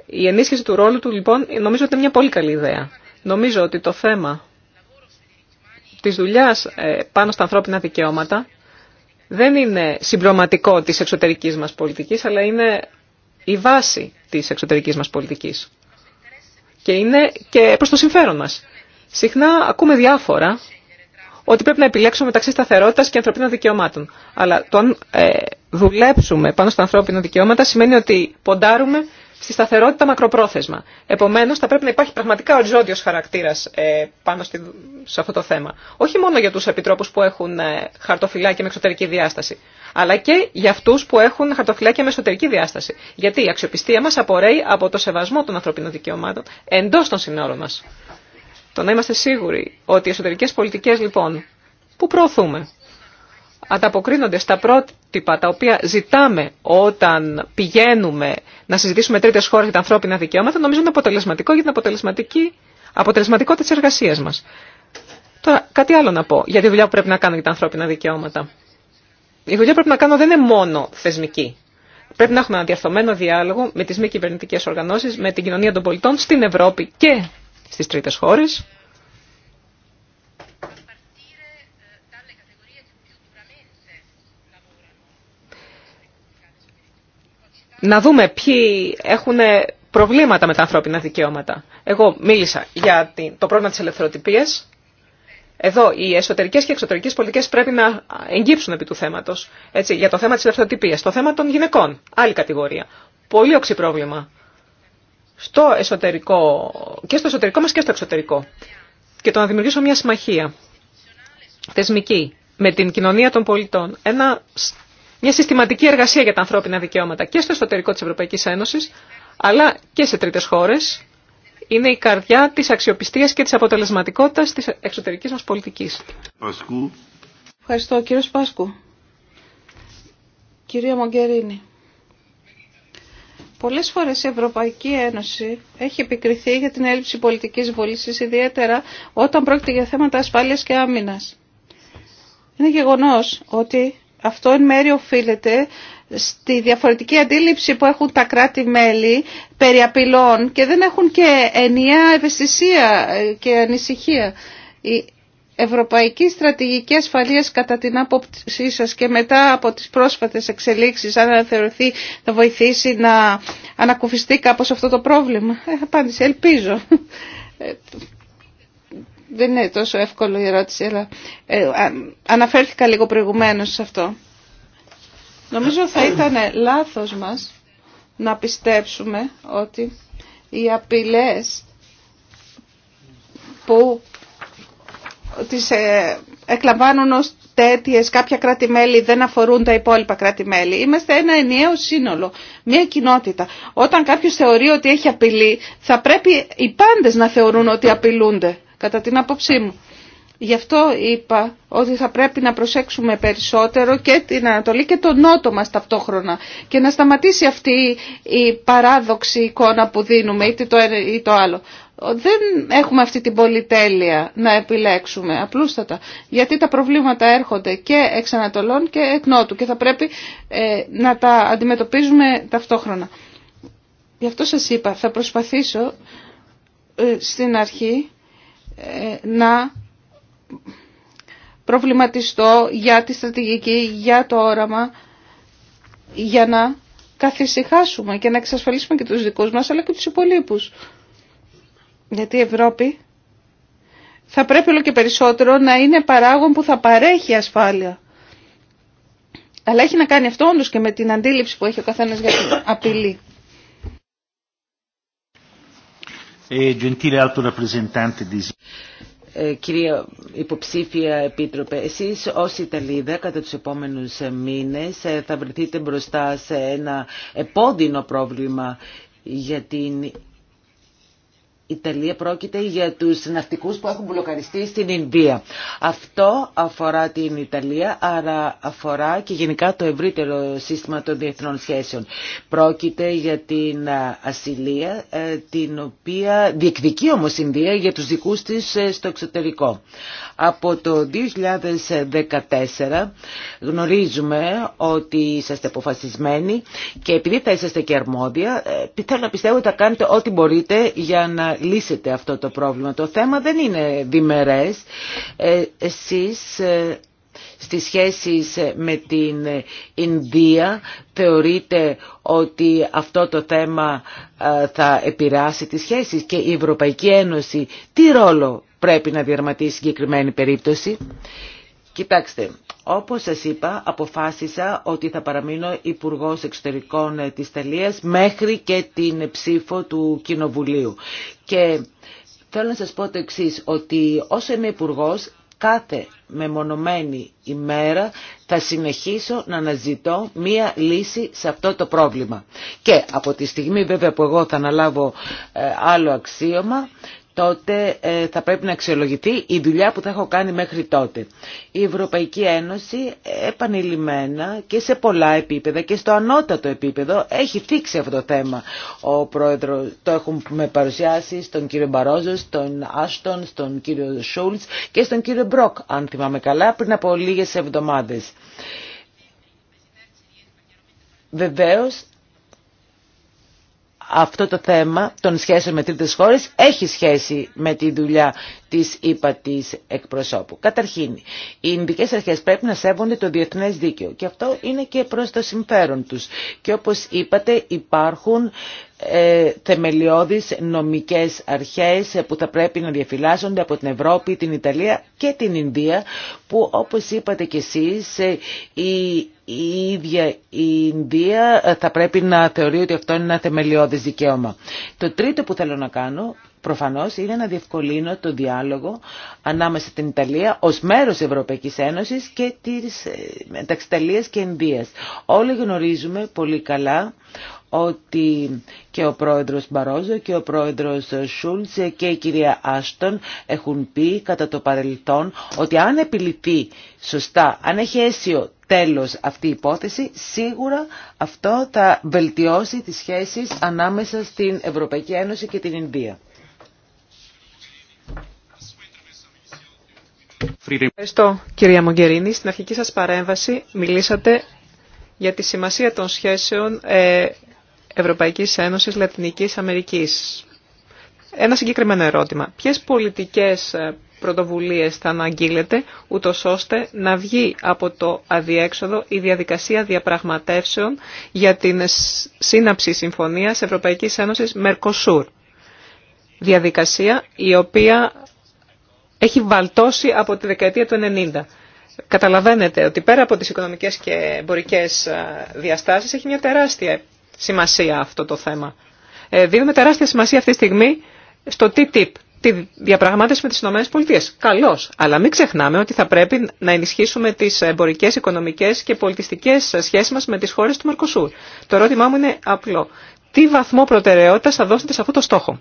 Η ενίσχυση του ρόλου του, λοιπόν, νομίζω ότι είναι μια πολύ καλή ιδέα. Νομίζω ότι το θέμα της δουλειάς ε, πάνω στα ανθρώπινα δικαιώματα δεν είναι συμπληρωματικό της εξωτερικής μας πολιτικής, αλλά είναι η βάση της εξωτερικής μας πολιτικής. Και είναι και προς το συμφέρον μας. Συχνά ακούμε διάφορα ότι πρέπει να επιλέξουμε μεταξύ σταθερότητας και ανθρωπίνων δικαιωμάτων. Αλλά το αν ε, δουλέψουμε πάνω στα ανθρώπινα δικαιώματα σημαίνει ότι ποντάρουμε στη σταθερότητα μακροπρόθεσμα. Επομένως, θα πρέπει να υπάρχει πραγματικά οριζόντιος χαρακτήρας ε, πάνω σε αυτό το θέμα. Όχι μόνο για τους επιτρόπους που έχουν ε, χαρτοφυλάκια με εξωτερική διάσταση, αλλά και για αυτούς που έχουν χαρτοφυλάκια με εσωτερική διάσταση. Γιατί η αξιοπιστία μας απορρέει από το σεβασμό των ανθρωπίνων δικαιωμάτων εντός των συνόρων μας. Το να είμαστε σίγουροι ότι οι εσωτερικές πολιτικές, λοιπόν, που προωθούμε, ανταποκρίνονται στα, πρώτη πρότυπα τα οποία ζητάμε όταν πηγαίνουμε να συζητήσουμε τρίτε τρίτες χώρες για τα ανθρώπινα δικαιώματα, νομίζω είναι αποτελεσματικό για την αποτελεσματική, αποτελεσματικότητα τη εργασία μας. Τώρα, κάτι άλλο να πω για τη δουλειά που πρέπει να κάνω για τα ανθρώπινα δικαιώματα. Η δουλειά που πρέπει να κάνω δεν είναι μόνο θεσμική. Πρέπει να έχουμε ένα διαρθωμένο διάλογο με τι μη κυβερνητικέ οργανώσει, με την κοινωνία των πολιτών στην Ευρώπη και στι τρίτε χώρε. να δούμε ποιοι έχουν προβλήματα με τα ανθρώπινα δικαιώματα. Εγώ μίλησα για το πρόβλημα της ελευθεροτυπίας. Εδώ οι εσωτερικές και εξωτερικές πολιτικές πρέπει να εγγύψουν επί του θέματος. Έτσι, για το θέμα της ελευθεροτυπίας. Το θέμα των γυναικών. Άλλη κατηγορία. Πολύ οξύ πρόβλημα. Στο εσωτερικό, και στο εσωτερικό μας και στο εξωτερικό. Και το να δημιουργήσω μια συμμαχία θεσμική με την κοινωνία των πολιτών. Ένα μια συστηματική εργασία για τα ανθρώπινα δικαιώματα και στο εσωτερικό της Ευρωπαϊκής Ένωσης, αλλά και σε τρίτες χώρες, είναι η καρδιά της αξιοπιστίας και της αποτελεσματικότητας της εξωτερικής μας πολιτικής. Πασκού. Ευχαριστώ, κύριο Πάσκου. Κυρία Μογκερίνη. Πολλές φορές η Ευρωπαϊκή Ένωση έχει επικριθεί για την έλλειψη πολιτικής βολήσης, ιδιαίτερα όταν πρόκειται για θέματα ασφάλειας και άμυνας. Είναι γεγονός ότι αυτό εν μέρει οφείλεται στη διαφορετική αντίληψη που έχουν τα κράτη-μέλη περί απειλών και δεν έχουν και ενιαία ευαισθησία και ανησυχία. Η Ευρωπαϊκή Στρατηγική Ασφαλείας κατά την άποψή σας και μετά από τις πρόσφατες εξελίξεις αν θεωρηθεί θα βοηθήσει να ανακουφιστεί κάπως αυτό το πρόβλημα. Ε, απάντηση, ελπίζω. Δεν είναι τόσο εύκολο η ερώτηση, αλλά ε, αναφέρθηκα λίγο προηγουμένως σε αυτό. Νομίζω θα ήταν λάθος μας να πιστέψουμε ότι οι απειλές που τις ε, εκλαμβάνουν ως τέτοιες κάποια κράτη-μέλη δεν αφορούν τα υπόλοιπα κράτη-μέλη. Είμαστε ένα ενιαίο σύνολο, μια κοινότητα. Όταν κάποιος θεωρεί ότι έχει απειλή, θα πρέπει οι πάντες να θεωρούν ότι απειλούνται κατά την άποψή μου. Γι' αυτό είπα ότι θα πρέπει να προσέξουμε περισσότερο και την Ανατολή και τον Νότο μας ταυτόχρονα και να σταματήσει αυτή η παράδοξη εικόνα που δίνουμε είτε το ή το άλλο. Δεν έχουμε αυτή την πολυτέλεια να επιλέξουμε απλούστατα γιατί τα προβλήματα έρχονται και εξ Ανατολών και εκ Νότου και θα πρέπει ε, να τα αντιμετωπίζουμε ταυτόχρονα. Γι' αυτό σας είπα θα προσπαθήσω ε, στην αρχή ε, να προβληματιστώ για τη στρατηγική, για το όραμα, για να καθησυχάσουμε και να εξασφαλίσουμε και τους δικούς μας, αλλά και τους υπολείπους. Γιατί η Ευρώπη θα πρέπει όλο και περισσότερο να είναι παράγων που θα παρέχει ασφάλεια. Αλλά έχει να κάνει αυτό όντως και με την αντίληψη που έχει ο καθένας για την απειλή. E ε, κυρία υποψήφια επίτροπε, εσείς ως Ιταλίδα κατά τους επόμενους μήνες ε, θα βρεθείτε μπροστά σε ένα επώδυνο πρόβλημα για την η Ιταλία πρόκειται για τους ναυτικούς που έχουν μπλοκαριστεί στην Ινδία. Αυτό αφορά την Ιταλία, άρα αφορά και γενικά το ευρύτερο σύστημα των διεθνών σχέσεων. Πρόκειται για την ε, ασυλία, ε, την οποία διεκδικεί όμως η Ινδία για τους δικούς της ε, στο εξωτερικό. Από το 2014 γνωρίζουμε ότι είσαστε αποφασισμένοι και επειδή θα είσαστε και αρμόδια, ε, θέλω να πιστεύω ότι θα κάνετε ό,τι μπορείτε για να λύσετε αυτό το πρόβλημα. Το θέμα δεν είναι διμερές. Ε, εσείς ε, στις σχέσεις ε, με την Ινδία θεωρείτε ότι αυτό το θέμα θα επηρεάσει τις σχέσεις και η Ευρωπαϊκή Ένωση τι ρόλο πρέπει να διαρματίσει συγκεκριμένη περίπτωση. Κοιτάξτε, όπως σας είπα, αποφάσισα ότι θα παραμείνω υπουργό Εξωτερικών της Ιταλίας μέχρι και την ψήφο του Κοινοβουλίου. Και θέλω να σας πω το εξή ότι όσο είμαι υπουργό, κάθε μεμονωμένη ημέρα θα συνεχίσω να αναζητώ μία λύση σε αυτό το πρόβλημα. Και από τη στιγμή βέβαια που εγώ θα αναλάβω ε, άλλο αξίωμα, τότε ε, θα πρέπει να αξιολογηθεί η δουλειά που θα έχω κάνει μέχρι τότε. Η Ευρωπαϊκή Ένωση επανειλημμένα και σε πολλά επίπεδα και στο ανώτατο επίπεδο έχει θίξει αυτό το θέμα. Ο πρόεδρος το έχουμε παρουσιάσει στον κύριο Μπαρόζο, στον Άστον, στον κύριο Σούλτς και στον κύριο Μπροκ, αν θυμάμαι καλά, πριν από λίγες εβδομάδες. Βεβαίως αυτό το θέμα των σχέσεων με τρίτες χώρες έχει σχέση με τη δουλειά της ΥΠΑ της εκπροσώπου. Καταρχήν, οι Ινδικές αρχές πρέπει να σέβονται το διεθνές δίκαιο και αυτό είναι και προς το συμφέρον τους. Και όπως είπατε υπάρχουν ε, θεμελιώδεις νομικές αρχές που θα πρέπει να διαφυλάσσονται από την Ευρώπη, την Ιταλία και την Ινδία που όπως είπατε και εσείς ε, η ίδια η Ινδία ε, θα πρέπει να θεωρεί ότι αυτό είναι ένα θεμελιώδες δικαίωμα. Το τρίτο που θέλω να κάνω προφανώς είναι να διευκολύνω το διάλογο ανάμεσα στην Ιταλία ως μέρος Ευρωπαϊκής Ένωσης και της και Ινδίας. Όλοι γνωρίζουμε πολύ καλά ότι και ο πρόεδρος Μπαρόζο και ο πρόεδρος Σούλτς και η κυρία Άστον έχουν πει κατά το παρελθόν ότι αν επιληθεί σωστά, αν έχει αίσιο τέλος αυτή η υπόθεση, σίγουρα αυτό θα βελτιώσει τις σχέσεις ανάμεσα στην Ευρωπαϊκή Ένωση και την Ινδία. Ευχαριστώ κυρία Μογκερίνη. Στην αρχική σας παρέμβαση μιλήσατε για τη σημασία των σχέσεων ε, Ευρωπαϊκής Ένωσης Λατινικής Αμερικής. Ένα συγκεκριμένο ερώτημα. Ποιες πολιτικές ε, πρωτοβουλίες θα αναγγείλετε, ούτω ώστε να βγει από το αδιέξοδο η διαδικασία διαπραγματεύσεων για την σύναψη συμφωνίας Ευρωπαϊκής Ένωσης Μερκοσούρ. Διαδικασία η οποία έχει βαλτώσει από τη δεκαετία του 90. Καταλαβαίνετε ότι πέρα από τις οικονομικές και εμπορικές ε, διαστάσεις έχει μια τεράστια σημασία αυτό το θέμα. Ε, δίνουμε τεράστια σημασία αυτή τη στιγμή στο TTIP, τη διαπραγμάτευση με τις ΗΠΑ. Καλώ. αλλά μην ξεχνάμε ότι θα πρέπει να ενισχύσουμε τις εμπορικές, οικονομικές και πολιτιστικέ σχέσεις μας με τις χώρες του Μαρκοσούρ. Το ερώτημά μου είναι απλό. Τι βαθμό προτεραιότητα θα δώσετε σε αυτό το στόχο.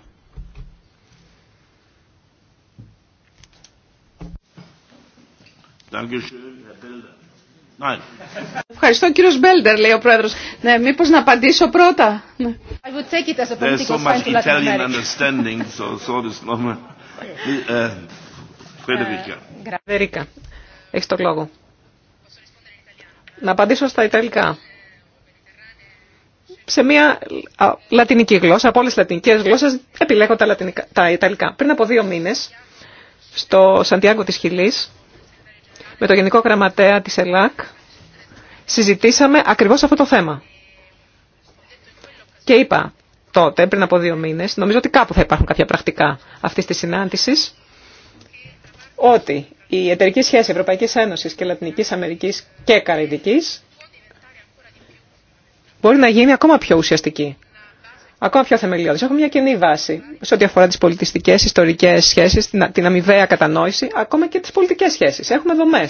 Ευχαριστώ κύριο Μπέλντερ, λέει ο πρόεδρος. Ναι, μήπως να απαντήσω πρώτα. Ναι. I so much Italian understanding, so, uh, Έχεις το λόγο. Να απαντήσω στα Ιταλικά. Σε μια λατινική γλώσσα, από όλες τις λατινικές γλώσσες, επιλέγω τα, Ιταλικά. Πριν από δύο μήνες, στο Σαντιάγκο της Χιλής, με το Γενικό Γραμματέα της ΕΛΑΚ συζητήσαμε ακριβώς αυτό το θέμα. Και είπα τότε, πριν από δύο μήνες, νομίζω ότι κάπου θα υπάρχουν κάποια πρακτικά αυτής της συνάντησης, ότι η εταιρική σχέση Ευρωπαϊκής Ένωσης και Λατινικής Αμερικής και Καραϊδικής μπορεί να γίνει ακόμα πιο ουσιαστική ακόμα πιο θεμελιώδης. Έχουμε μια κοινή βάση σε ό,τι αφορά τι πολιτιστικέ ιστορικέ σχέσει, την αμοιβαία κατανόηση, ακόμα και τι πολιτικέ σχέσει. Έχουμε δομέ.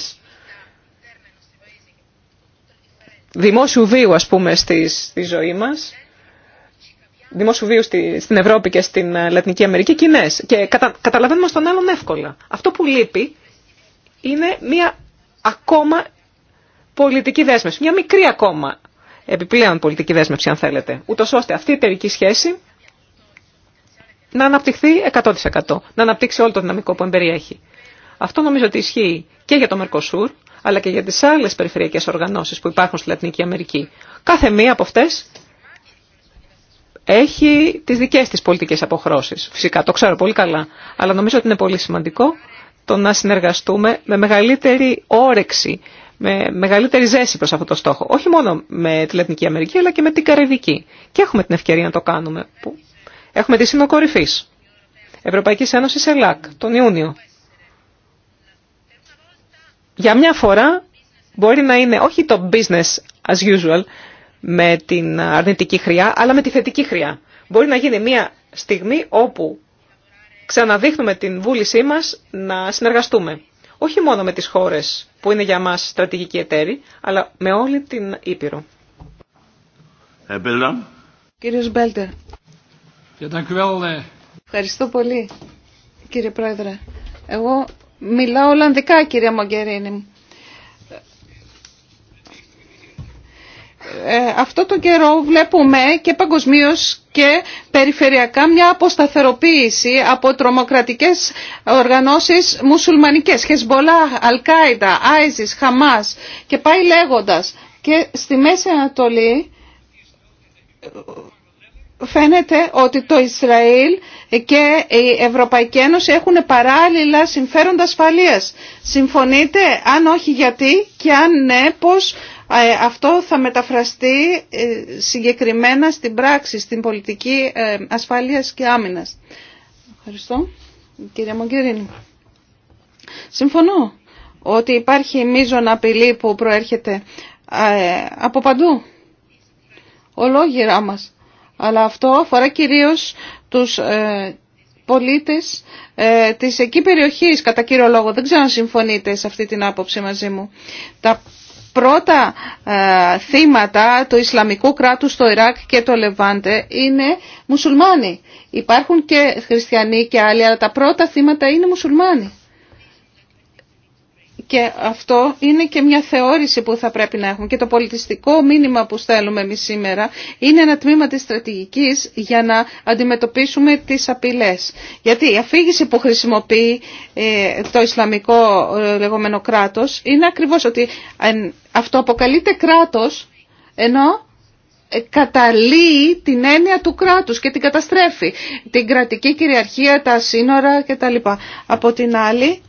Δημόσιου βίου, α πούμε, στη, στη ζωή μα, δημόσιου βίου στη, στην Ευρώπη και στην ε, Λατινική Αμερική, κοινέ. Και κατα, καταλαβαίνουμε στον άλλον εύκολα. Αυτό που λείπει είναι μια ακόμα πολιτική δέσμευση. Μια μικρή ακόμα επιπλέον πολιτική δέσμευση, αν θέλετε, ούτω ώστε αυτή η εταιρική σχέση να αναπτυχθεί 100%, να αναπτύξει όλο το δυναμικό που εμπεριέχει. Αυτό νομίζω ότι ισχύει και για το Μερκοσούρ, αλλά και για τι άλλε περιφερειακέ οργανώσει που υπάρχουν στη Λατινική Αμερική. Κάθε μία από αυτέ έχει τι δικέ της πολιτικέ αποχρώσεις. Φυσικά, το ξέρω πολύ καλά, αλλά νομίζω ότι είναι πολύ σημαντικό το να συνεργαστούμε με μεγαλύτερη όρεξη με μεγαλύτερη ζέση προς αυτό το στόχο. Όχι μόνο με τη Λατινική Αμερική, αλλά και με την Καραϊβική. Και έχουμε την ευκαιρία να το κάνουμε. Που έχουμε τη Σύνο Ευρωπαϊκή Ευρωπαϊκής Ένωσης ΕΛΑΚ, τον Ιούνιο. Για μια φορά μπορεί να είναι όχι το business as usual με την αρνητική χρειά, αλλά με τη θετική χρειά. Μπορεί να γίνει μια στιγμή όπου ξαναδείχνουμε την βούλησή μας να συνεργαστούμε όχι μόνο με τις χώρες που είναι για μας στρατηγικοί εταίροι, αλλά με όλη την Ήπειρο. Ε, Κύριος Μπέλτερ. Eh. Ευχαριστώ πολύ, κύριε Πρόεδρε. Εγώ μιλάω Ολλανδικά, κύριε Μογκερίνη. Ε, αυτό το καιρό βλέπουμε και παγκοσμίω και περιφερειακά μια αποσταθεροποίηση από τρομοκρατικές οργανώσεις μουσουλμανικές, Χεσμπολά, Αλκάιδα, Άιζης, Χαμάς και πάει λέγοντας. Και στη Μέση Ανατολή φαίνεται ότι το Ισραήλ και η Ευρωπαϊκή Ένωση έχουν παράλληλα συμφέροντα ασφαλείας. Συμφωνείτε, αν όχι γιατί και αν ναι, πώς ε, αυτό θα μεταφραστεί ε, συγκεκριμένα στην πράξη, στην πολιτική ε, ασφάλειας και άμυνας. Ευχαριστώ. Κυρία Μογκερίνη. Συμφωνώ ότι υπάρχει μείζον απειλή που προέρχεται από παντού. Ολόγυρά μας. Αλλά αυτό αφορά κυρίως τους πολίτες της εκεί περιοχής κατά κύριο λόγο. Δεν ξέρω αν συμφωνείτε σε αυτή την άποψη μαζί μου. Τα πρώτα ε, θύματα του Ισλαμικού κράτου στο Ιράκ και το Λεβάντε είναι μουσουλμάνοι. Υπάρχουν και χριστιανοί και άλλοι, αλλά τα πρώτα θύματα είναι μουσουλμάνοι. Και αυτό είναι και μια θεώρηση που θα πρέπει να έχουμε. Και το πολιτιστικό μήνυμα που στέλνουμε εμείς σήμερα είναι ένα τμήμα της στρατηγικής για να αντιμετωπίσουμε τις απειλές. Γιατί η αφήγηση που χρησιμοποιεί ε, το Ισλαμικό ε, λεγόμενο κράτος είναι ακριβώς ότι αυτό αποκαλείται κράτος ενώ ε, καταλύει την έννοια του κράτους και την καταστρέφει. Την κρατική κυριαρχία, τα σύνορα κτλ. Από την άλλη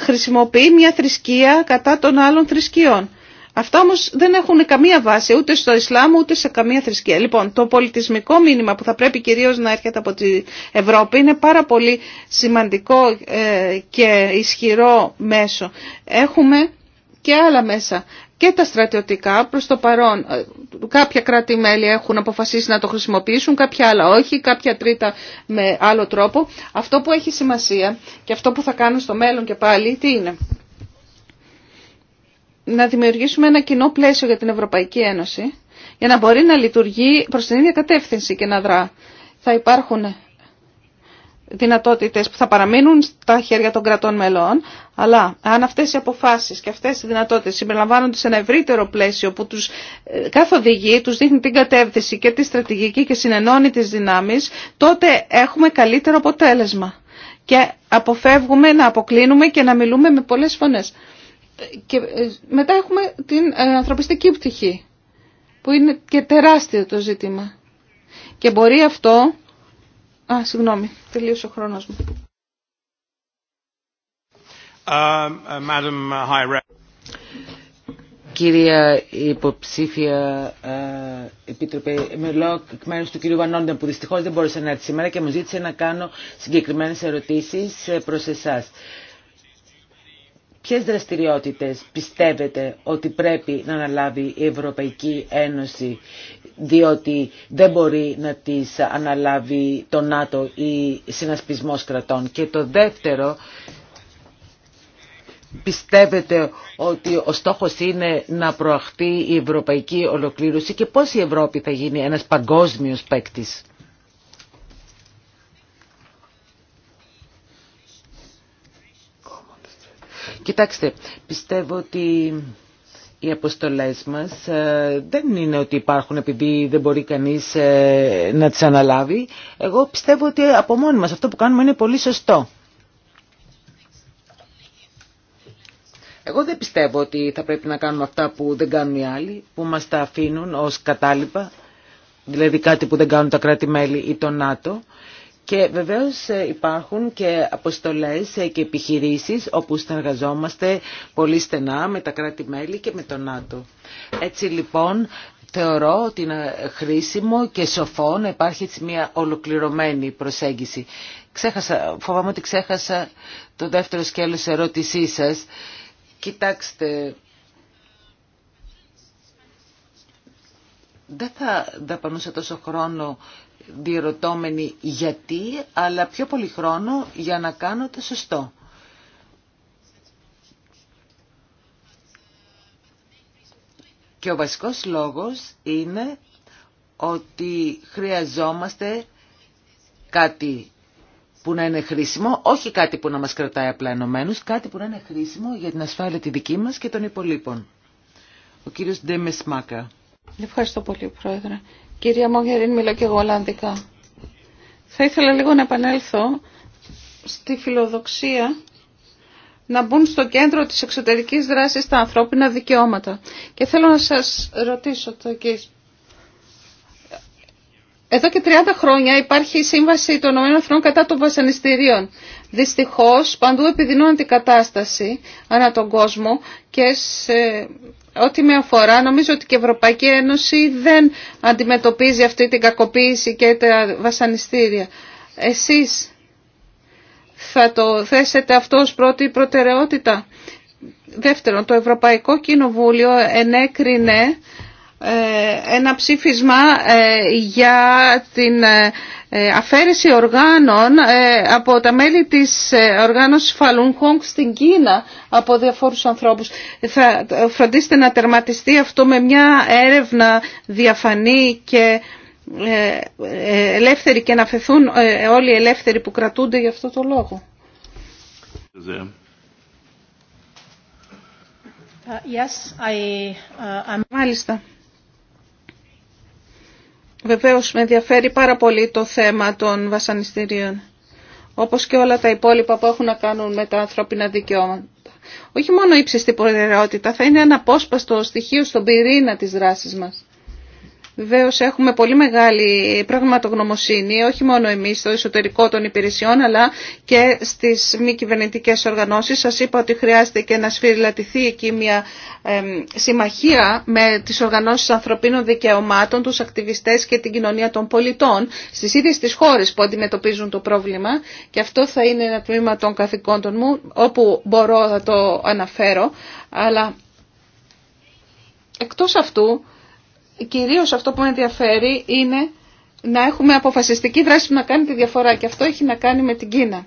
χρησιμοποιεί μια θρησκεία κατά των άλλων θρησκείων. Αυτά όμω δεν έχουν καμία βάση ούτε στο Ισλάμ ούτε σε καμία θρησκεία. Λοιπόν, το πολιτισμικό μήνυμα που θα πρέπει κυρίω να έρχεται από την Ευρώπη είναι πάρα πολύ σημαντικό ε, και ισχυρό μέσο. Έχουμε και άλλα μέσα και τα στρατιωτικά προς το παρόν. Ε, κάποια κράτη-μέλη έχουν αποφασίσει να το χρησιμοποιήσουν, κάποια άλλα όχι, κάποια τρίτα με άλλο τρόπο. Αυτό που έχει σημασία και αυτό που θα κάνουν στο μέλλον και πάλι, τι είναι. Να δημιουργήσουμε ένα κοινό πλαίσιο για την Ευρωπαϊκή Ένωση, για να μπορεί να λειτουργεί προς την ίδια κατεύθυνση και να δρά. Θα υπάρχουν δυνατότητες που θα παραμείνουν στα χέρια των κρατών μελών, αλλά αν αυτές οι αποφάσεις και αυτές οι δυνατότητες συμπεριλαμβάνονται σε ένα ευρύτερο πλαίσιο που τους ε, καθοδηγεί, τους δείχνει την κατεύθυνση και τη στρατηγική και συνενώνει τις δυνάμεις, τότε έχουμε καλύτερο αποτέλεσμα και αποφεύγουμε να αποκλίνουμε και να μιλούμε με πολλές φωνές. Και ε, μετά έχουμε την ε, ανθρωπιστική πτυχή, που είναι και τεράστιο το ζήτημα. Και μπορεί αυτό Α, συγγνώμη, τελείωσε ο χρόνο. μου. Um, uh, uh Κυρία υποψήφια uh, Επίτροπε, λόγω εκ μέρου του κυρίου Βανόντεν, που δυστυχώ δεν μπορούσε να έρθει σήμερα και μου ζήτησε να κάνω συγκεκριμένε ερωτήσει ε, προ εσά. Ποιε δραστηριότητε πιστεύετε ότι πρέπει να αναλάβει η Ευρωπαϊκή Ένωση διότι δεν μπορεί να τις αναλάβει το ΝΑΤΟ ή συνασπισμός κρατών. Και το δεύτερο, πιστεύετε ότι ο στόχος είναι να προαχθεί η ευρωπαϊκή ολοκλήρωση και πώς η Ευρώπη θα γίνει ένας παγκόσμιος παίκτης. Κοιτάξτε, πιστεύω ότι οι αποστολές μας ε, δεν είναι ότι υπάρχουν επειδή δεν μπορεί κανείς ε, να τις αναλάβει. Εγώ πιστεύω ότι από μόνοι μας αυτό που κάνουμε είναι πολύ σωστό. Εγώ δεν πιστεύω ότι θα πρέπει να κάνουμε αυτά που δεν κάνουν οι άλλοι, που μας τα αφήνουν ως κατάλοιπα, δηλαδή κάτι που δεν κάνουν τα κράτη-μέλη ή το ΝΑΤΟ. Και βεβαίως ε, υπάρχουν και αποστολές ε, και επιχειρήσεις όπου συνεργαζόμαστε πολύ στενά με τα κράτη-μέλη και με τον ΝΑΤΟ. Έτσι λοιπόν θεωρώ ότι είναι χρήσιμο και σοφό να υπάρχει έτσι μια ολοκληρωμένη προσέγγιση. Ξέχασα, φοβάμαι ότι ξέχασα το δεύτερο σκέλος ερώτησή σας. Κοιτάξτε, δεν θα δαπανούσα τόσο χρόνο διερωτώμενοι γιατί, αλλά πιο πολύ χρόνο για να κάνω το σωστό. Και ο βασικός λόγος είναι ότι χρειαζόμαστε κάτι που να είναι χρήσιμο, όχι κάτι που να μας κρατάει απλά ενωμένους, κάτι που να είναι χρήσιμο για την ασφάλεια τη δική μας και των υπολείπων. Ο κύριος Ντέμες Μάκα. Ευχαριστώ πολύ, Πρόεδρε. Κυρία Μόγεριν, μιλώ και εγώ Ολλανδικά. Θα ήθελα λίγο να επανέλθω στη φιλοδοξία να μπουν στο κέντρο της εξωτερικής δράσης τα ανθρώπινα δικαιώματα. Και θέλω να σας ρωτήσω το εκεί. Εδώ και 30 χρόνια υπάρχει η Σύμβαση των ΟΕΕ κατά των βασανιστήριων. Δυστυχώς παντού επιδεινώνεται η κατάσταση ανά τον κόσμο και σε ό,τι με αφορά, νομίζω ότι και η Ευρωπαϊκή Ένωση δεν αντιμετωπίζει αυτή την κακοποίηση και τα βασανιστήρια. Εσείς θα το θέσετε αυτό ως πρώτη προτεραιότητα. Δεύτερον, το Ευρωπαϊκό Κοινοβούλιο ενέκρινε ε, ένα ψήφισμα ε, για την ε, αφαίρεση οργάνων από τα μέλη της οργάνωσης Falun Gong στην Κίνα από διαφόρους ανθρώπους. Θα φροντίστε να τερματιστεί αυτό με μια έρευνα διαφανή και ελεύθερη και να φεθούν όλοι οι ελεύθεροι που κρατούνται για αυτό το λόγο. Uh, yes, I, uh, Μάλιστα. Βεβαίως με ενδιαφέρει πάρα πολύ το θέμα των βασανιστήριων, όπως και όλα τα υπόλοιπα που έχουν να κάνουν με τα ανθρώπινα δικαιώματα. Όχι μόνο ύψιστη προτεραιότητα, θα είναι ένα απόσπαστο στοιχείο στον πυρήνα της δράσης μας. Βεβαίω έχουμε πολύ μεγάλη πραγματογνωμοσύνη, όχι μόνο εμείς στο εσωτερικό των υπηρεσιών, αλλά και στις μη κυβερνητικέ οργανώσεις. Σας είπα ότι χρειάζεται και να σφυριλατηθεί εκεί μια συμμαχία με τις οργανώσεις ανθρωπίνων δικαιωμάτων, τους ακτιβιστές και την κοινωνία των πολιτών στις ίδιες τις χώρες που αντιμετωπίζουν το πρόβλημα και αυτό θα είναι ένα τμήμα των καθηκόντων μου, όπου μπορώ να το αναφέρω, αλλά εκτός αυτού κυρίως αυτό που με ενδιαφέρει είναι να έχουμε αποφασιστική δράση που να κάνει τη διαφορά και αυτό έχει να κάνει με την Κίνα.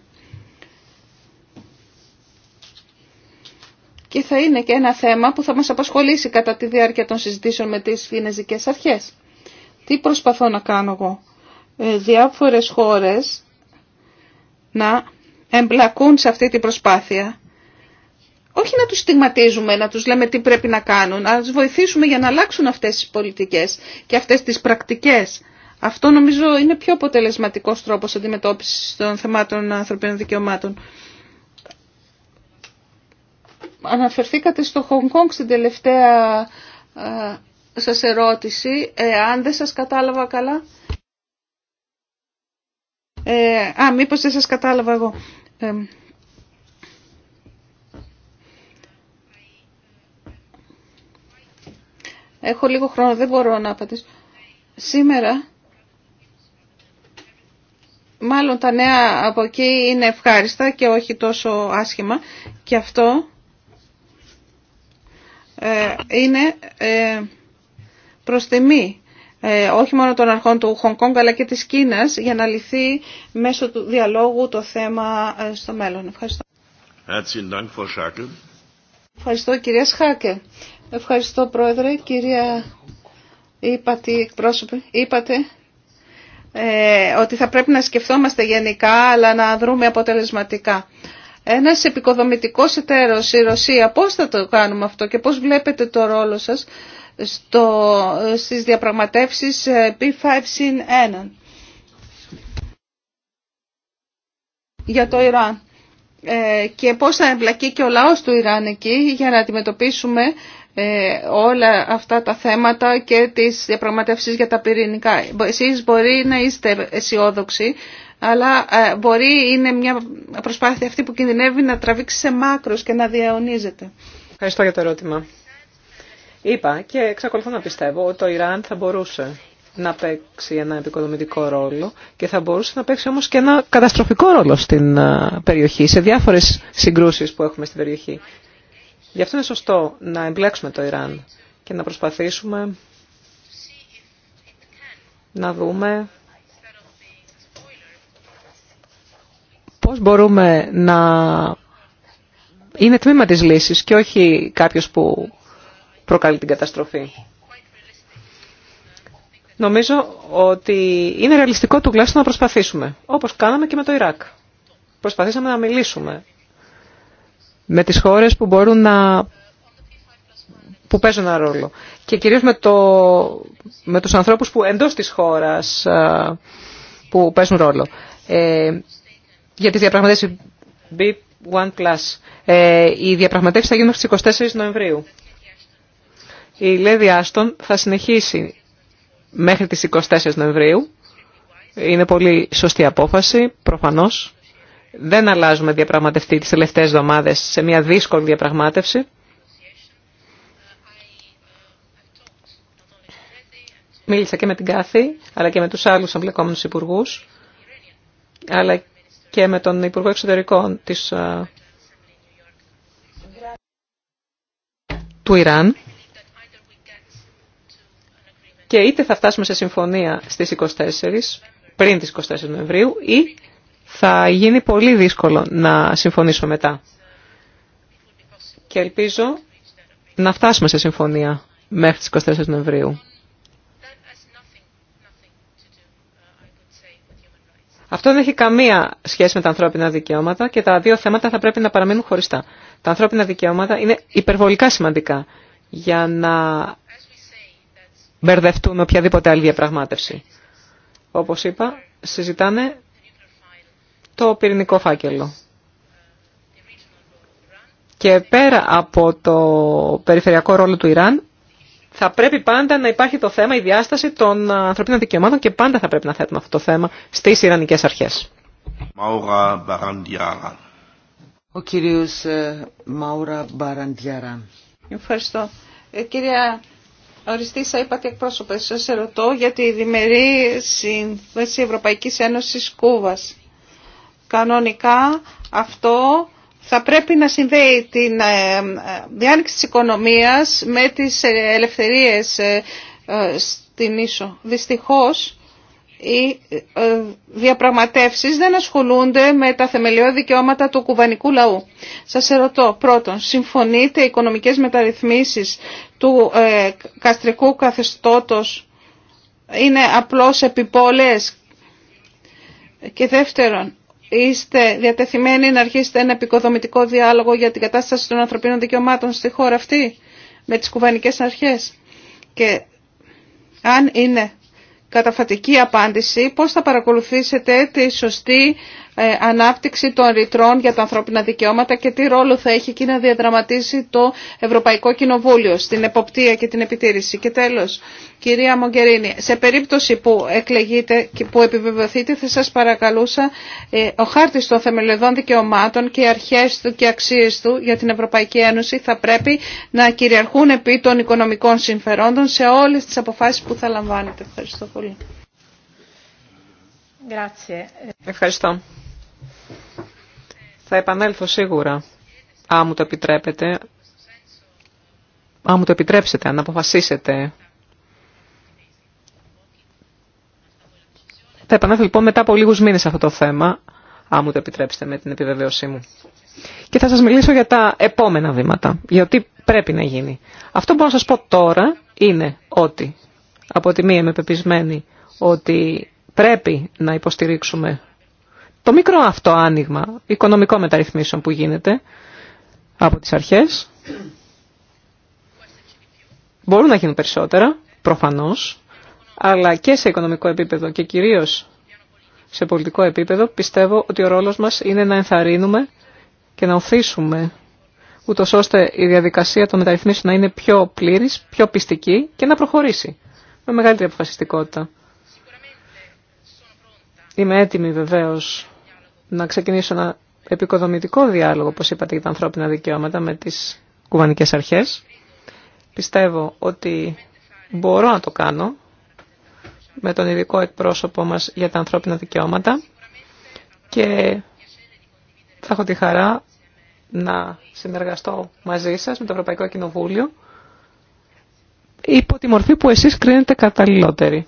Και θα είναι και ένα θέμα που θα μας απασχολήσει κατά τη διάρκεια των συζητήσεων με τις φινεζικές Αρχές. Τι προσπαθώ να κάνω εγώ. Ε, διάφορες χώρες να εμπλακούν σε αυτή την προσπάθεια όχι να τους στιγματίζουμε, να τους λέμε τι πρέπει να κάνουν, να τους βοηθήσουμε για να αλλάξουν αυτές τις πολιτικές και αυτές τις πρακτικές. Αυτό νομίζω είναι πιο αποτελεσματικός τρόπος αντιμετώπισης των θεμάτων ανθρωπίνων δικαιωμάτων. Αναφερθήκατε στο Χονγκ Κόνγκ στην τελευταία σας ερώτηση, ε, αν δεν σας κατάλαβα καλά. Ε, α, μήπως δεν σας κατάλαβα εγώ. Ε, Έχω λίγο χρόνο, δεν μπορώ να απαντήσω. Σήμερα, μάλλον τα νέα από εκεί είναι ευχάριστα και όχι τόσο άσχημα. Και αυτό ε, είναι ε, προς τιμή ε, όχι μόνο των αρχών του Χονγκ Κόνγκ αλλά και της Κίνας για να λυθεί μέσω του διαλόγου το θέμα στο μέλλον. Ευχαριστώ. Ευχαριστώ κυρία Σχάκε. Ευχαριστώ Πρόεδρε, κυρία είπατε, εκπρόσωπε, είπατε ε, ότι θα πρέπει να σκεφτόμαστε γενικά αλλά να δρούμε αποτελεσματικά. Ένας επικοδομητικός εταίρος η Ρωσία, πώς θα το κάνουμε αυτό και πώς βλέπετε το ρόλο σας στο, στις διαπραγματεύσεις ε, P5 1 για το Ιράν ε, και πώς θα εμπλακεί και ο λαός του Ιράν εκεί για να αντιμετωπίσουμε ε, όλα αυτά τα θέματα και τις διαπραγματεύσεις για τα πυρηνικά. Εσείς μπορεί να είστε αισιόδοξοι, αλλά ε, μπορεί είναι μια προσπάθεια αυτή που κινδυνεύει να τραβήξει σε μάκρος και να διαονίζεται. Ευχαριστώ για το ερώτημα. Είπα και εξακολουθώ να πιστεύω ότι το Ιράν θα μπορούσε να παίξει ένα επικοδομητικό ρόλο και θα μπορούσε να παίξει όμως και ένα καταστροφικό ρόλο στην ε, περιοχή, σε διάφορες συγκρούσεις που έχουμε στην περιοχή. Γι' αυτό είναι σωστό να εμπλέξουμε το Ιράν και να προσπαθήσουμε να δούμε πώς μπορούμε να είναι τμήμα της λύσης και όχι κάποιος που προκαλεί την καταστροφή. Νομίζω ότι είναι ρεαλιστικό τουλάχιστον να προσπαθήσουμε, όπως κάναμε και με το Ιράκ. Προσπαθήσαμε να μιλήσουμε με τις χώρες που μπορούν να που παίζουν ένα ρόλο. Και κυρίως με, το, με τους ανθρώπους που εντός της χώρας που παίζουν ρόλο. Ε, για τις διαπραγματεύσεις B1+. Ε, οι διαπραγματεύσεις θα γίνουν στις 24 Νοεμβρίου. Η Λέδη Άστον θα συνεχίσει μέχρι τις 24 Νοεμβρίου. Είναι πολύ σωστή απόφαση, προφανώς δεν αλλάζουμε διαπραγματευτή τις τελευταίες εβδομάδες σε μια δύσκολη διαπραγμάτευση. Μίλησα και με την Κάθη, αλλά και με τους άλλους εμπλεκόμενους υπουργούς, αλλά και με τον Υπουργό Εξωτερικών της, ε, του Ιράν. Και είτε θα φτάσουμε σε συμφωνία στις 24, πριν τις 24 Νοεμβρίου, ή θα γίνει πολύ δύσκολο να συμφωνήσουμε μετά. Και ελπίζω να φτάσουμε σε συμφωνία μέχρι τις 24 Νοεμβρίου. Αυτό δεν έχει καμία σχέση με τα ανθρώπινα δικαιώματα και τα δύο θέματα θα πρέπει να παραμείνουν χωριστά. Τα ανθρώπινα δικαιώματα είναι υπερβολικά σημαντικά για να μπερδευτούν οποιαδήποτε άλλη διαπραγμάτευση. Όπως είπα, συζητάνε το πυρηνικό φάκελο. Και πέρα από το περιφερειακό ρόλο του Ιράν, θα πρέπει πάντα να υπάρχει το θέμα, η διάσταση των ανθρωπίνων δικαιωμάτων και πάντα θα πρέπει να θέτουμε αυτό το θέμα στις Ιρανικές αρχές. Ο κύριος ε, Μαούρα Μπαραντιαράν. Ευχαριστώ. Ε, κυρία είπα είπατε εκπρόσωπε, σας ερωτώ για τη διμερή συνθέση Ευρωπαϊκής Ένωσης Κούβας. Κανονικά αυτό θα πρέπει να συνδέει την ε, ε, διάνοιξη της οικονομίας με τις ε, ελευθερίες στην Ίσο. Δυστυχώς οι διαπραγματεύσεις δεν ασχολούνται με τα θεμελιώδη δικαιώματα του κουβανικού λαού. Σας ερωτώ πρώτον, συμφωνείτε οι οικονομικές μεταρρυθμίσεις του καστρικού καθεστώτος είναι απλώς επιπόλες και δεύτερον, Είστε διατεθειμένοι να αρχίσετε ένα επικοδομητικό διάλογο για την κατάσταση των ανθρωπίνων δικαιωμάτων στη χώρα αυτή με τις κουβανικές αρχές. Και αν είναι καταφατική απάντηση, πώς θα παρακολουθήσετε τη σωστή ε, ανάπτυξη των ρητρών για τα ανθρώπινα δικαιώματα και τι ρόλο θα έχει εκεί να διαδραματίσει το Ευρωπαϊκό Κοινοβούλιο στην εποπτεία και την επιτήρηση. Και τέλος, κυρία Μογκερίνη, σε περίπτωση που εκλεγείτε και που επιβεβαιωθείτε θα σας παρακαλούσα ε, ο χάρτης των θεμελιωδών δικαιωμάτων και οι αρχές του και αξίες του για την Ευρωπαϊκή Ένωση θα πρέπει να κυριαρχούν επί των οικονομικών συμφερόντων σε όλες τις αποφάσεις που θα λαμβάνετε. Ευχαριστώ πολύ. Ευχαριστώ. Θα επανέλθω σίγουρα, αν μου το επιτρέπετε, αν το επιτρέψετε, αν αποφασίσετε. Θα επανέλθω λοιπόν μετά από λίγους μήνες αυτό το θέμα, αν μου το επιτρέψετε με την επιβεβαίωσή μου. Και θα σας μιλήσω για τα επόμενα βήματα, για πρέπει να γίνει. Αυτό που μπορώ να σας πω τώρα είναι ότι, από τη μία είμαι πεπισμένη, ότι πρέπει να υποστηρίξουμε το μικρό αυτό άνοιγμα οικονομικών μεταρρυθμίσεων που γίνεται από τις αρχές. Μπορούν να γίνουν περισσότερα, προφανώς, αλλά και σε οικονομικό επίπεδο και κυρίως σε πολιτικό επίπεδο πιστεύω ότι ο ρόλος μας είναι να ενθαρρύνουμε και να οθήσουμε ούτως ώστε η διαδικασία των μεταρρυθμίσεων να είναι πιο πλήρης, πιο πιστική και να προχωρήσει με μεγαλύτερη αποφασιστικότητα. Είμαι έτοιμη βεβαίως να ξεκινήσω ένα επικοδομητικό διάλογο, όπως είπατε, για τα ανθρώπινα δικαιώματα με τις κουβανικές αρχές. Πιστεύω ότι μπορώ να το κάνω με τον ειδικό εκπρόσωπό μας για τα ανθρώπινα δικαιώματα και θα έχω τη χαρά να συνεργαστώ μαζί σας με το Ευρωπαϊκό Κοινοβούλιο υπό τη μορφή που εσείς κρίνετε καταλληλότερη.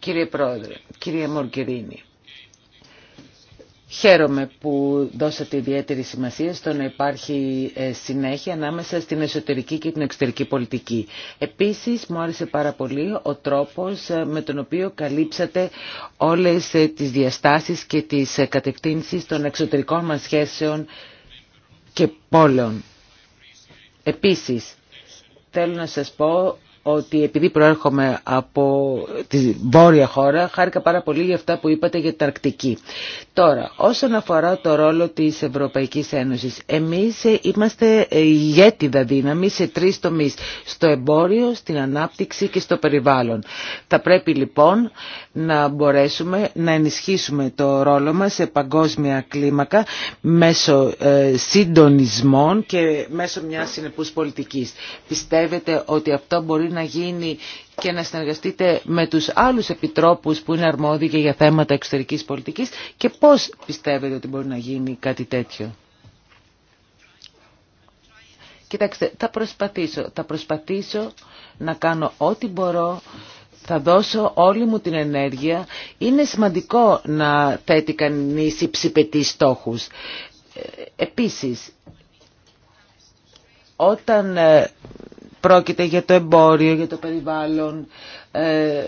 Κύριε Πρόεδρε, κύριε Μορκερίνη, Χαίρομαι που δώσατε ιδιαίτερη σημασία στο να υπάρχει ε, συνέχεια ανάμεσα στην εσωτερική και την εξωτερική πολιτική. Επίσης, μου άρεσε πάρα πολύ ο τρόπος ε, με τον οποίο καλύψατε όλες ε, τις διαστάσεις και τις κατευθύνσει των εξωτερικών μας σχέσεων και πόλεων. Επίσης, θέλω να σας πω ότι επειδή προέρχομαι από τη βόρεια χώρα, χάρηκα πάρα πολύ για αυτά που είπατε για την Αρκτική. Τώρα, όσον αφορά το ρόλο της Ευρωπαϊκής Ένωσης, εμείς είμαστε ηγέτιδα δύναμη σε τρεις τομείς, στο εμπόριο, στην ανάπτυξη και στο περιβάλλον. Θα πρέπει λοιπόν να μπορέσουμε να ενισχύσουμε το ρόλο μας σε παγκόσμια κλίμακα μέσω ε, συντονισμών και μέσω μιας συνεπούς πολιτικής. Πιστεύετε ότι αυτό μπορεί να γίνει και να συνεργαστείτε με τους άλλους επιτρόπους που είναι αρμόδιοι για θέματα εξωτερικής πολιτικής και πώς πιστεύετε ότι μπορεί να γίνει κάτι τέτοιο. Κοιτάξτε, θα προσπαθήσω, θα προσπαθήσω να κάνω ό,τι μπορώ, θα δώσω όλη μου την ενέργεια. Είναι σημαντικό να θέτει κανείς υψηπετή στόχους. Ε, επίσης, όταν ε, Πρόκειται για το εμπόριο, για το περιβάλλον. Ε,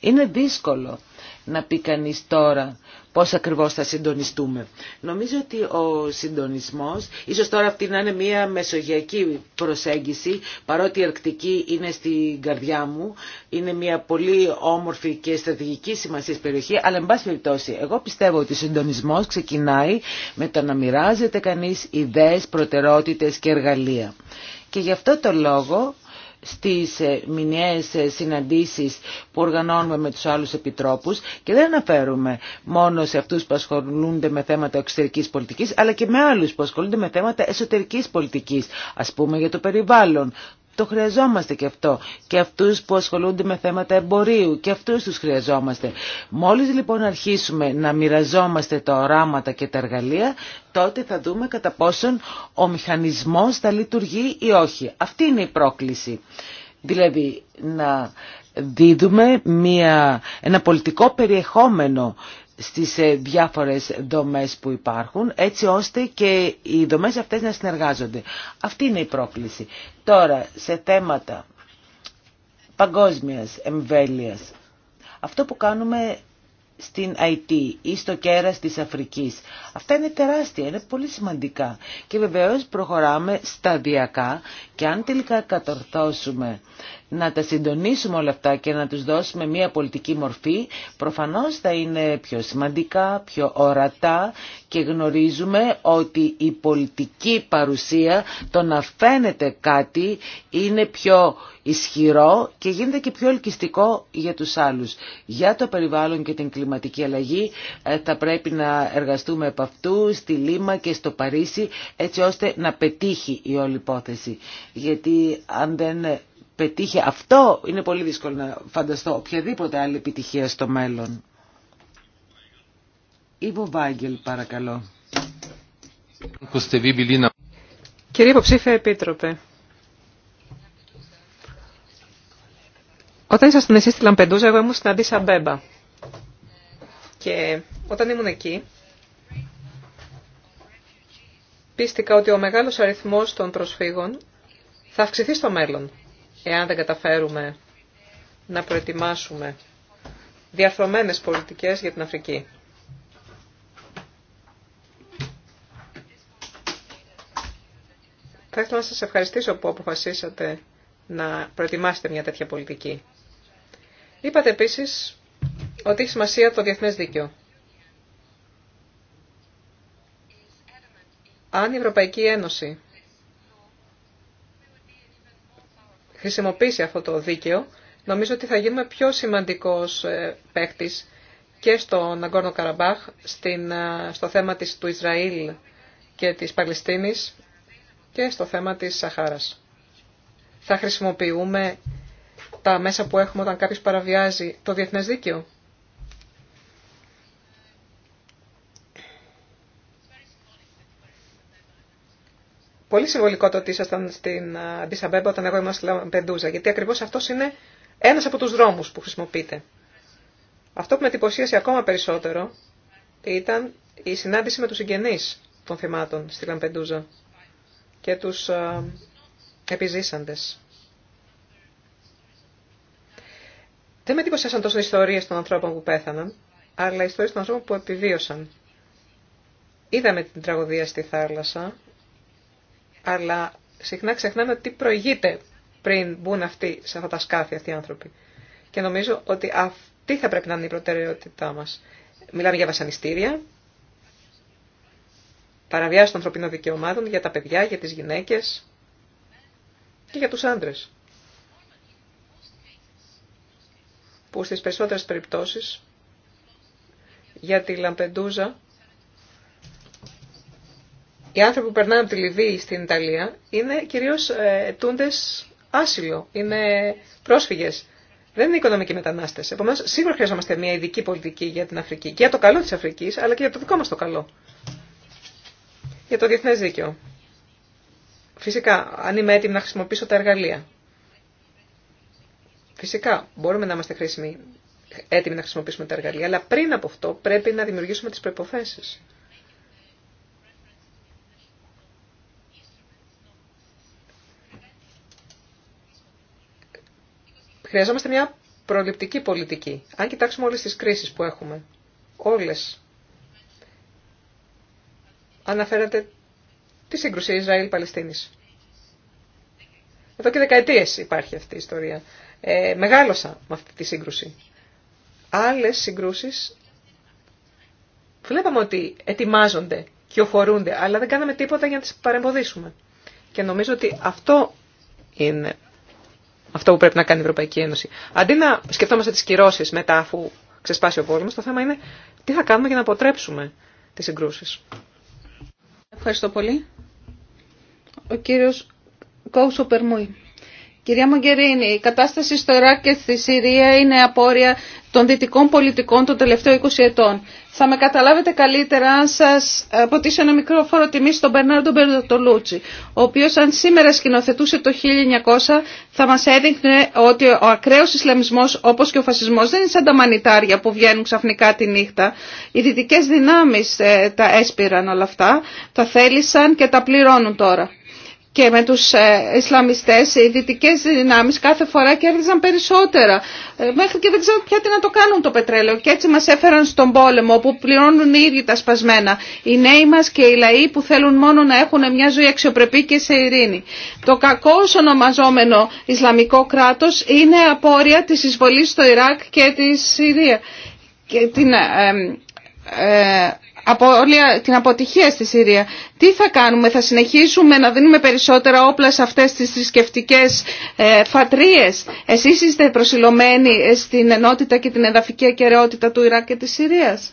είναι δύσκολο να πει κανείς τώρα πώς ακριβώς θα συντονιστούμε. Νομίζω ότι ο συντονισμός, ίσως τώρα αυτή να είναι μια μεσογειακή προσέγγιση, παρότι η Αρκτική είναι στην καρδιά μου, είναι μια πολύ όμορφη και στρατηγική σημασία περιοχή, αλλά εν πάση περιπτώσει, εγώ πιστεύω ότι ο συντονισμός ξεκινάει με το να μοιράζεται κανείς ιδέες, προτεραιότητες και εργαλεία. Και γι' αυτό το λόγο στις ε, μηνιαίες ε, συναντήσεις που οργανώνουμε με τους άλλους επιτρόπους και δεν αναφέρουμε μόνο σε αυτούς που ασχολούνται με θέματα εξωτερικής πολιτικής αλλά και με άλλους που ασχολούνται με θέματα εσωτερικής πολιτικής ας πούμε για το περιβάλλον, το χρειαζόμαστε και αυτό. Και αυτούς που ασχολούνται με θέματα εμπορίου. Και αυτούς τους χρειαζόμαστε. Μόλις λοιπόν αρχίσουμε να μοιραζόμαστε τα οράματα και τα εργαλεία, τότε θα δούμε κατά πόσον ο μηχανισμός θα λειτουργεί ή όχι. Αυτή είναι η πρόκληση. Δηλαδή να δίδουμε μια, ένα πολιτικό περιεχόμενο στις ε, διάφορες δομές που υπάρχουν έτσι ώστε και οι δομές αυτές να συνεργάζονται. Αυτή είναι η πρόκληση. Τώρα σε θέματα παγκόσμιας εμβέλειας αυτό που κάνουμε στην IT ή στο κέρας της Αφρικής. Αυτά είναι τεράστια, είναι πολύ σημαντικά. Και βεβαίως προχωράμε σταδιακά και αν τελικά κατορθώσουμε να τα συντονίσουμε όλα αυτά και να τους δώσουμε μια πολιτική μορφή, προφανώς θα είναι πιο σημαντικά, πιο ορατά και γνωρίζουμε ότι η πολιτική παρουσία, το να φαίνεται κάτι είναι πιο ισχυρό και γίνεται και πιο ελκυστικό για τους άλλους. Για το περιβάλλον και την κλιματική αλλαγή ε, θα πρέπει να εργαστούμε από αυτού στη Λίμα και στο Παρίσι έτσι ώστε να πετύχει η όλη υπόθεση. Γιατί αν δεν πετύχει αυτό, είναι πολύ δύσκολο να φανταστώ οποιαδήποτε άλλη επιτυχία στο μέλλον. Ιβο Βάγγελ, παρακαλώ. Κύριε Υποψήφια Επίτροπε, όταν ήσασταν εσείς στη Λαμπεντούζα, εγώ ήμουν στην Αντίσα Μπέμπα. Και όταν ήμουν εκεί, πίστηκα ότι ο μεγάλος αριθμός των προσφύγων θα αυξηθεί στο μέλλον εάν δεν καταφέρουμε να προετοιμάσουμε διαρθρωμένες πολιτικές για την Αφρική. Θα ήθελα να σας ευχαριστήσω που αποφασίσατε να προετοιμάσετε μια τέτοια πολιτική. Είπατε επίσης ότι έχει σημασία το διεθνές δίκαιο. Αν η Ευρωπαϊκή Ένωση χρησιμοποιήσει αυτό το δίκαιο, νομίζω ότι θα γίνουμε πιο σημαντικός ε, παίκτης και στο Ναγκόρνο Καραμπάχ, στην, ε, στο θέμα του Ισραήλ και της Παλαιστίνης και στο θέμα της Σαχάρας. Θα χρησιμοποιούμε τα μέσα που έχουμε όταν κάποιος παραβιάζει το διεθνές δίκαιο. πολύ συμβολικό το ότι ήσασταν στην Αντισαμπέμπα ε, όταν εγώ ήμουν στη Λαμπεντούζα, γιατί ακριβώ αυτό είναι ένα από του δρόμου που χρησιμοποιείτε. Αυτό που με εντυπωσίασε ακόμα περισσότερο ήταν η συνάντηση με του συγγενεί των θυμάτων στη Λαμπεντούζα και του ε, επιζήσαντε. Δεν με εντυπωσίασαν τόσο οι ιστορίε των ανθρώπων που πέθαναν, αλλά οι ιστορίε των ανθρώπων που επιβίωσαν. Είδαμε την τραγωδία στη θάλασσα, αλλά συχνά ξεχνάμε τι προηγείται πριν μπουν αυτοί σε αυτά τα σκάφη αυτοί οι άνθρωποι. Και νομίζω ότι αυτή θα πρέπει να είναι η προτεραιότητά μας. Μιλάμε για βασανιστήρια, παραβιάση των ανθρωπίνων δικαιωμάτων για τα παιδιά, για τις γυναίκες και για τους άντρες. Που στις περισσότερες περιπτώσεις για τη Λαμπεντούζα οι άνθρωποι που περνάνε από τη Λιβύη στην Ιταλία είναι κυρίως ε, ετούντε άσυλο, είναι πρόσφυγες. Δεν είναι οικονομικοί μετανάστε. Επομένω, σίγουρα χρειαζόμαστε μια ειδική πολιτική για την Αφρική. για το καλό τη Αφρική, αλλά και για το δικό μα το καλό. Για το διεθνέ δίκαιο. Φυσικά, αν είμαι έτοιμη να χρησιμοποιήσω τα εργαλεία. Φυσικά, μπορούμε να είμαστε χρήσιμοι, έτοιμοι να χρησιμοποιήσουμε τα εργαλεία, αλλά πριν από αυτό πρέπει να δημιουργήσουμε τι προποθέσει. Χρειαζόμαστε μια προληπτική πολιτική. Αν κοιτάξουμε όλες τις κρίσεις που έχουμε, όλες, αναφέρατε τη σύγκρουση Ισραήλ-Παλαιστίνης. Εδώ και δεκαετίες υπάρχει αυτή η ιστορία. Ε, μεγάλωσα με αυτή τη σύγκρουση. Άλλες συγκρούσεις βλέπαμε ότι ετοιμάζονται και οφορούνται, αλλά δεν κάναμε τίποτα για να τις παρεμποδίσουμε. Και νομίζω ότι αυτό είναι αυτό που πρέπει να κάνει η Ευρωπαϊκή Ένωση. Αντί να σκεφτόμαστε τι κυρώσει μετά αφού ξεσπάσει ο πόλεμο, το θέμα είναι τι θα κάνουμε για να αποτρέψουμε τι συγκρούσει. Ευχαριστώ πολύ. Ο κύριος Κόουσο περμούι. Κυρία Μογκερίνη, η κατάσταση στο Ιράκ και στη Συρία είναι απόρρια των δυτικών πολιτικών των τελευταίων 20 ετών. Θα με καταλάβετε καλύτερα αν σα αποτίσω ένα μικρό φόρο τιμή στον Μπερνάρντο Μπερτολούτσι, ο οποίο, αν σήμερα σκηνοθετούσε το 1900 θα μα έδειχνε ότι ο ακραίο Ισλαμισμό όπω και ο φασισμό, δεν είναι σαν τα μανιτάρια που βγαίνουν ξαφνικά τη νύχτα. Οι δυτικές δυνάμεις ε, τα έσπηραν όλα αυτά, τα θέλησαν και τα πληρώνουν τώρα και με τους ε, Ισλαμιστές οι δυτικέ δυνάμεις κάθε φορά κέρδιζαν περισσότερα. Ε, μέχρι και δεν ξέρω πια τι να το κάνουν το πετρέλαιο και έτσι μας έφεραν στον πόλεμο που πληρώνουν οι ίδιοι τα σπασμένα. Οι νέοι μας και οι λαοί που θέλουν μόνο να έχουν μια ζωή αξιοπρεπή και σε ειρήνη. Το κακό ονομαζόμενο Ισλαμικό κράτος είναι απόρρια της εισβολής στο Ιράκ και τη Συρία. Και την, ε, από όλη την αποτυχία στη Συρία. Τι θα κάνουμε, θα συνεχίσουμε να δίνουμε περισσότερα όπλα σε αυτές τις θρησκευτικέ ε, φατρίες. Εσείς είστε προσιλωμένοι ε, στην ενότητα και την εδαφική ακαιρεότητα του Ιράκ και της Συρίας.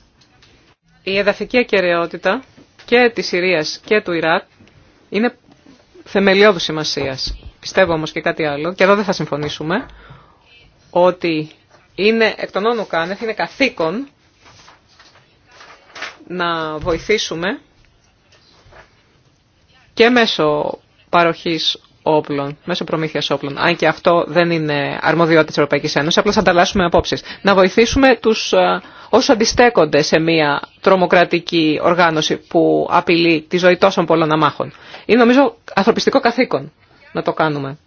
Η εδαφική ακαιρεότητα και της Συρίας και του Ιράκ είναι θεμελιώδου σημασία. Πιστεύω όμως και κάτι άλλο, και εδώ δεν θα συμφωνήσουμε, ότι είναι εκ των όνων είναι καθήκον να βοηθήσουμε και μέσω παροχής όπλων, μέσω προμήθειας όπλων, αν και αυτό δεν είναι αρμοδιότητα της Ευρωπαϊκής Ένωσης, απλά θα ανταλλάσσουμε απόψεις. Να βοηθήσουμε τους ε, όσους αντιστέκονται σε μια τρομοκρατική οργάνωση που απειλεί τη ζωή τόσων πολλών αμάχων. Είναι νομίζω ανθρωπιστικό καθήκον να το κάνουμε.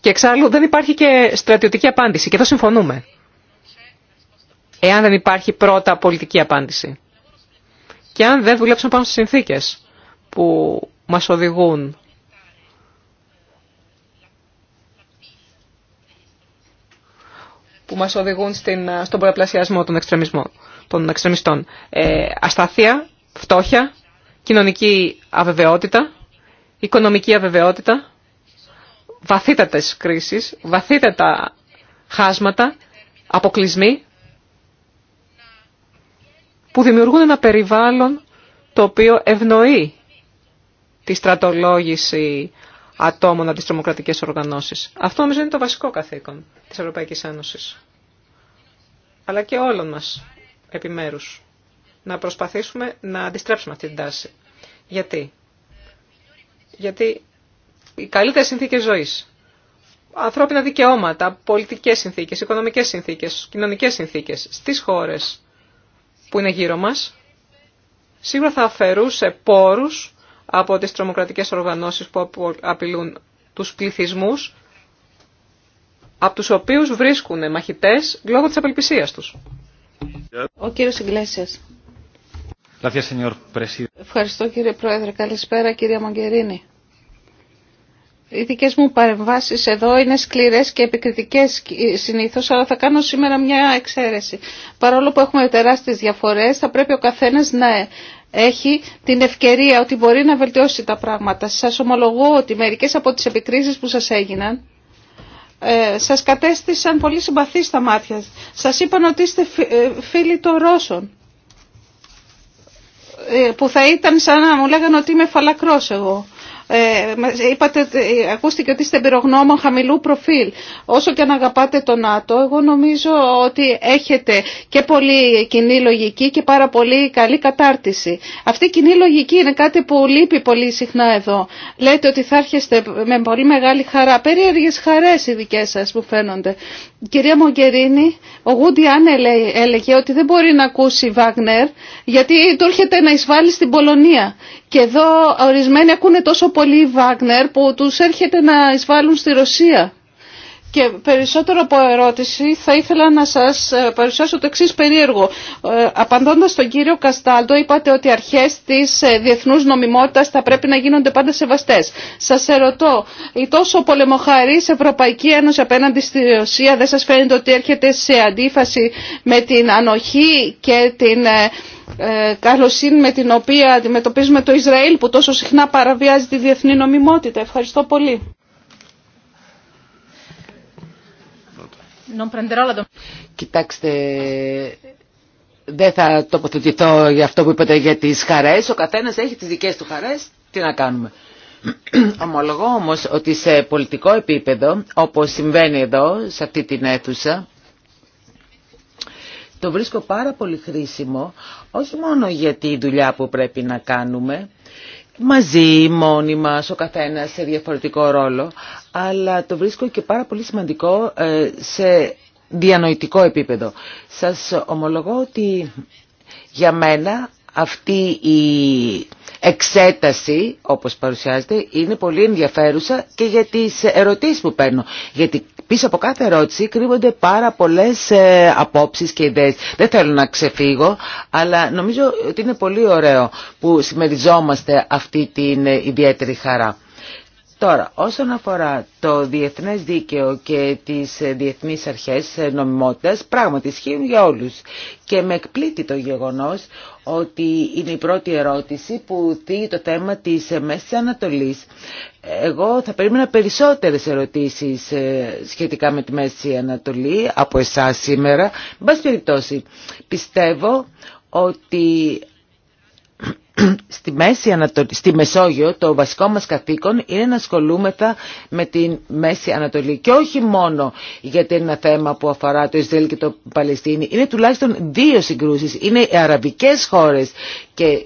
Και εξάλλου δεν υπάρχει και στρατιωτική απάντηση και εδώ συμφωνούμε εάν δεν υπάρχει πρώτα πολιτική απάντηση. Και αν δεν δουλέψουν πάνω στις συνθήκες που μας οδηγούν που μας οδηγούν στην, στον πολλαπλασιασμό των, των εξτρεμιστών. Ε, αστάθεια, φτώχεια, κοινωνική αβεβαιότητα, οικονομική αβεβαιότητα, βαθύτατες κρίσεις, βαθύτατα χάσματα, αποκλεισμοί που δημιουργούν ένα περιβάλλον το οποίο ευνοεί τη στρατολόγηση ατόμων από τις τρομοκρατικές οργανώσεις. Αυτό νομίζω είναι το βασικό καθήκον της Ευρωπαϊκής Ένωσης. Αλλά και όλων μας επιμέρους. Να προσπαθήσουμε να αντιστρέψουμε αυτή την τάση. Γιατί. Γιατί οι καλύτερες συνθήκες ζωής, ανθρώπινα δικαιώματα, πολιτικές συνθήκες, οικονομικές συνθήκες, κοινωνικές συνθήκες στις χώρες που είναι γύρω μας, σίγουρα θα αφαιρούσε πόρους από τις τρομοκρατικές οργανώσεις που απειλούν τους πληθυσμούς, από τους οποίους βρίσκουν μαχητές λόγω της απελπισίας τους. Ο κύριος Ιγκλέσιας. Ευχαριστώ κύριε Πρόεδρε. Καλησπέρα κύριε Μαγκερίνη. Οι δικές μου παρεμβάσεις εδώ είναι σκληρές και επικριτικές συνήθως, αλλά θα κάνω σήμερα μια εξαίρεση. Παρόλο που έχουμε τεράστιες διαφορές, θα πρέπει ο καθένας να έχει την ευκαιρία ότι μπορεί να βελτιώσει τα πράγματα. Σας ομολογώ ότι μερικές από τις επικρίσεις που σας έγιναν, ε, σας κατέστησαν πολύ συμπαθή στα μάτια. Σας είπαν ότι είστε ε, φίλοι των Ρώσων. Ε, που θα ήταν σαν να μου λέγανε ότι είμαι φαλακρός εγώ. Ε, είπατε, ε, ακούστηκε ότι είστε εμπειρογνώμων χαμηλού προφίλ. Όσο και αν αγαπάτε το ΝΑΤΟ, εγώ νομίζω ότι έχετε και πολύ κοινή λογική και πάρα πολύ καλή κατάρτιση. Αυτή η κοινή λογική είναι κάτι που λείπει πολύ συχνά εδώ. Λέτε ότι θα έρχεστε με πολύ μεγάλη χαρά. Περίεργες χαρές οι δικέ σας που φαίνονται. κυρία Μογκερίνη, ο Γούντι Άνε έλεγε ότι δεν μπορεί να ακούσει Βάγνερ γιατί του έρχεται να εισβάλλει στην Πολωνία. Και εδώ ορισμένοι ακούνε τόσο πολύ Βάγνερ που τους έρχεται να εισβάλλουν στη Ρωσία. Και περισσότερο από ερώτηση θα ήθελα να σας ε, παρουσιάσω το εξής περίεργο. Ε, απαντώντας στον κύριο Καστάλτο είπατε ότι αρχές της ε, διεθνούς νομιμότητας θα πρέπει να γίνονται πάντα σεβαστές. Σας ερωτώ, η τόσο πολεμοχαρής Ευρωπαϊκή Ένωση απέναντι στη Ρωσία δεν σας φαίνεται ότι έρχεται σε αντίφαση με την ανοχή και την καλοσύνη με την οποία αντιμετωπίζουμε το Ισραήλ που τόσο συχνά παραβιάζει τη διεθνή νομιμότητα. Ευχαριστώ πολύ. Κοιτάξτε, δεν θα τοποθετηθώ για αυτό που είπατε για τις χαρές. Ο καθένας έχει τις δικές του χαρές. Τι να κάνουμε. Ομολογώ όμως ότι σε πολιτικό επίπεδο, όπως συμβαίνει εδώ, σε αυτή την αίθουσα, το βρίσκω πάρα πολύ χρήσιμο, όχι μόνο για τη δουλειά που πρέπει να κάνουμε, μαζί, μόνοι μας, ο καθένας σε διαφορετικό ρόλο, αλλά το βρίσκω και πάρα πολύ σημαντικό ε, σε διανοητικό επίπεδο. Σας ομολογώ ότι για μένα αυτή η εξέταση, όπως παρουσιάζεται, είναι πολύ ενδιαφέρουσα και για τις ερωτήσεις που παίρνω. Γιατί πίσω από κάθε ερώτηση κρύβονται πάρα πολλές ε, απόψεις και ιδέες. Δεν θέλω να ξεφύγω, αλλά νομίζω ότι είναι πολύ ωραίο που συμμεριζόμαστε αυτή την ε, ιδιαίτερη χαρά. Τώρα, όσον αφορά το διεθνές δίκαιο και τις διεθνείς αρχές νομιμότητας, πράγματι ισχύουν για όλους. Και με εκπλήττει το γεγονός ότι είναι η πρώτη ερώτηση που θίγει το θέμα της Μέσης Ανατολής. Εγώ θα περίμενα περισσότερες ερωτήσεις ε, σχετικά με τη Μέση Ανατολή από εσάς σήμερα. Μπας περιπτώσει, πιστεύω ότι στη, Μέση στη Μεσόγειο το βασικό μας καθήκον είναι να ασχολούμεθα με τη Μέση Ανατολή και όχι μόνο γιατί είναι ένα θέμα που αφορά το Ισραήλ και το Παλαιστίνη είναι τουλάχιστον δύο συγκρούσεις είναι οι αραβικές χώρες και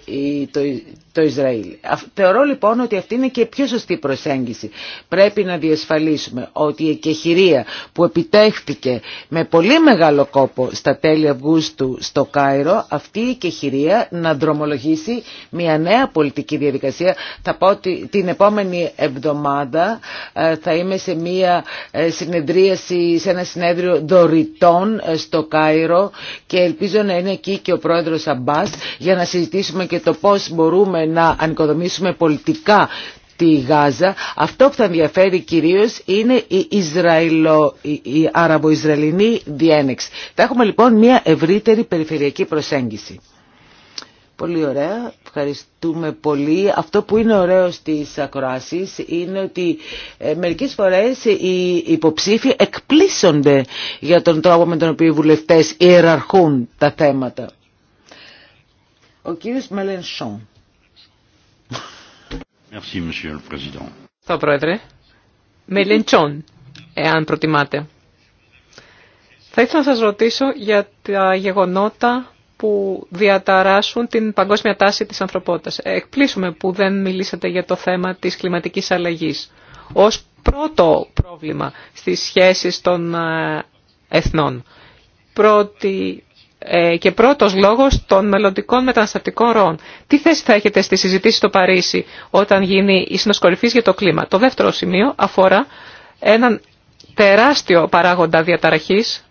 το Ισραήλ. Θεωρώ λοιπόν ότι αυτή είναι και η πιο σωστή προσέγγιση. Πρέπει να διασφαλίσουμε ότι η εκεχηρία που επιτέχθηκε με πολύ μεγάλο κόπο στα τέλη Αυγούστου στο Κάιρο, αυτή η εκεχηρία να δρομολογήσει μια νέα πολιτική διαδικασία. Θα πω ότι την επόμενη εβδομάδα ε, θα είμαι σε μια ε, συνεδρίαση, σε ένα συνέδριο δωρητών ε, στο Κάιρο και ελπίζω να είναι εκεί και ο πρόεδρος Αμπάς για να συζητήσουμε συζητήσουμε και το πώς μπορούμε να ανοικοδομήσουμε πολιτικά τη Γάζα. Αυτό που θα ενδιαφέρει κυρίως είναι η, Ισραηλο, η, Αραβο-Ισραηλινή διένεξη. Θα έχουμε λοιπόν μια ευρύτερη περιφερειακή προσέγγιση. Πολύ ωραία, ευχαριστούμε πολύ. Αυτό που είναι ωραίο στις ακροάσεις είναι ότι ε, μερικές φορές οι υποψήφοι εκπλήσονται για τον τρόπο με τον οποίο οι βουλευτές ιεραρχούν τα θέματα. Ο κύριος Μελενσόν. Ευχαριστώ, Πρόεδρε. Μελεντσόν, εάν προτιμάτε. Θα ήθελα να σας ρωτήσω για τα γεγονότα που διαταράσσουν την παγκόσμια τάση της ανθρωπότητας. Ε, εκπλήσουμε που δεν μιλήσατε για το θέμα της κλιματικής αλλαγής ως πρώτο πρόβλημα στις σχέσεις των ε, εθνών. Πρώτη ε, και πρώτος λόγος των μελλοντικών μεταναστευτικών ροών. Τι θέση θα έχετε στη συζητήση στο Παρίσι όταν γίνει η συνοσκορυφή για το κλίμα. Το δεύτερο σημείο αφορά έναν τεράστιο παράγοντα διαταραχής,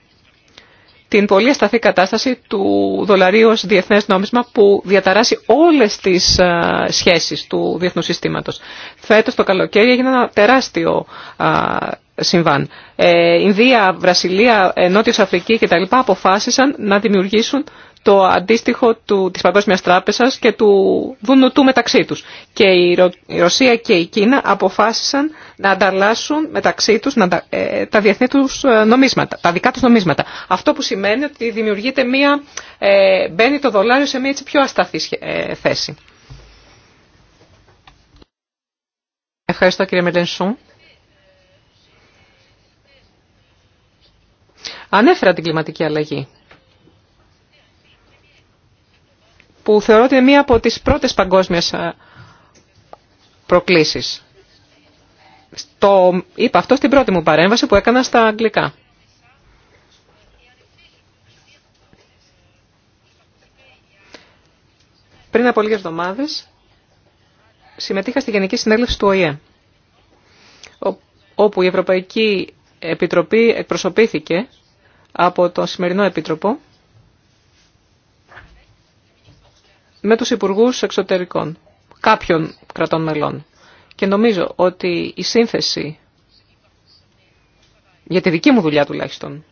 την πολύ ασταθή κατάσταση του δολαρίου ως διεθνές νόμισμα που διαταράσει όλες τις ε, σχέσεις του διεθνού συστήματος. Φέτος το καλοκαίρι έγινε ένα τεράστιο συμβάν. Ε, Ινδία, Βρασιλία, Νότιο Αφρική κτλ. αποφάσισαν να δημιουργήσουν το αντίστοιχο του, της Παγκόσμιας Τράπεζας και του Δουνουτού μεταξύ τους. Και η, Ρωσία και η Κίνα αποφάσισαν να ανταλλάσσουν μεταξύ τους να, τα ε, διεθνή τους ε, νομίσματα, τα δικά τους νομίσματα. Αυτό που σημαίνει ότι δημιουργείται μία, ε, μπαίνει το δολάριο σε μία πιο ασταθή θέση. Ευχαριστώ κύριε Ανέφερα την κλιματική αλλαγή, που θεωρώ ότι είναι μία από τις πρώτες παγκόσμιες ε, προκλήσεις. Το είπα αυτό στην πρώτη μου παρέμβαση που έκανα στα αγγλικά. Πριν από λίγες εβδομάδες συμμετείχα στη Γενική Συνέλευση του ΟΗΕ, όπου η Ευρωπαϊκή Επιτροπή εκπροσωπήθηκε από τον σημερινό Επίτροπο με τους Υπουργούς Εξωτερικών κάποιων κρατών μελών. Και νομίζω ότι η σύνθεση, για τη δική μου δουλειά τουλάχιστον,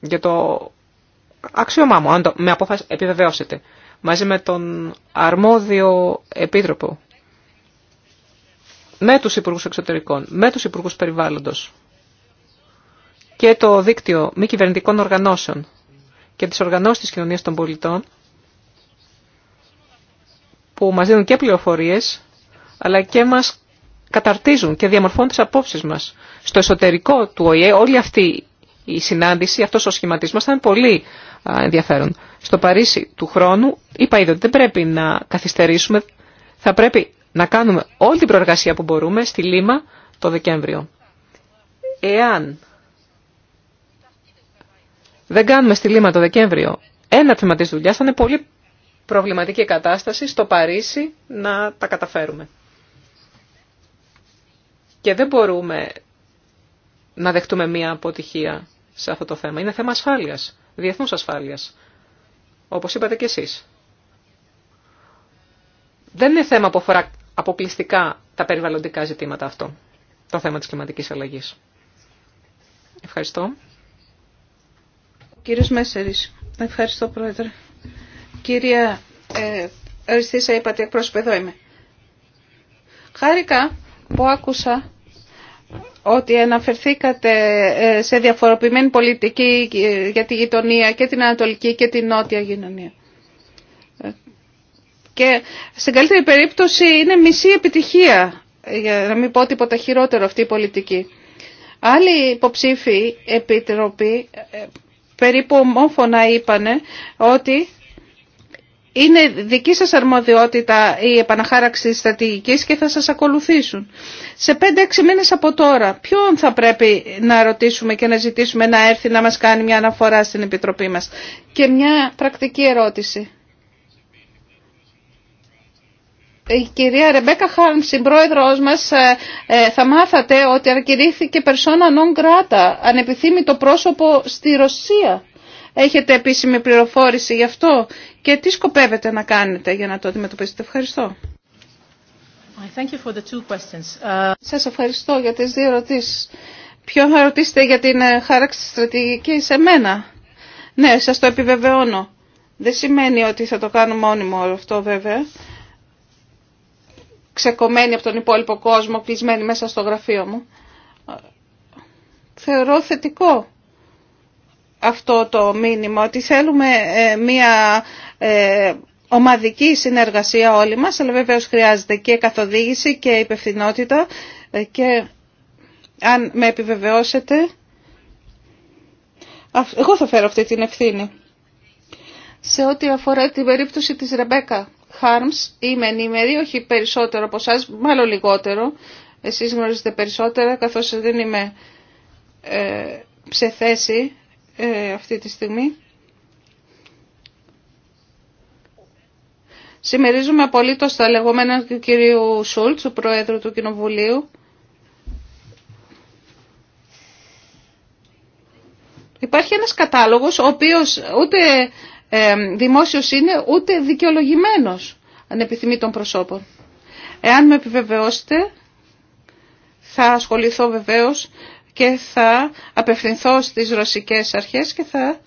για το αξιωμά μου, αν το με απόφαση επιβεβαιώσετε, μαζί με τον αρμόδιο επίτροπο, με τους υπουργούς εξωτερικών, με τους υπουργούς περιβάλλοντος, και το δίκτυο μη κυβερνητικών οργανώσεων και τις οργανώσεις της κοινωνίας των πολιτών που μας δίνουν και πληροφορίες αλλά και μας καταρτίζουν και διαμορφώνουν τις απόψεις μας. Στο εσωτερικό του ΟΗΕ όλη αυτή η συνάντηση, αυτός ο σχηματισμός θα είναι πολύ ενδιαφέρον. Στο Παρίσι του χρόνου είπα ήδη ότι δεν πρέπει να καθυστερήσουμε, θα πρέπει να κάνουμε όλη την προεργασία που μπορούμε στη Λίμα το Δεκέμβριο. Εάν δεν κάνουμε στη Λίμα το Δεκέμβριο ένα τμήμα τη δουλειά, θα είναι πολύ προβληματική κατάσταση στο Παρίσι να τα καταφέρουμε. Και δεν μπορούμε να δεχτούμε μία αποτυχία σε αυτό το θέμα. Είναι θέμα ασφάλειας, διεθνούς ασφάλειας, όπως είπατε κι εσείς. Δεν είναι θέμα που αφορά αποκλειστικά τα περιβαλλοντικά ζητήματα αυτό, το θέμα της κλιματικής αλλαγής. Ευχαριστώ. Κύριος Μέσερης, ευχαριστώ πρόεδρε. Κυρία ε, Αριστήσα, είπατε εκπρόσωπε εδώ είμαι. Χάρηκα που άκουσα ότι αναφερθήκατε ε, σε διαφοροποιημένη πολιτική ε, για τη γειτονία και την ανατολική και την νότια γειτονία. Και στην καλύτερη περίπτωση είναι μισή επιτυχία, για να μην πω τίποτα χειρότερο αυτή η πολιτική. Άλλοι υποψήφοι επιτροποί ε, περίπου ομόφωνα είπανε ότι είναι δική σας αρμοδιότητα η επαναχάραξη της στρατηγικής και θα σας ακολουθήσουν. Σε 5-6 μήνες από τώρα, ποιον θα πρέπει να ρωτήσουμε και να ζητήσουμε να έρθει να μας κάνει μια αναφορά στην Επιτροπή μας. Και μια πρακτική ερώτηση η κυρία Ρεμπέκα Χάρμ, η μα, μας, ε, ε, θα μάθατε ότι αρκηρύχθηκε persona non grata, ανεπιθύμητο πρόσωπο στη Ρωσία. Έχετε επίσημη πληροφόρηση γι' αυτό και τι σκοπεύετε να κάνετε για να το αντιμετωπίσετε. Ευχαριστώ. Thank uh, Σας ευχαριστώ για τις δύο ερωτήσεις. Ποιο θα ρωτήσετε για την ε, χάραξη στρατηγική σε μένα. Ναι, σας το επιβεβαιώνω. Δεν σημαίνει ότι θα το κάνουμε μόνιμο αυτό βέβαια ξεκομμένη από τον υπόλοιπο κόσμο, κλεισμένη μέσα στο γραφείο μου. Θεωρώ θετικό αυτό το μήνυμα, ότι θέλουμε ε, μια ε, ομαδική συνεργασία όλοι μας, αλλά βεβαίως χρειάζεται και καθοδήγηση και υπευθυνότητα ε, και αν με επιβεβαιώσετε, εγώ θα φέρω αυτή την ευθύνη. Σε ό,τι αφορά την περίπτωση της Ρεμπέκα, Harms, είμαι ενήμερη, όχι περισσότερο από εσά, μάλλον λιγότερο. Εσείς γνωρίζετε περισσότερα, καθώς δεν είμαι ε, σε θέση ε, αυτή τη στιγμή. Σημερίζουμε απολύτω τα λεγόμενα του κυρίου Σούλτ, του Προέδρου του Κοινοβουλίου. Υπάρχει ένας κατάλογος, ο οποίος ούτε δημόσιος είναι ούτε δικαιολογημένος επιθυμεί των προσώπων. Εάν με επιβεβαιώσετε θα ασχοληθώ βεβαίως και θα απευθυνθώ στις ρωσικές αρχές και θα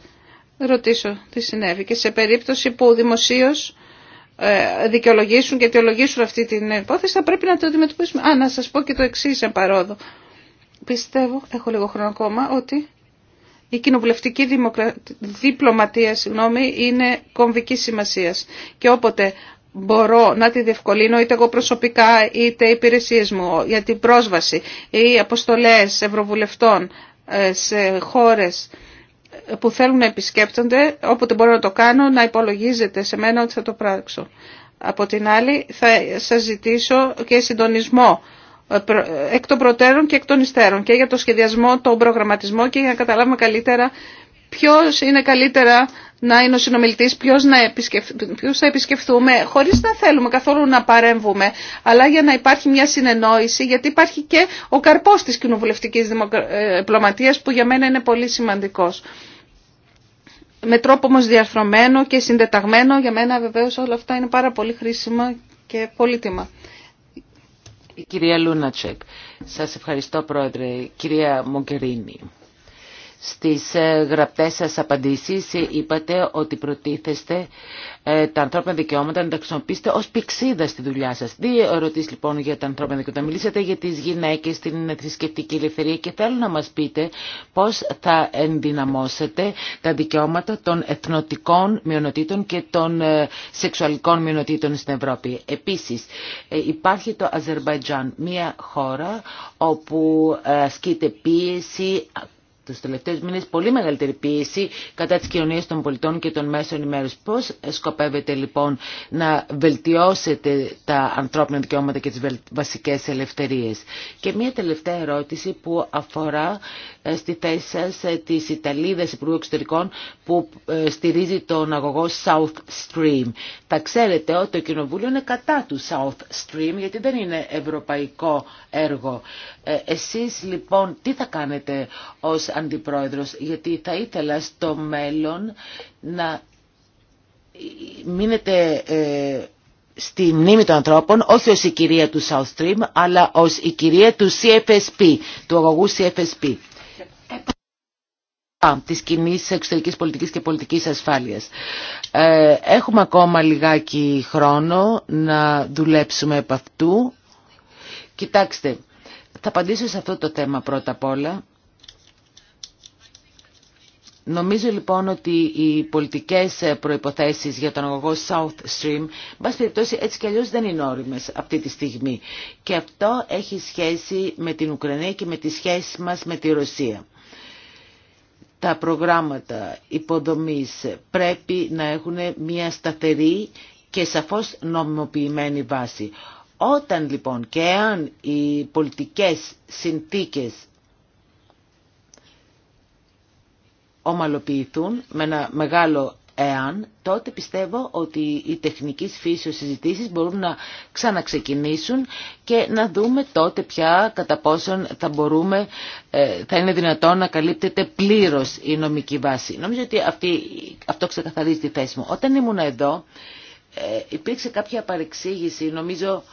ρωτήσω τι συνέβη. Και σε περίπτωση που δημοσίως ε, δικαιολογήσουν και αιτιολογήσουν αυτή την υπόθεση θα πρέπει να το αντιμετωπίσουμε. Α, να σας πω και το εξή εν παρόδο. Πιστεύω, έχω λίγο χρόνο ακόμα, ότι η κοινοβουλευτική διπλωματία συγγνώμη, είναι κομβική σημασία. Και όποτε μπορώ να τη διευκολύνω είτε εγώ προσωπικά είτε οι υπηρεσίε μου για την πρόσβαση ή αποστολές ευρωβουλευτών ε, σε χώρες που θέλουν να επισκέπτονται, όποτε μπορώ να το κάνω, να υπολογίζετε σε μένα ότι θα το πράξω. Από την άλλη θα σας ζητήσω και συντονισμό εκ των προτέρων και εκ των υστέρων και για το σχεδιασμό, τον προγραμματισμό και για να καταλάβουμε καλύτερα ποιο είναι καλύτερα να είναι ο συνομιλητή, ποιο να θα επισκεφθούμε, χωρί να θέλουμε καθόλου να παρέμβουμε, αλλά για να υπάρχει μια συνεννόηση, γιατί υπάρχει και ο καρπός της κοινοβουλευτική ε, διπλωματίας που για μένα είναι πολύ σημαντικό. Με τρόπο όμω διαρθρωμένο και συντεταγμένο, για μένα βεβαίω, όλα αυτά είναι πάρα πολύ χρήσιμα και πολύτιμα κυρία Λούνατσεκ. Σας ευχαριστώ πρόεδρε. Κυρία Μογκερίνη. Στις ε, γραπτές σας απαντήσεις ε, είπατε ότι προτίθεστε ε, τα ανθρώπινα δικαιώματα να τα χρησιμοποιήσετε ως πηξίδα στη δουλειά σας. Δύο ερωτήσεις λοιπόν για τα ανθρώπινα δικαιώματα. Μιλήσατε για τις γυναίκες, στην θρησκευτική ελευθερία και θέλω να μας πείτε πώς θα ενδυναμώσετε τα δικαιώματα των εθνοτικών μειονοτήτων και των σεξουαλικών μειονοτήτων στην Ευρώπη. Επίσης υπάρχει το Αζερβαϊτζάν, μια χώρα όπου ασκείται πίεση τους τελευταίους μήνες πολύ μεγαλύτερη πίεση κατά τις κοινωνίας των πολιτών και των μέσων ενημέρωση. Πώς σκοπεύετε λοιπόν να βελτιώσετε τα ανθρώπινα δικαιώματα και τις βασικές ελευθερίες. Και μια τελευταία ερώτηση που αφορά ε, στη θέση σας ε, της Ιταλίδας Υπουργού Εξωτερικών που ε, στηρίζει τον αγωγό South Stream. Θα ξέρετε ότι το Κοινοβούλιο είναι κατά του South Stream γιατί δεν είναι ευρωπαϊκό έργο. Εσείς λοιπόν τι θα κάνετε ως Αντιπρόεδρος γιατί θα ήθελα στο μέλλον να μείνετε στη μνήμη των ανθρώπων, όχι ως η κυρία του South Stream, αλλά ως η κυρία του CFSP, του αγωγού CFSP της κοινή εξωτερικής πολιτικής και πολιτικής ασφάλειας. Ε, έχουμε ακόμα λιγάκι χρόνο να δουλέψουμε επ' αυτού. Κοιτάξτε, θα απαντήσω σε αυτό το θέμα πρώτα απ' όλα. Νομίζω λοιπόν ότι οι πολιτικές προϋποθέσεις για τον αγωγό South Stream, μπας περιπτώσει έτσι κι αλλιώς δεν είναι όριμες αυτή τη στιγμή. Και αυτό έχει σχέση με την Ουκρανία και με τη σχέση μας με τη Ρωσία τα προγράμματα υποδομής πρέπει να έχουν μια σταθερή και σαφώς νομιμοποιημένη βάση. Όταν λοιπόν και αν οι πολιτικές συνθήκες ομαλοποιηθούν με ένα μεγάλο Εάν, τότε πιστεύω ότι οι τεχνικές φύσεως συζητήσεις μπορούν να ξαναξεκινήσουν και να δούμε τότε πια κατά πόσον θα μπορούμε, ε, θα είναι δυνατόν να καλύπτεται πλήρως η νομική βάση. Νομίζω ότι αυτό ξεκαθαρίζει τη θέση μου. Όταν ήμουν εδώ, ε, υπήρξε κάποια παρεξήγηση, νομίζω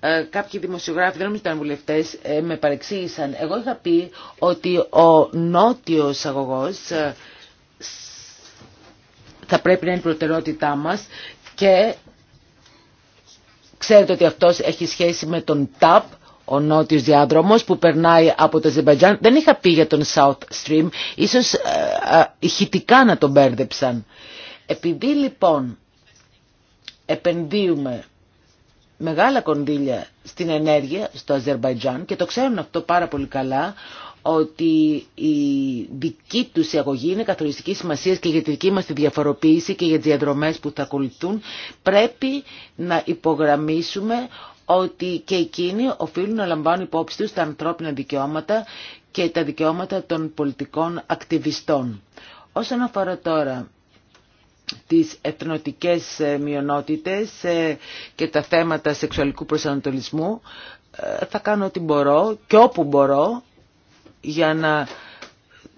ε, κάποιοι δημοσιογράφοι, δεν νομίζω ήταν βουλευτέ, με παρεξήγησαν. Εγώ είχα πει ότι ο νότιος αγωγός θα πρέπει να είναι η προτεραιότητά μας και ξέρετε ότι αυτός έχει σχέση με τον ΤΑΠ, ο νότιος διάδρομος που περνάει από το Αζερμπαϊτζάν. Δεν είχα πει για τον South Stream, ίσως ε, ε, ηχητικά να τον μπέρδεψαν. Επειδή λοιπόν επενδύουμε μεγάλα κονδύλια στην ενέργεια στο Αζερμπαϊτζάν και το ξέρουν αυτό πάρα πολύ καλά ότι η δική τους αγωγή είναι καθοριστική σημασία και για τη δική μας τη διαφοροποίηση και για τις διαδρομές που θα ακολουθούν, πρέπει να υπογραμμίσουμε ότι και εκείνοι οφείλουν να λαμβάνουν υπόψη τους τα ανθρώπινα δικαιώματα και τα δικαιώματα των πολιτικών ακτιβιστών. Όσον αφορά τώρα τις εθνοτικές ε, μειονότητες ε, και τα θέματα σεξουαλικού προσανατολισμού, ε, θα κάνω ό,τι μπορώ και όπου μπορώ για να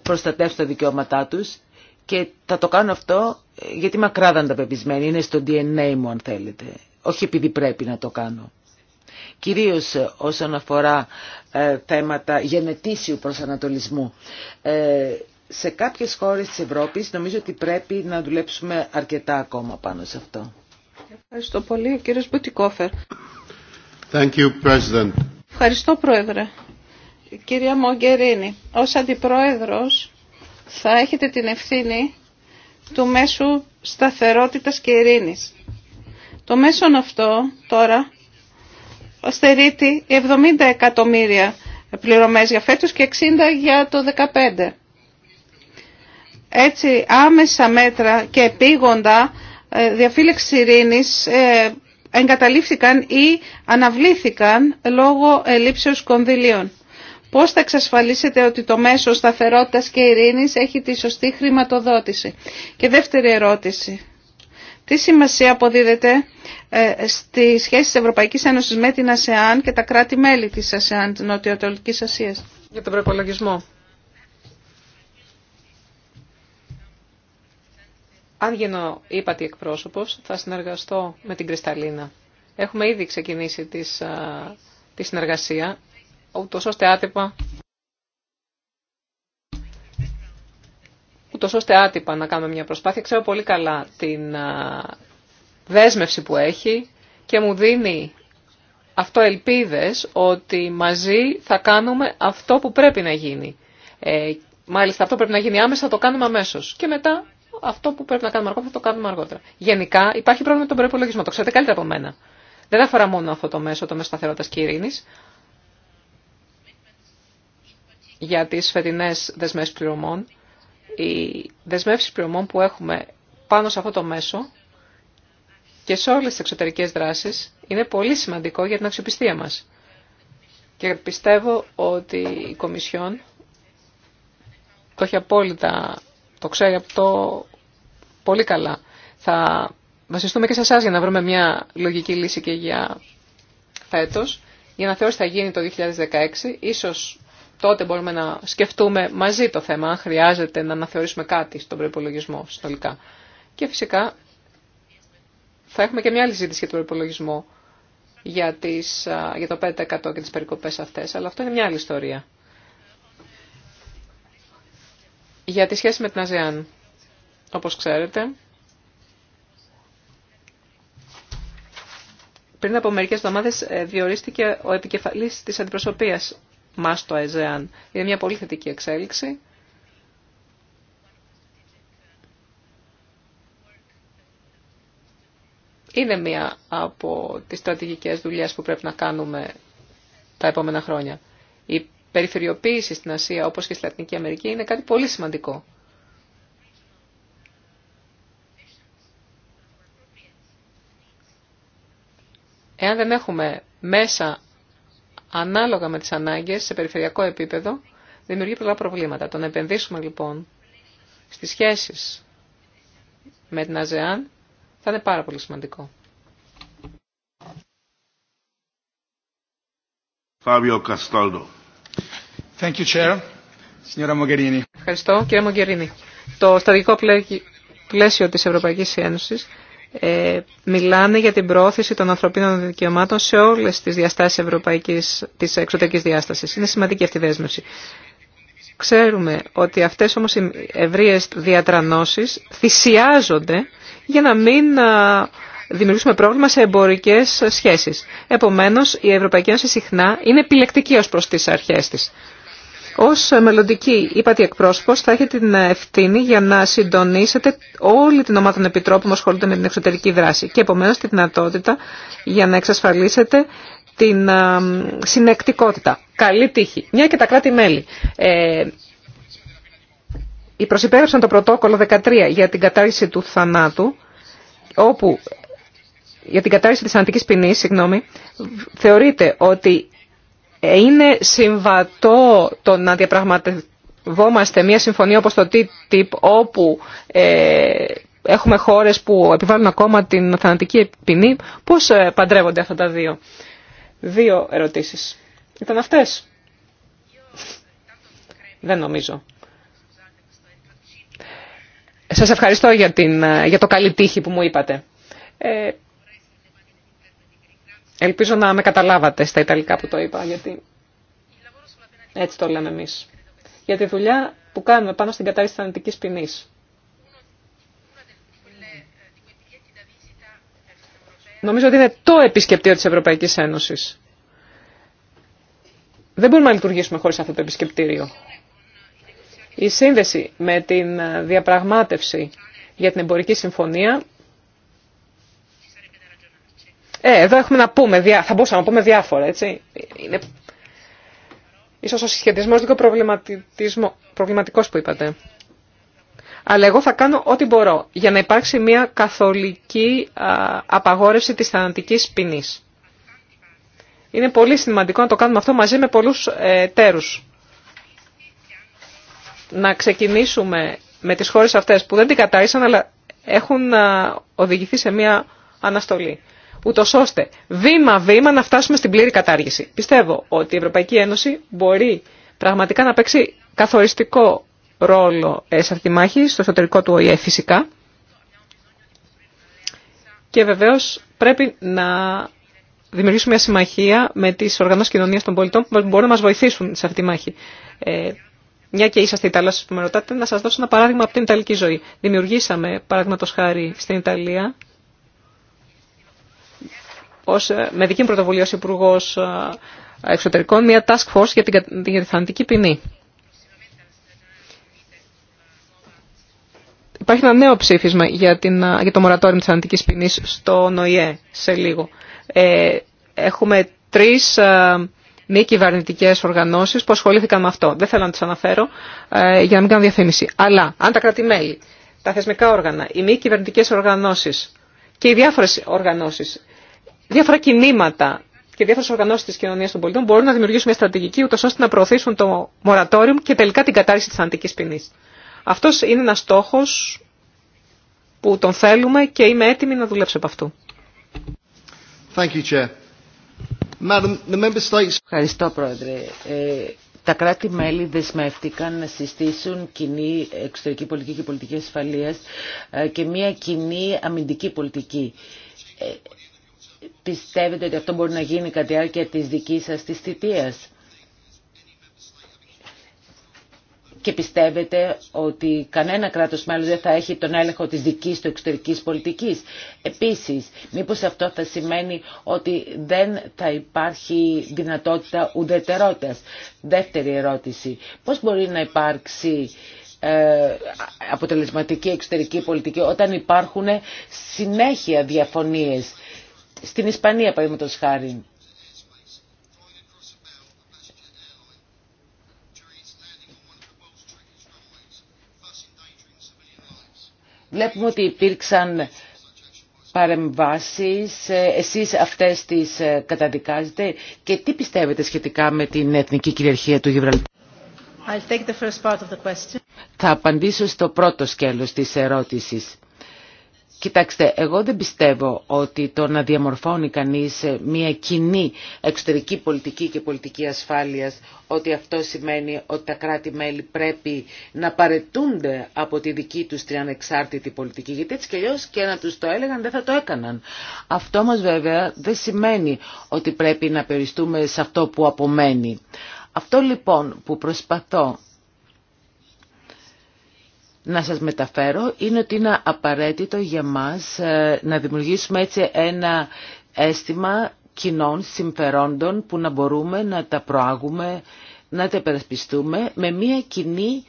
προστατεύσουν τα δικαιώματά τους και θα το κάνω αυτό ε, γιατί μακράδαν τα πεπισμένη, είναι στο DNA μου αν θέλετε, όχι επειδή πρέπει να το κάνω. Κυρίως ε, όσον αφορά ε, θέματα γενετήσιου προσανατολισμού. σε κάποιες χώρες της Ευρώπης νομίζω ότι πρέπει να δουλέψουμε αρκετά ακόμα πάνω σε αυτό. Ευχαριστώ πολύ, κύριος Μπουτικόφερ. Ευχαριστώ, Πρόεδρε. Κυρία Μογκερίνη, ως αντιπρόεδρος θα έχετε την ευθύνη του μέσου σταθερότητας και ειρήνης. Το μέσον αυτό τώρα στερείται 70 εκατομμύρια πληρωμές για φέτος και 60 για το 2015. Έτσι άμεσα μέτρα και επίγοντα ε, διαφύλεξης ειρήνης ε, εγκαταλείφθηκαν ή αναβλήθηκαν λόγω ελήψεως κονδυλίων. Πώς θα εξασφαλίσετε ότι το μέσο σταθερότητας και ειρήνης έχει τη σωστή χρηματοδότηση. Και δεύτερη ερώτηση. Τι σημασία αποδίδεται ε, στη σχέση της Ευρωπαϊκής Ένωσης με την ΑΣΕΑΝ και τα κράτη-μέλη της ΑΣΕΑΝ, της Νοτιοανατολικής Ασίας. Για τον προπολογισμό. Αν γίνω ύπατη εκπρόσωπος, θα συνεργαστώ με την Κρυσταλίνα. Έχουμε ήδη ξεκινήσει ε, τη συνεργασία ούτως ώστε άτυπα, ούτως ώστε άτυπα να κάνουμε μια προσπάθεια. Ξέρω πολύ καλά την δέσμευση που έχει και μου δίνει αυτό ελπίδες ότι μαζί θα κάνουμε αυτό που πρέπει να γίνει. Ε, μάλιστα αυτό πρέπει να γίνει άμεσα, θα το κάνουμε αμέσω. Και μετά αυτό που πρέπει να κάνουμε αργότερα θα το κάνουμε αργότερα. Γενικά υπάρχει πρόβλημα με τον προπολογισμό, το ξέρετε καλύτερα από μένα. Δεν αφορά μόνο αυτό το μέσο, το μέσο σταθερότητα και ειρήνη, για τις φετινές δεσμεύσεις πληρωμών. Οι δεσμεύσεις πληρωμών που έχουμε πάνω σε αυτό το μέσο και σε όλες τις εξωτερικές δράσεις είναι πολύ σημαντικό για την αξιοπιστία μας. Και πιστεύω ότι η Κομισιόν το έχει απόλυτα, το ξέρει αυτό πολύ καλά. Θα βασιστούμε και σε εσά για να βρούμε μια λογική λύση και για φέτος. Η αναθεώρηση θα γίνει το 2016, ίσως τότε μπορούμε να σκεφτούμε μαζί το θέμα, αν χρειάζεται να αναθεωρήσουμε κάτι στον προπολογισμό συνολικά. Και φυσικά θα έχουμε και μια άλλη ζήτηση για τον προπολογισμό για, τις, για το 5% και τις περικοπές αυτές, αλλά αυτό είναι μια άλλη ιστορία. Για τη σχέση με την ΑΖΕΑΝ, όπως ξέρετε, πριν από μερικές εβδομάδες ε, διορίστηκε ο επικεφαλής της αντιπροσωπείας μας το ΑΕΖΕΑΝ. Είναι μια πολύ θετική εξέλιξη. Είναι μία από τις στρατηγικές δουλειές που πρέπει να κάνουμε τα επόμενα χρόνια. Η περιφερειοποίηση στην Ασία όπως και στη Λατινική Αμερική είναι κάτι πολύ σημαντικό. Εάν δεν έχουμε μέσα ανάλογα με τις ανάγκες σε περιφερειακό επίπεδο δημιουργεί πολλά προβλήματα. Το να επενδύσουμε λοιπόν στις σχέσεις με την ΑΖΕΑΝ θα είναι πάρα πολύ σημαντικό. Thank you, Chair. Ευχαριστώ, κύριε Μογκερίνη. Το στρατηγικό πλαίσιο της Ευρωπαϊκής Ένωσης ε, μιλάνε για την πρόθεση των ανθρωπίνων δικαιωμάτων σε όλες τις διαστάσεις ευρωπαϊκής, εξωτερική διάσταση. Είναι σημαντική αυτή η δέσμευση. Ξέρουμε ότι αυτές όμως οι ευρείες διατρανώσει θυσιάζονται για να μην δημιουργήσουμε πρόβλημα σε εμπορικές σχέσεις. Επομένως, η Ευρωπαϊκή Ένωση συχνά είναι επιλεκτική ω προ τι αρχέ τη. Ως μελλοντική είπατε εκπρόσωπος θα έχετε την ευθύνη για να συντονίσετε όλη την ομάδα των επιτρόπων που ασχολούνται με την εξωτερική δράση και επομένως τη δυνατότητα για να εξασφαλίσετε την συνεκτικότητα. Καλή τύχη. Μια και τα κράτη-μέλη. Ε, οι προσυπέρευσαν το πρωτόκολλο 13 για την κατάργηση του θανάτου, όπου για την κατάργηση της θανατικής ποινής, συγγνώμη, θεωρείται ότι είναι συμβατό το να διαπραγματευόμαστε μια συμφωνία όπως το TTIP όπου ε, έχουμε χώρες που επιβάλλουν ακόμα την θανατική ποινή. Πώς ε, παντρεύονται αυτά τα δύο. Δύο ερωτήσεις. Ήταν αυτές. Δεν νομίζω. Σας ευχαριστώ για, την, ε, για το καλή τύχη που μου είπατε. Ελπίζω να με καταλάβατε στα Ιταλικά που το είπα, γιατί έτσι το λέμε εμείς. Για τη δουλειά που κάνουμε πάνω στην της θανατικής ποινής. Νομίζω ότι είναι το επισκεπτήριο της Ευρωπαϊκής Ένωσης. Δεν μπορούμε να λειτουργήσουμε χωρίς αυτό το επισκεπτήριο. Η σύνδεση με την διαπραγμάτευση για την εμπορική συμφωνία ε, εδώ έχουμε να πούμε, θα μπορούσαμε να πούμε διάφορα, έτσι. Είναι... Ίσως ο συσχετισμός λίγο προβληματικός που είπατε. Αλλά εγώ θα κάνω ό,τι μπορώ για να υπάρξει μια καθολική απαγόρευση της θανατικής ποινή. Είναι πολύ σημαντικό να το κάνουμε αυτό μαζί με πολλούς ε, τέρους. Να ξεκινήσουμε με τις χώρες αυτές που δεν την κατάρρισαν αλλά έχουν οδηγηθεί σε μια αναστολή ούτω ώστε βήμα-βήμα να φτάσουμε στην πλήρη κατάργηση. Πιστεύω ότι η Ευρωπαϊκή Ένωση μπορεί πραγματικά να παίξει καθοριστικό ρόλο σε αυτή τη μάχη, στο εσωτερικό του ΟΗΕ φυσικά. Και βεβαίως πρέπει να δημιουργήσουμε μια συμμαχία με τις οργανώσεις κοινωνίας των πολιτών που μπορούν να μας βοηθήσουν σε αυτή τη μάχη. Ε, μια και είσαστε Ιταλός που με ρωτάτε, να σας δώσω ένα παράδειγμα από την Ιταλική ζωή. Δημιουργήσαμε, παραδείγματο χάρη, στην Ιταλία ως, ε, με δική μου πρωτοβουλία ως υπουργό ε, Εξωτερικών μια task force για την, για τη θανατική ποινή. Υπάρχει ένα νέο ψήφισμα για, την, ε, για το μορατόριο της θανατικής ποινής στο ΝΟΙΕ σε λίγο. έχουμε τρεις μη κυβερνητικέ οργανώσει που ασχολήθηκαν με αυτό. Δεν θέλω να τι αναφέρω για να μην κάνω διαφήμιση. Αλλά αν τα κράτη-μέλη, τα θεσμικά όργανα, οι μη κυβερνητικέ οργανώσει και οι διάφορε οργανώσεις διάφορα κινήματα και διάφορε οργανώσει τη κοινωνία των πολιτών μπορούν να δημιουργήσουν μια στρατηγική ούτω ώστε να προωθήσουν το μορατόριο και τελικά την κατάρριση τη θανατική ποινή. Αυτό είναι ένα στόχο που τον θέλουμε και είμαι έτοιμη να δουλέψω από αυτού. Thank you, Chair. Madam, the member states... Ευχαριστώ, Πρόεδρε. Ε, τα κράτη-μέλη δεσμεύτηκαν να συστήσουν κοινή εξωτερική πολιτική και πολιτική ασφαλείας ε, και μια κοινή αμυντική πολιτική. Ε, Πιστεύετε ότι αυτό μπορεί να γίνει κατά τη διάρκεια της δικής σας της θητείας. Και πιστεύετε ότι κανένα κράτος μέλος δεν θα έχει τον έλεγχο της δικής του εξωτερικής πολιτικής. Επίσης, μήπως αυτό θα σημαίνει ότι δεν θα υπάρχει δυνατότητα ουδετερότητας. Δεύτερη ερώτηση, πώς μπορεί να υπάρξει ε, αποτελεσματική εξωτερική πολιτική όταν υπάρχουν συνέχεια διαφωνίες στην Ισπανία παραδείγματος χάρη. Βλέπουμε ότι υπήρξαν παρεμβάσεις, εσείς αυτές τις ε, καταδικάζετε και τι πιστεύετε σχετικά με την εθνική κυριαρχία του Γιβραλτάρ. Θα απαντήσω στο πρώτο σκέλος της ερώτησης. Κοιτάξτε, εγώ δεν πιστεύω ότι το να διαμορφώνει κανείς ε, μια κοινή εξωτερική πολιτική και πολιτική ασφάλειας, ότι αυτό σημαίνει ότι τα κράτη-μέλη πρέπει να παρετούνται από τη δική τους την ανεξάρτητη πολιτική, γιατί έτσι και αλλιώς και να τους το έλεγαν δεν θα το έκαναν. Αυτό μας βέβαια δεν σημαίνει ότι πρέπει να περιστούμε σε αυτό που απομένει. Αυτό λοιπόν που προσπαθώ να σας μεταφέρω είναι ότι είναι απαραίτητο για μας ε, να δημιουργήσουμε έτσι ένα αίσθημα κοινών συμφερόντων που να μπορούμε να τα προάγουμε, να τα υπερασπιστούμε με μια κοινή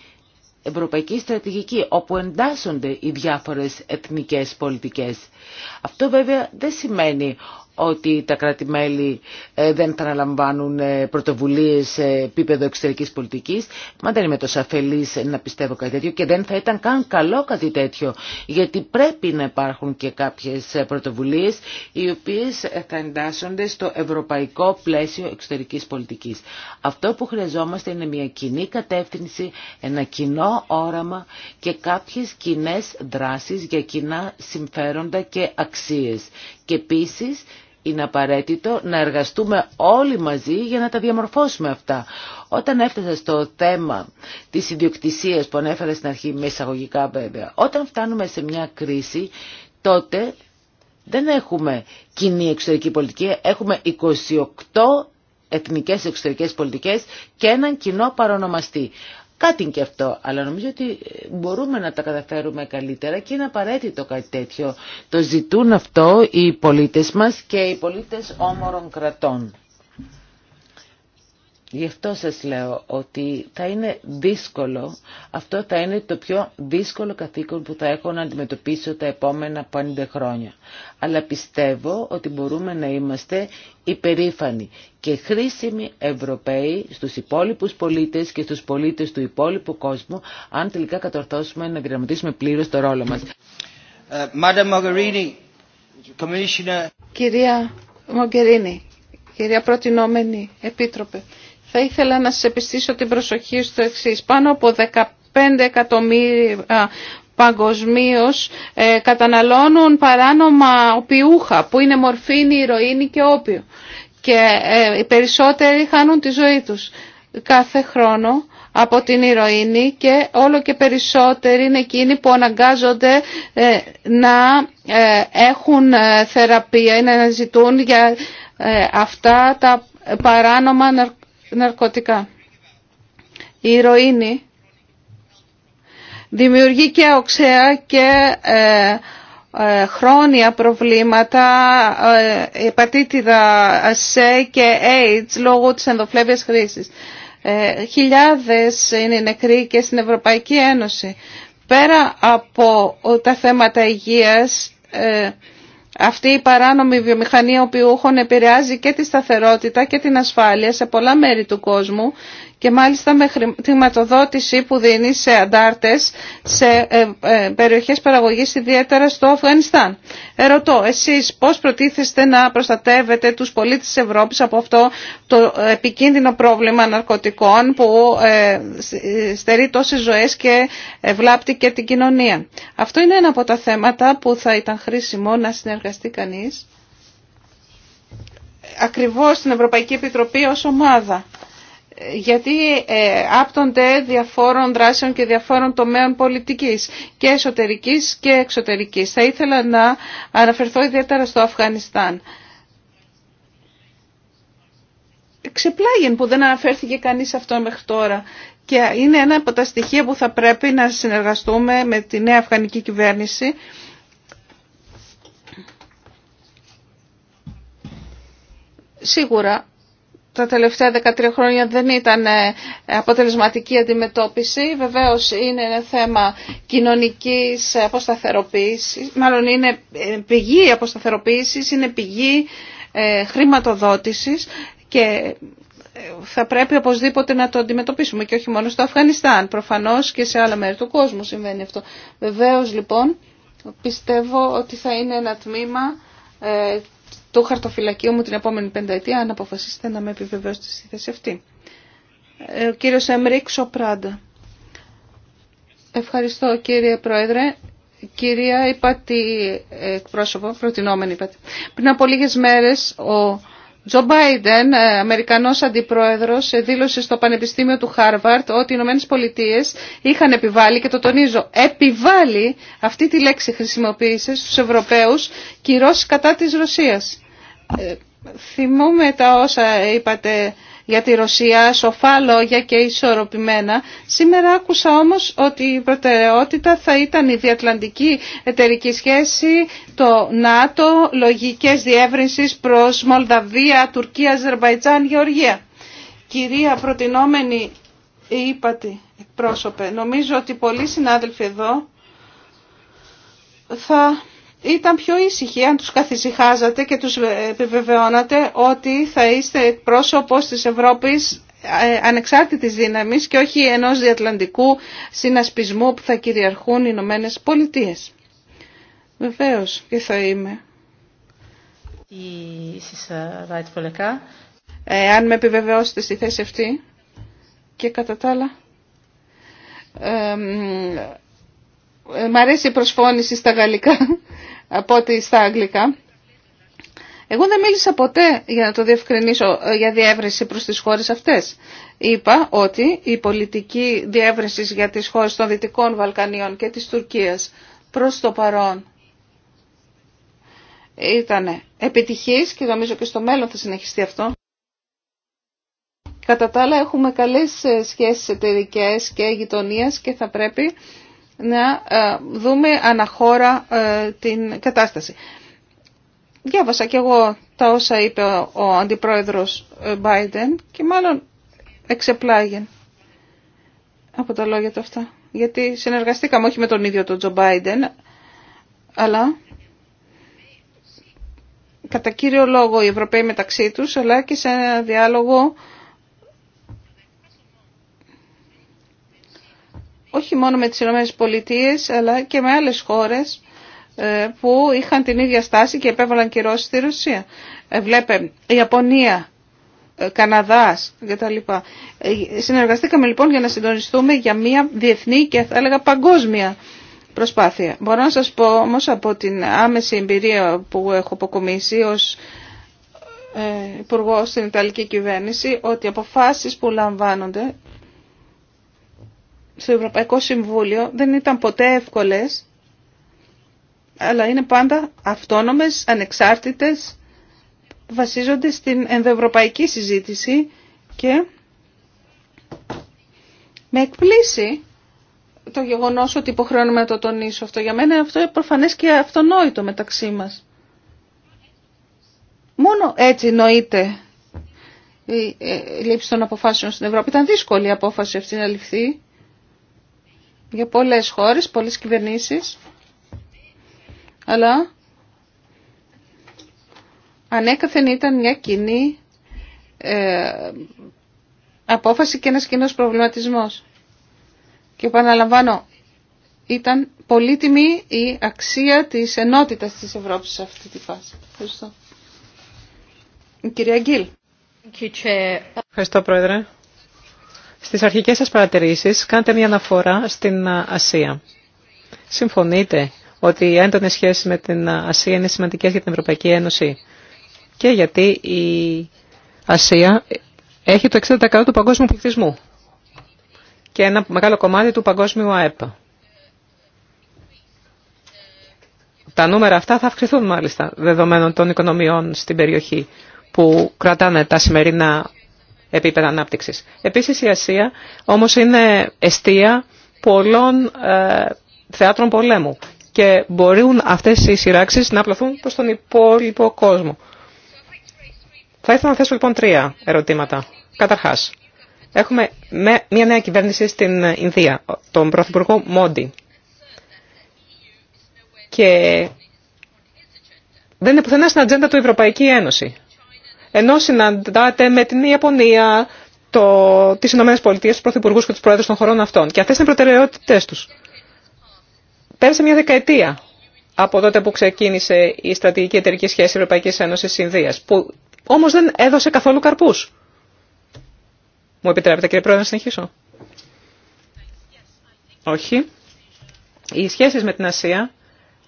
ευρωπαϊκή στρατηγική όπου εντάσσονται οι διάφορες εθνικές πολιτικές. Αυτό βέβαια δεν σημαίνει ότι τα κράτη-μέλη ε, δεν θα αναλαμβάνουν ε, πρωτοβουλίες σε επίπεδο εξωτερικής πολιτικής. Μα δεν είμαι τόσο αφελής να πιστεύω κάτι τέτοιο και δεν θα ήταν καν καλό κάτι τέτοιο. Γιατί πρέπει να υπάρχουν και κάποιες ε, πρωτοβουλίες οι οποίες θα εντάσσονται στο ευρωπαϊκό πλαίσιο εξωτερικής πολιτικής. Αυτό που χρειαζόμαστε είναι μια κοινή κατεύθυνση, ένα κοινό όραμα και κάποιες κοινέ δράσεις για κοινά συμφέροντα και αξίες. Και επίσης είναι απαραίτητο να εργαστούμε όλοι μαζί για να τα διαμορφώσουμε αυτά. Όταν έφτασα στο θέμα της ιδιοκτησίας που ανέφερα στην αρχή, με εισαγωγικά βέβαια, όταν φτάνουμε σε μια κρίση, τότε δεν έχουμε κοινή εξωτερική πολιτική, έχουμε 28 εθνικές εξωτερικές πολιτικές και έναν κοινό παρονομαστή. Κάτι και αυτό, αλλά νομίζω ότι ε, μπορούμε να τα καταφέρουμε καλύτερα και είναι απαραίτητο κάτι τέτοιο. Το ζητούν αυτό οι πολίτες μας και οι πολίτες όμορων κρατών. Γι' αυτό σας λέω ότι θα είναι δύσκολο, αυτό θα είναι το πιο δύσκολο καθήκον που θα έχω να αντιμετωπίσω τα επόμενα 50 χρόνια. Αλλά πιστεύω ότι μπορούμε να είμαστε υπερήφανοι και χρήσιμοι Ευρωπαίοι στους υπόλοιπους πολίτες και στους πολίτες του υπόλοιπου κόσμου, αν τελικά κατορθώσουμε να δυναμωτήσουμε πλήρως το ρόλο μας. Ε, κυρία Μογκερίνη, κυρία Προτινόμενη Επίτροπε, θα ήθελα να σας επιστήσω την προσοχή στο εξή Πάνω από 15 εκατομμύρια παγκοσμίω ε, καταναλώνουν παράνομα οπιούχα που είναι μορφήνη, ηρωίνη και όπιο. Και ε, οι περισσότεροι χάνουν τη ζωή τους κάθε χρόνο από την ηρωίνη και όλο και περισσότεροι είναι εκείνοι που αναγκάζονται ε, να ε, έχουν θεραπεία ή να ζητούν για αυτά τα παράνομα ναρκωτικά ναρκωτικά. Η ηρωίνη δημιουργεί και οξέα και ε, ε χρόνια προβλήματα, ε, C και AIDS λόγω της ενδοφλέβειας χρήσης. Ε, χιλιάδες είναι νεκροί και στην Ευρωπαϊκή Ένωση. Πέρα από τα θέματα υγείας, ε, αυτή η παράνομη βιομηχανία έχουν επηρεάζει και τη σταθερότητα και την ασφάλεια σε πολλά μέρη του κόσμου και μάλιστα με χρηματοδότηση που δίνει σε αντάρτες σε ε, ε, περιοχές παραγωγής ιδιαίτερα στο Αφγανιστάν. Ερωτώ, εσείς πώς προτίθεστε να προστατεύετε τους πολίτες της Ευρώπης από αυτό το επικίνδυνο πρόβλημα ναρκωτικών που ε, στερεί τόσες ζωές και βλάπτει και την κοινωνία. Αυτό είναι ένα από τα θέματα που θα ήταν χρήσιμο να συνεργαστεί κανείς ακριβώς στην Ευρωπαϊκή Επιτροπή ως ομάδα γιατί ε, άπτονται διαφόρων δράσεων και διαφόρων τομέων πολιτικής και εσωτερικής και εξωτερικής. Θα ήθελα να αναφερθώ ιδιαίτερα στο Αφγανιστάν. Ξεπλάγει που δεν αναφέρθηκε κανείς αυτό μέχρι τώρα και είναι ένα από τα στοιχεία που θα πρέπει να συνεργαστούμε με τη νέα αφγανική κυβέρνηση Σίγουρα τα τελευταία 13 χρόνια δεν ήταν ε, αποτελεσματική αντιμετώπιση. Βεβαίως είναι ένα θέμα κοινωνικής αποσταθεροποίησης, μάλλον είναι ε, πηγή αποσταθεροποίησης, είναι πηγή ε, χρηματοδότησης και θα πρέπει οπωσδήποτε να το αντιμετωπίσουμε και όχι μόνο στο Αφγανιστάν, προφανώς και σε άλλα μέρη του κόσμου συμβαίνει αυτό. Βεβαίως λοιπόν πιστεύω ότι θα είναι ένα τμήμα το χαρτοφυλακίου μου την επόμενη πενταετία αν αποφασίσετε να με επιβεβαιώσετε στη θέση αυτή. Ε, ο κύριος Εμρίκ Σοπράντα. Ευχαριστώ κύριε Πρόεδρε. Κυρία την ε, εκπρόσωπο, προτινόμενη είπατε. Πριν από λίγες μέρες ο Τζο Μπάιντεν, ε, Αμερικανός Αντιπρόεδρος, ε, δήλωσε στο Πανεπιστήμιο του Χάρβαρτ ότι οι Ηνωμένε Πολιτείες είχαν επιβάλει, και το τονίζω, επιβάλει, αυτή τη λέξη χρησιμοποίησε στου Ευρωπαίους, κυρώσει κατά της Ρωσίας. Ε, θυμούμε τα όσα είπατε για τη Ρωσία, σοφά λόγια και ισορροπημένα. Σήμερα άκουσα όμως ότι η προτεραιότητα θα ήταν η διατλαντική εταιρική σχέση, το ΝΑΤΟ, λογικές διεύρυνσεις προς Μολδαβία, Τουρκία, Αζερβαϊτζάν, Γεωργία. Κυρία προτινόμενη είπατε εκπρόσωπε, νομίζω ότι πολλοί συνάδελφοι εδώ θα ήταν πιο ήσυχοι αν τους καθησυχάζατε και τους ε, επιβεβαιώνατε ότι θα είστε πρόσωπος της Ευρώπης ε, ανεξάρτητης δύναμης και όχι ενός διατλαντικού συνασπισμού που θα κυριαρχούν οι Ηνωμένε Πολιτείε. Βεβαίως και θα είμαι. Ε, αν με επιβεβαιώσετε στη θέση αυτή και κατά τα άλλα. Ε, μ' αρέσει η προσφώνηση στα γαλλικά από στα αγγλικά. Εγώ δεν μίλησα ποτέ για να το διευκρινίσω ε, για διεύρυνση προς τις χώρες αυτές. Είπα ότι η πολιτική διεύρυνση για τις χώρες των Δυτικών Βαλκανίων και της Τουρκίας προς το παρόν ήταν επιτυχής και νομίζω και στο μέλλον θα συνεχιστεί αυτό. Κατά τα άλλα έχουμε καλές ε, σχέσεις εταιρικέ και γειτονίας και θα πρέπει να ε, δούμε αναχώρα ε, την κατάσταση. Διάβασα κι εγώ τα όσα είπε ο αντιπρόεδρος ε, Biden και μάλλον εξεπλάγεν από τα λόγια του αυτά. Γιατί συνεργαστήκαμε όχι με τον ίδιο τον Τζο Biden, αλλά κατά κύριο λόγο οι Ευρωπαίοι μεταξύ τους, αλλά και σε ένα διάλογο όχι μόνο με τις Ηνωμένες Πολιτείες αλλά και με άλλες χώρες ε, που είχαν την ίδια στάση και επέβαλαν κυρώσεις στη Ρωσία. Ε, βλέπε Ιαπωνία, ε, Καναδάς κτλ. Συνεργαστήκαμε λοιπόν για να συντονιστούμε για μια διεθνή και θα έλεγα παγκόσμια προσπάθεια. Μπορώ να σας πω όμως από την άμεση εμπειρία που έχω αποκομίσει ως υπουργό στην Ιταλική κυβέρνηση ότι αποφάσεις που λαμβάνονται στο Ευρωπαϊκό Συμβούλιο δεν ήταν ποτέ εύκολες, αλλά είναι πάντα αυτόνομες, ανεξάρτητες, βασίζονται στην ενδοευρωπαϊκή συζήτηση και με εκπλήσει το γεγονός ότι υποχρεώνουμε να το τονίσω αυτό. Για μένα αυτό είναι προφανές και αυτονόητο μεταξύ μας. Μόνο έτσι νοείται η ε, λήψη των αποφάσεων στην Ευρώπη. Ήταν δύσκολη η απόφαση αυτή να ληφθεί για πολλές χώρες, πολλές κυβερνήσεις, αλλά ανέκαθεν ήταν μια κοινή ε, απόφαση και ένας κοινός προβληματισμός. Και επαναλαμβάνω, ήταν πολύτιμη η αξία της ενότητας της Ευρώπης σε αυτή τη φάση. Ευχαριστώ. κυρία Γκίλ. Ευχαριστώ, Πρόεδρε. Στις αρχικές σας παρατηρήσεις κάνετε μια αναφορά στην Ασία. Συμφωνείτε ότι οι έντονες σχέσεις με την Ασία είναι σημαντικές για την Ευρωπαϊκή Ένωση και γιατί η Ασία έχει το 60% του παγκόσμιου πληθυσμού και ένα μεγάλο κομμάτι του παγκόσμιου ΑΕΠ. Τα νούμερα αυτά θα αυξηθούν μάλιστα δεδομένων των οικονομιών στην περιοχή που κρατάνε τα σημερινά επίπεδα ανάπτυξη. Επίσης η Ασία όμως είναι εστία πολλών ε, θεάτρων πολέμου και μπορούν αυτές οι σειράξει να απλωθούν προ τον υπόλοιπο κόσμο. Θα ήθελα να θέσω λοιπόν τρία ερωτήματα. Καταρχάς, έχουμε μια νέα κυβέρνηση στην Ινδία, τον Πρωθυπουργό Μόντι. Και δεν είναι πουθενά στην ατζέντα του Ευρωπαϊκή Ένωση ενώ συναντάτε με την Ιαπωνία, το, τις Ηνωμένες Πολιτείες, τους πρωθυπουργούς και τους πρόεδρους των χωρών αυτών. Και αυτές είναι οι προτεραιότητες τους. Πέρασε μια δεκαετία από τότε που ξεκίνησε η στρατηγική εταιρική σχέση Ευρωπαϊκής Ένωσης Ινδίας, που όμως δεν έδωσε καθόλου καρπούς. Μου επιτρέπετε κύριε Πρόεδρε να συνεχίσω. Όχι. Οι σχέσεις με την Ασία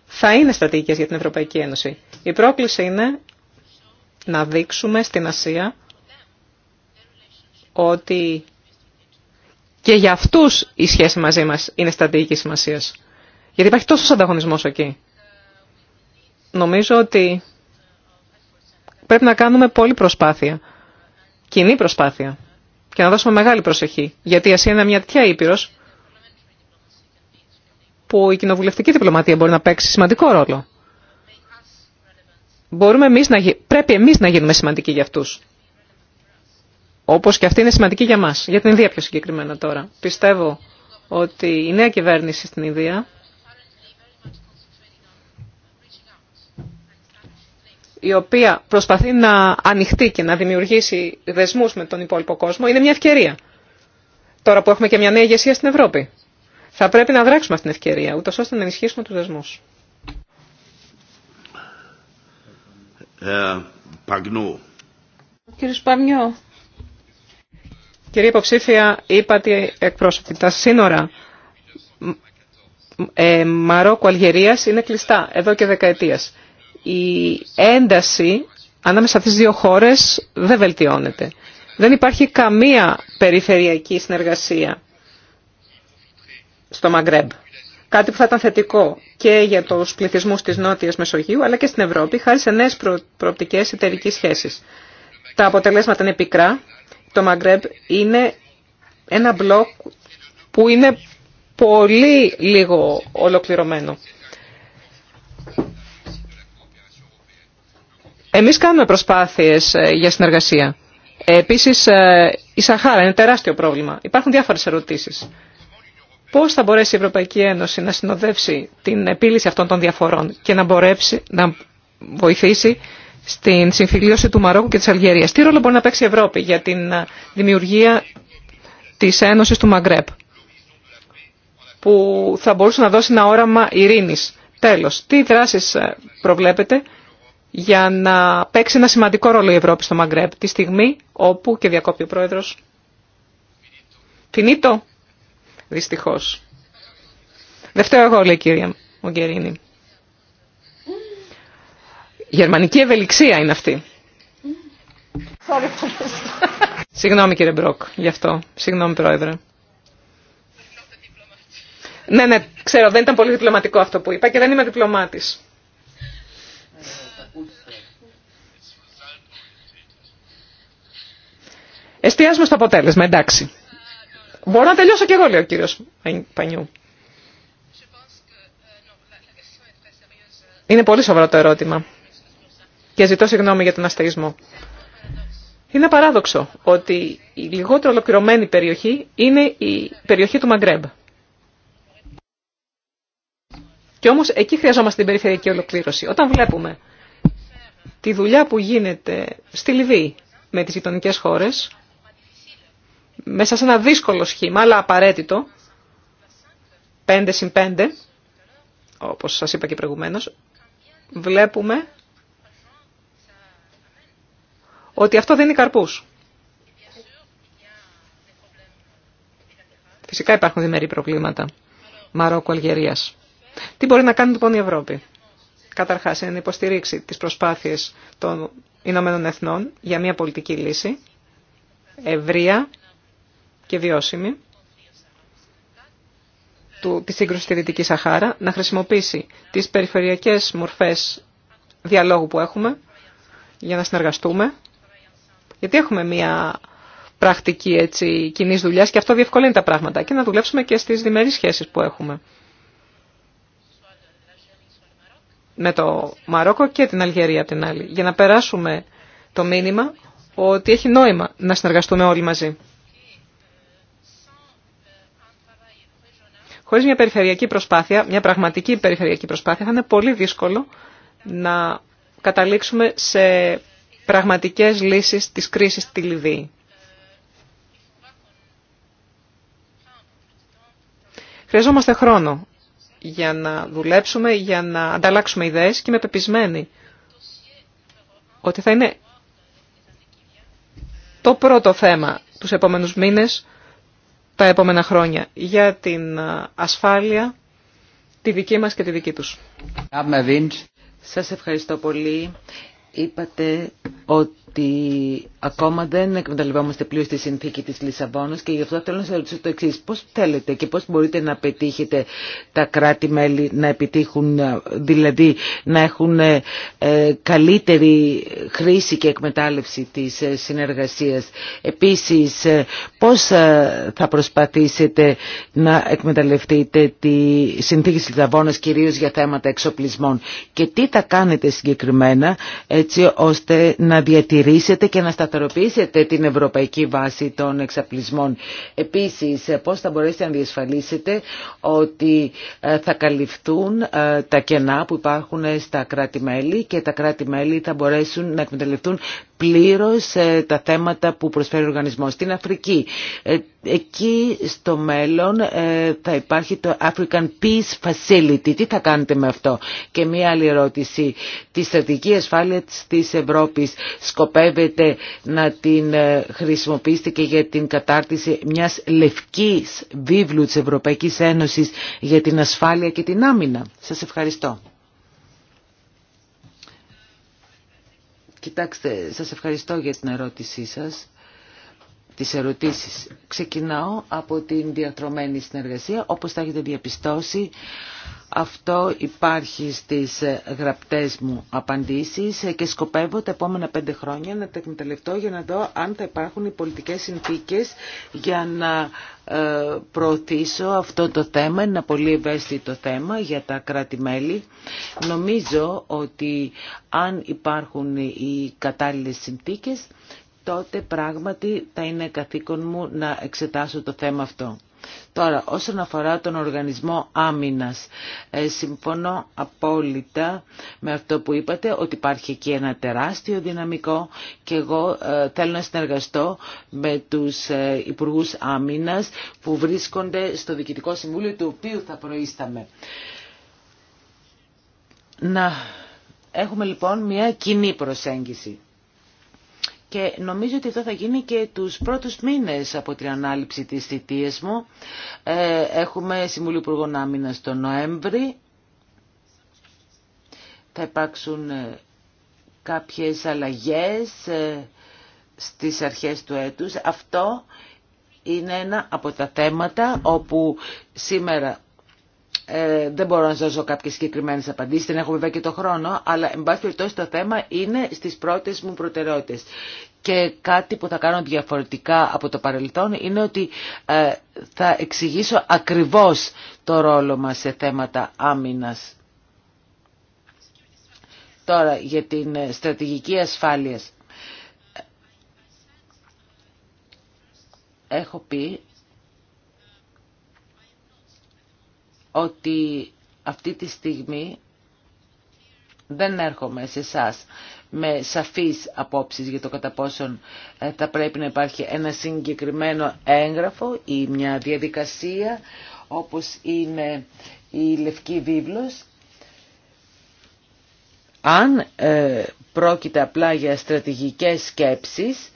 θα είναι στρατηγικές για την Ευρωπαϊκή Ένωση. Η πρόκληση είναι να δείξουμε στην Ασία ότι και για αυτούς η σχέση μαζί μας είναι στρατηγική σημασία. Γιατί υπάρχει τόσο ανταγωνισμός εκεί. Νομίζω ότι πρέπει να κάνουμε πολλή προσπάθεια, κοινή προσπάθεια και να δώσουμε μεγάλη προσοχή. Γιατί η Ασία είναι μια τέτοια ήπειρος που η κοινοβουλευτική διπλωματία μπορεί να παίξει σημαντικό ρόλο να, πρέπει εμείς να γίνουμε σημαντικοί για αυτούς. Όπως και αυτή είναι σημαντική για μας, για την Ινδία πιο συγκεκριμένα τώρα. Πιστεύω ότι η νέα κυβέρνηση στην Ινδία η οποία προσπαθεί να ανοιχτεί και να δημιουργήσει δεσμούς με τον υπόλοιπο κόσμο, είναι μια ευκαιρία. Τώρα που έχουμε και μια νέα ηγεσία στην Ευρώπη. Θα πρέπει να δράξουμε αυτήν την ευκαιρία, ούτως ώστε να ενισχύσουμε τους δεσμούς. Κύριε Παγνιό. Κύριε υποψήφια, είπατε εκπρόσωποι, τα σύνορα ε, Μαρόκου-Αλγερίας είναι κλειστά εδώ και δεκαετίας. Η ένταση ανάμεσα στις δύο χώρες δεν βελτιώνεται. Δεν υπάρχει καμία περιφερειακή συνεργασία στο Μαγκρέμπ κάτι που θα ήταν θετικό και για του πληθυσμού της νότια Μεσογείου, αλλά και στην Ευρώπη, χάρη σε νέες προ... προοπτικές εταιρικής σχέσης. Τα αποτελέσματα είναι πικρά. Το Μαγκρέμπ είναι ένα μπλοκ που είναι πολύ λίγο ολοκληρωμένο. Εμείς κάνουμε προσπάθειες ε, για συνεργασία. Επίσης, ε, η Σαχάρα είναι τεράστιο πρόβλημα. Υπάρχουν διάφορες ερωτήσεις. Πώς θα μπορέσει η Ευρωπαϊκή Ένωση να συνοδεύσει την επίλυση αυτών των διαφορών και να μπορέσει να βοηθήσει στην συμφιλίωση του Μαρόκου και της Αλγερίας. Τι ρόλο μπορεί να παίξει η Ευρώπη για την ε, δημιουργία της Ένωση του Μαγκρέπ που θα μπορούσε να δώσει ένα όραμα ειρήνης. Τέλος, τι δράσεις ε, προβλέπετε για να παίξει ένα σημαντικό ρόλο η Ευρώπη στο Μαγκρέπ τη στιγμή όπου και διακόπτει ο Πρόεδρος. Φινίτο. Δυστυχώ. Δεν φταίω εγώ, λέει η κυρία Μογκερίνη. Γερμανική ευελιξία είναι αυτή. Συγγνώμη κύριε Μπρόκ γι' αυτό. Συγγνώμη πρόεδρε. Ναι, ναι, ξέρω, δεν ήταν πολύ διπλωματικό αυτό που είπα και δεν είμαι διπλωμάτης. Εστιάζουμε στο αποτέλεσμα, εντάξει. Μπορώ να τελειώσω και εγώ, λέει ο κύριο Πανιού. Είναι πολύ σοβαρό το ερώτημα. Και ζητώ συγγνώμη για τον αστείσμο. Είναι παράδοξο ότι η λιγότερο ολοκληρωμένη περιοχή είναι η περιοχή του Μαγκρέμπ. Και όμως εκεί χρειαζόμαστε την περιφερειακή ολοκλήρωση. Όταν βλέπουμε τη δουλειά που γίνεται στη Λιβύη με τις γειτονικέ χώρες, μέσα σε ένα δύσκολο σχήμα, αλλά απαραίτητο, 5 συν 5, όπως σας είπα και προηγουμένως, βλέπουμε ότι αυτό δίνει καρπούς. Φυσικά υπάρχουν διμερεί προβλήματα. Μαρόκο, Αλγερίας. Τι μπορεί να κάνει λοιπόν η Ευρώπη. Καταρχάς, είναι να υποστηρίξει τις προσπάθειες των Ηνωμένων Εθνών για μια πολιτική λύση, ευρεία, και βιώσιμη του, της σύγκρουσης στη Δυτική Σαχάρα, να χρησιμοποιήσει τις περιφερειακές μορφές διαλόγου που έχουμε για να συνεργαστούμε, γιατί έχουμε μία πρακτική έτσι, κοινή δουλειά και αυτό διευκολύνει τα πράγματα και να δουλέψουμε και στις διμερείς σχέσεις που έχουμε με το Μαρόκο και την Αλγερία την άλλη, για να περάσουμε το μήνυμα ότι έχει νόημα να συνεργαστούμε όλοι μαζί. Χωρίς μια περιφερειακή προσπάθεια, μια πραγματική περιφερειακή προσπάθεια, θα είναι πολύ δύσκολο να καταλήξουμε σε πραγματικές λύσεις της κρίσης στη Λιβύη. Χρειαζόμαστε χρόνο για να δουλέψουμε, για να ανταλλάξουμε ιδέες και είμαι πεπισμένη ότι θα είναι το πρώτο θέμα τους επόμενους μήνες τα επόμενα χρόνια για την ε, ασφάλεια, τη δική μας και τη δική τους. Σας ευχαριστώ πολύ. Είπατε ότι Ακόμα δεν εκμεταλλευόμαστε πλήρω τη συνθήκη τη Λισαβόνα και γι' αυτό θέλω να σα ρωτήσω το εξή. Πώ θέλετε και πώ μπορείτε να πετύχετε τα κράτη-μέλη να επιτύχουν, ε, δηλαδή να έχουν ε, ε, καλύτερη χρήση και εκμετάλλευση τη συνεργασία. Επίση, πώ θα προσπαθήσετε να εκμεταλλευτείτε τη συνθήκη τη Λισαβόνα κυρίω για θέματα εξοπλισμών και τι θα κάνετε συγκεκριμένα έτσι ώστε να διατηρήσετε και να σταθείτε σταθεροποιήσετε την ευρωπαϊκή βάση των εξαπλισμών. Επίσης, πώς θα μπορέσετε να διασφαλίσετε ότι ε, θα καλυφθούν ε, τα κενά που υπάρχουν στα κράτη-μέλη και τα κράτη-μέλη θα μπορέσουν να εκμεταλλευτούν πλήρως ε, τα θέματα που προσφέρει ο οργανισμός. Στην Αφρική, ε, εκεί στο μέλλον ε, θα υπάρχει το African Peace Facility. Τι θα κάνετε με αυτό. Και μία άλλη ερώτηση. Τη στρατηγική ασφάλεια της Ευρώπης σκοπεύετε να την χρησιμοποιήσετε και για την κατάρτιση μιας λευκής βίβλου της Ευρωπαϊκής Ένωσης για την ασφάλεια και την άμυνα. Σας ευχαριστώ. Κοιτάξτε, σας ευχαριστώ για την ερώτησή σας, τις ερωτήσεις. Ξεκινάω από την διαθρωμένη συνεργασία, όπως θα έχετε διαπιστώσει αυτό υπάρχει στις ε, γραπτές μου απαντήσεις ε, και σκοπεύω τα επόμενα πέντε χρόνια να τα εκμεταλλευτώ για να δω αν θα υπάρχουν οι πολιτικές συνθήκες για να ε, προωθήσω αυτό το θέμα, ένα πολύ ευαίσθητο θέμα για τα κράτη-μέλη. Νομίζω ότι αν υπάρχουν οι κατάλληλες συνθήκες, τότε πράγματι θα είναι καθήκον μου να εξετάσω το θέμα αυτό. Τώρα, όσον αφορά τον οργανισμό άμυνας, ε, συμφωνώ απόλυτα με αυτό που είπατε, ότι υπάρχει εκεί ένα τεράστιο δυναμικό και εγώ ε, θέλω να συνεργαστώ με τους ε, υπουργούς άμυνας που βρίσκονται στο Διοικητικό Συμβούλιο, του οποίου θα προείσταμε. Να έχουμε λοιπόν μια κοινή προσέγγιση. Και νομίζω ότι αυτό θα γίνει και τους πρώτους μήνες από την ανάληψη της θητείας μου. Ε, έχουμε Συμβούλιο Υπουργών Άμυνας τον Νοέμβρη. Θα υπάρξουν ε, κάποιες αλλαγές ε, στις αρχές του έτους. Αυτό είναι ένα από τα θέματα όπου σήμερα ε, δεν μπορώ να σα δώσω κάποιες συγκεκριμένε απαντήσεις, δεν έχω βέβαια και το χρόνο, αλλά εν πάση περιπτώσει το θέμα είναι στι πρώτε μου προτεραιότητε. Και κάτι που θα κάνω διαφορετικά από το παρελθόν είναι ότι ε, θα εξηγήσω ακριβώ το ρόλο μα σε θέματα Άμυνα. Τώρα για την ε, στρατηγική ασφάλεια. Έχω πει ότι αυτή τη στιγμή δεν έρχομαι σε εσά με σαφείς απόψεις για το κατά πόσον ε, θα πρέπει να υπάρχει ένα συγκεκριμένο έγγραφο ή μια διαδικασία όπως είναι η Λευκή Βίβλος. Αν ε, πρόκειται απλά για στρατηγικές σκέψεις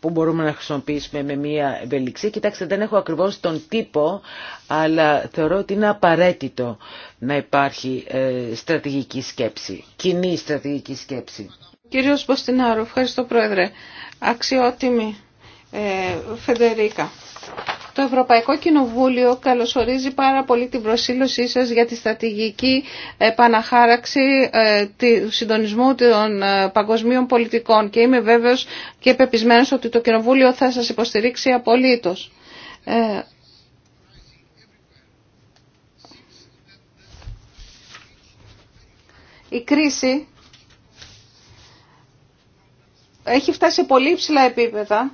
που μπορούμε να χρησιμοποιήσουμε με μία ευελιξία. Κοιτάξτε, δεν έχω ακριβώς τον τύπο, αλλά θεωρώ ότι είναι απαραίτητο να υπάρχει ε, στρατηγική σκέψη, κοινή στρατηγική σκέψη. Κύριος Μποστινάρου, ευχαριστώ Πρόεδρε. Αξιότιμη ε, Φεντερίκα. Το Ευρωπαϊκό Κοινοβούλιο καλωσορίζει πάρα πολύ την προσήλωσή σας για τη στρατηγική επαναχάραξη ε, του συντονισμού των ε, παγκοσμίων πολιτικών και είμαι βέβαιος και πεπισμένος ότι το Κοινοβούλιο θα σας υποστηρίξει απολύτως. Ε, η κρίση έχει φτάσει σε πολύ υψηλά επίπεδα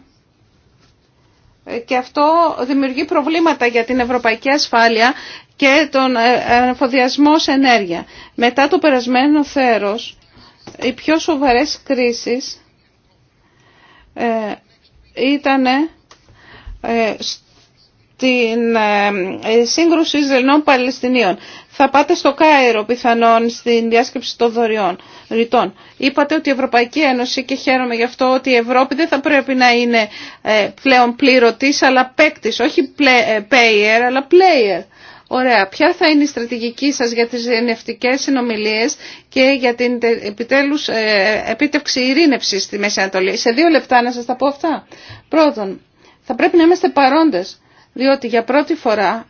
ε, και αυτό δημιουργεί προβλήματα για την ευρωπαϊκή ασφάλεια και τον ε, εφοδιασμό σε ενέργεια. Μετά το περασμένο θέρος, οι πιο σοβαρές κρίσεις ε, ήταν στην σύγκρουση Ισραηλινών Παλαιστινίων θα πάτε στο Κάιρο πιθανόν στην διάσκεψη των δωριών, ρητών. Είπατε ότι η Ευρωπαϊκή Ένωση και χαίρομαι γι' αυτό ότι η Ευρώπη δεν θα πρέπει να είναι ε, πλέον πλήρωτης αλλά παίκτη, όχι ε, payer αλλά player. Ωραία. Ποια θα είναι η στρατηγική σας για τις ενευτικές συνομιλίες και για την επιτέλους ε, επίτευξη ειρήνευσης στη Μέση Ανατολή. Σε δύο λεπτά να σας τα πω αυτά. Πρώτον, θα πρέπει να είμαστε παρόντες, διότι για πρώτη φορά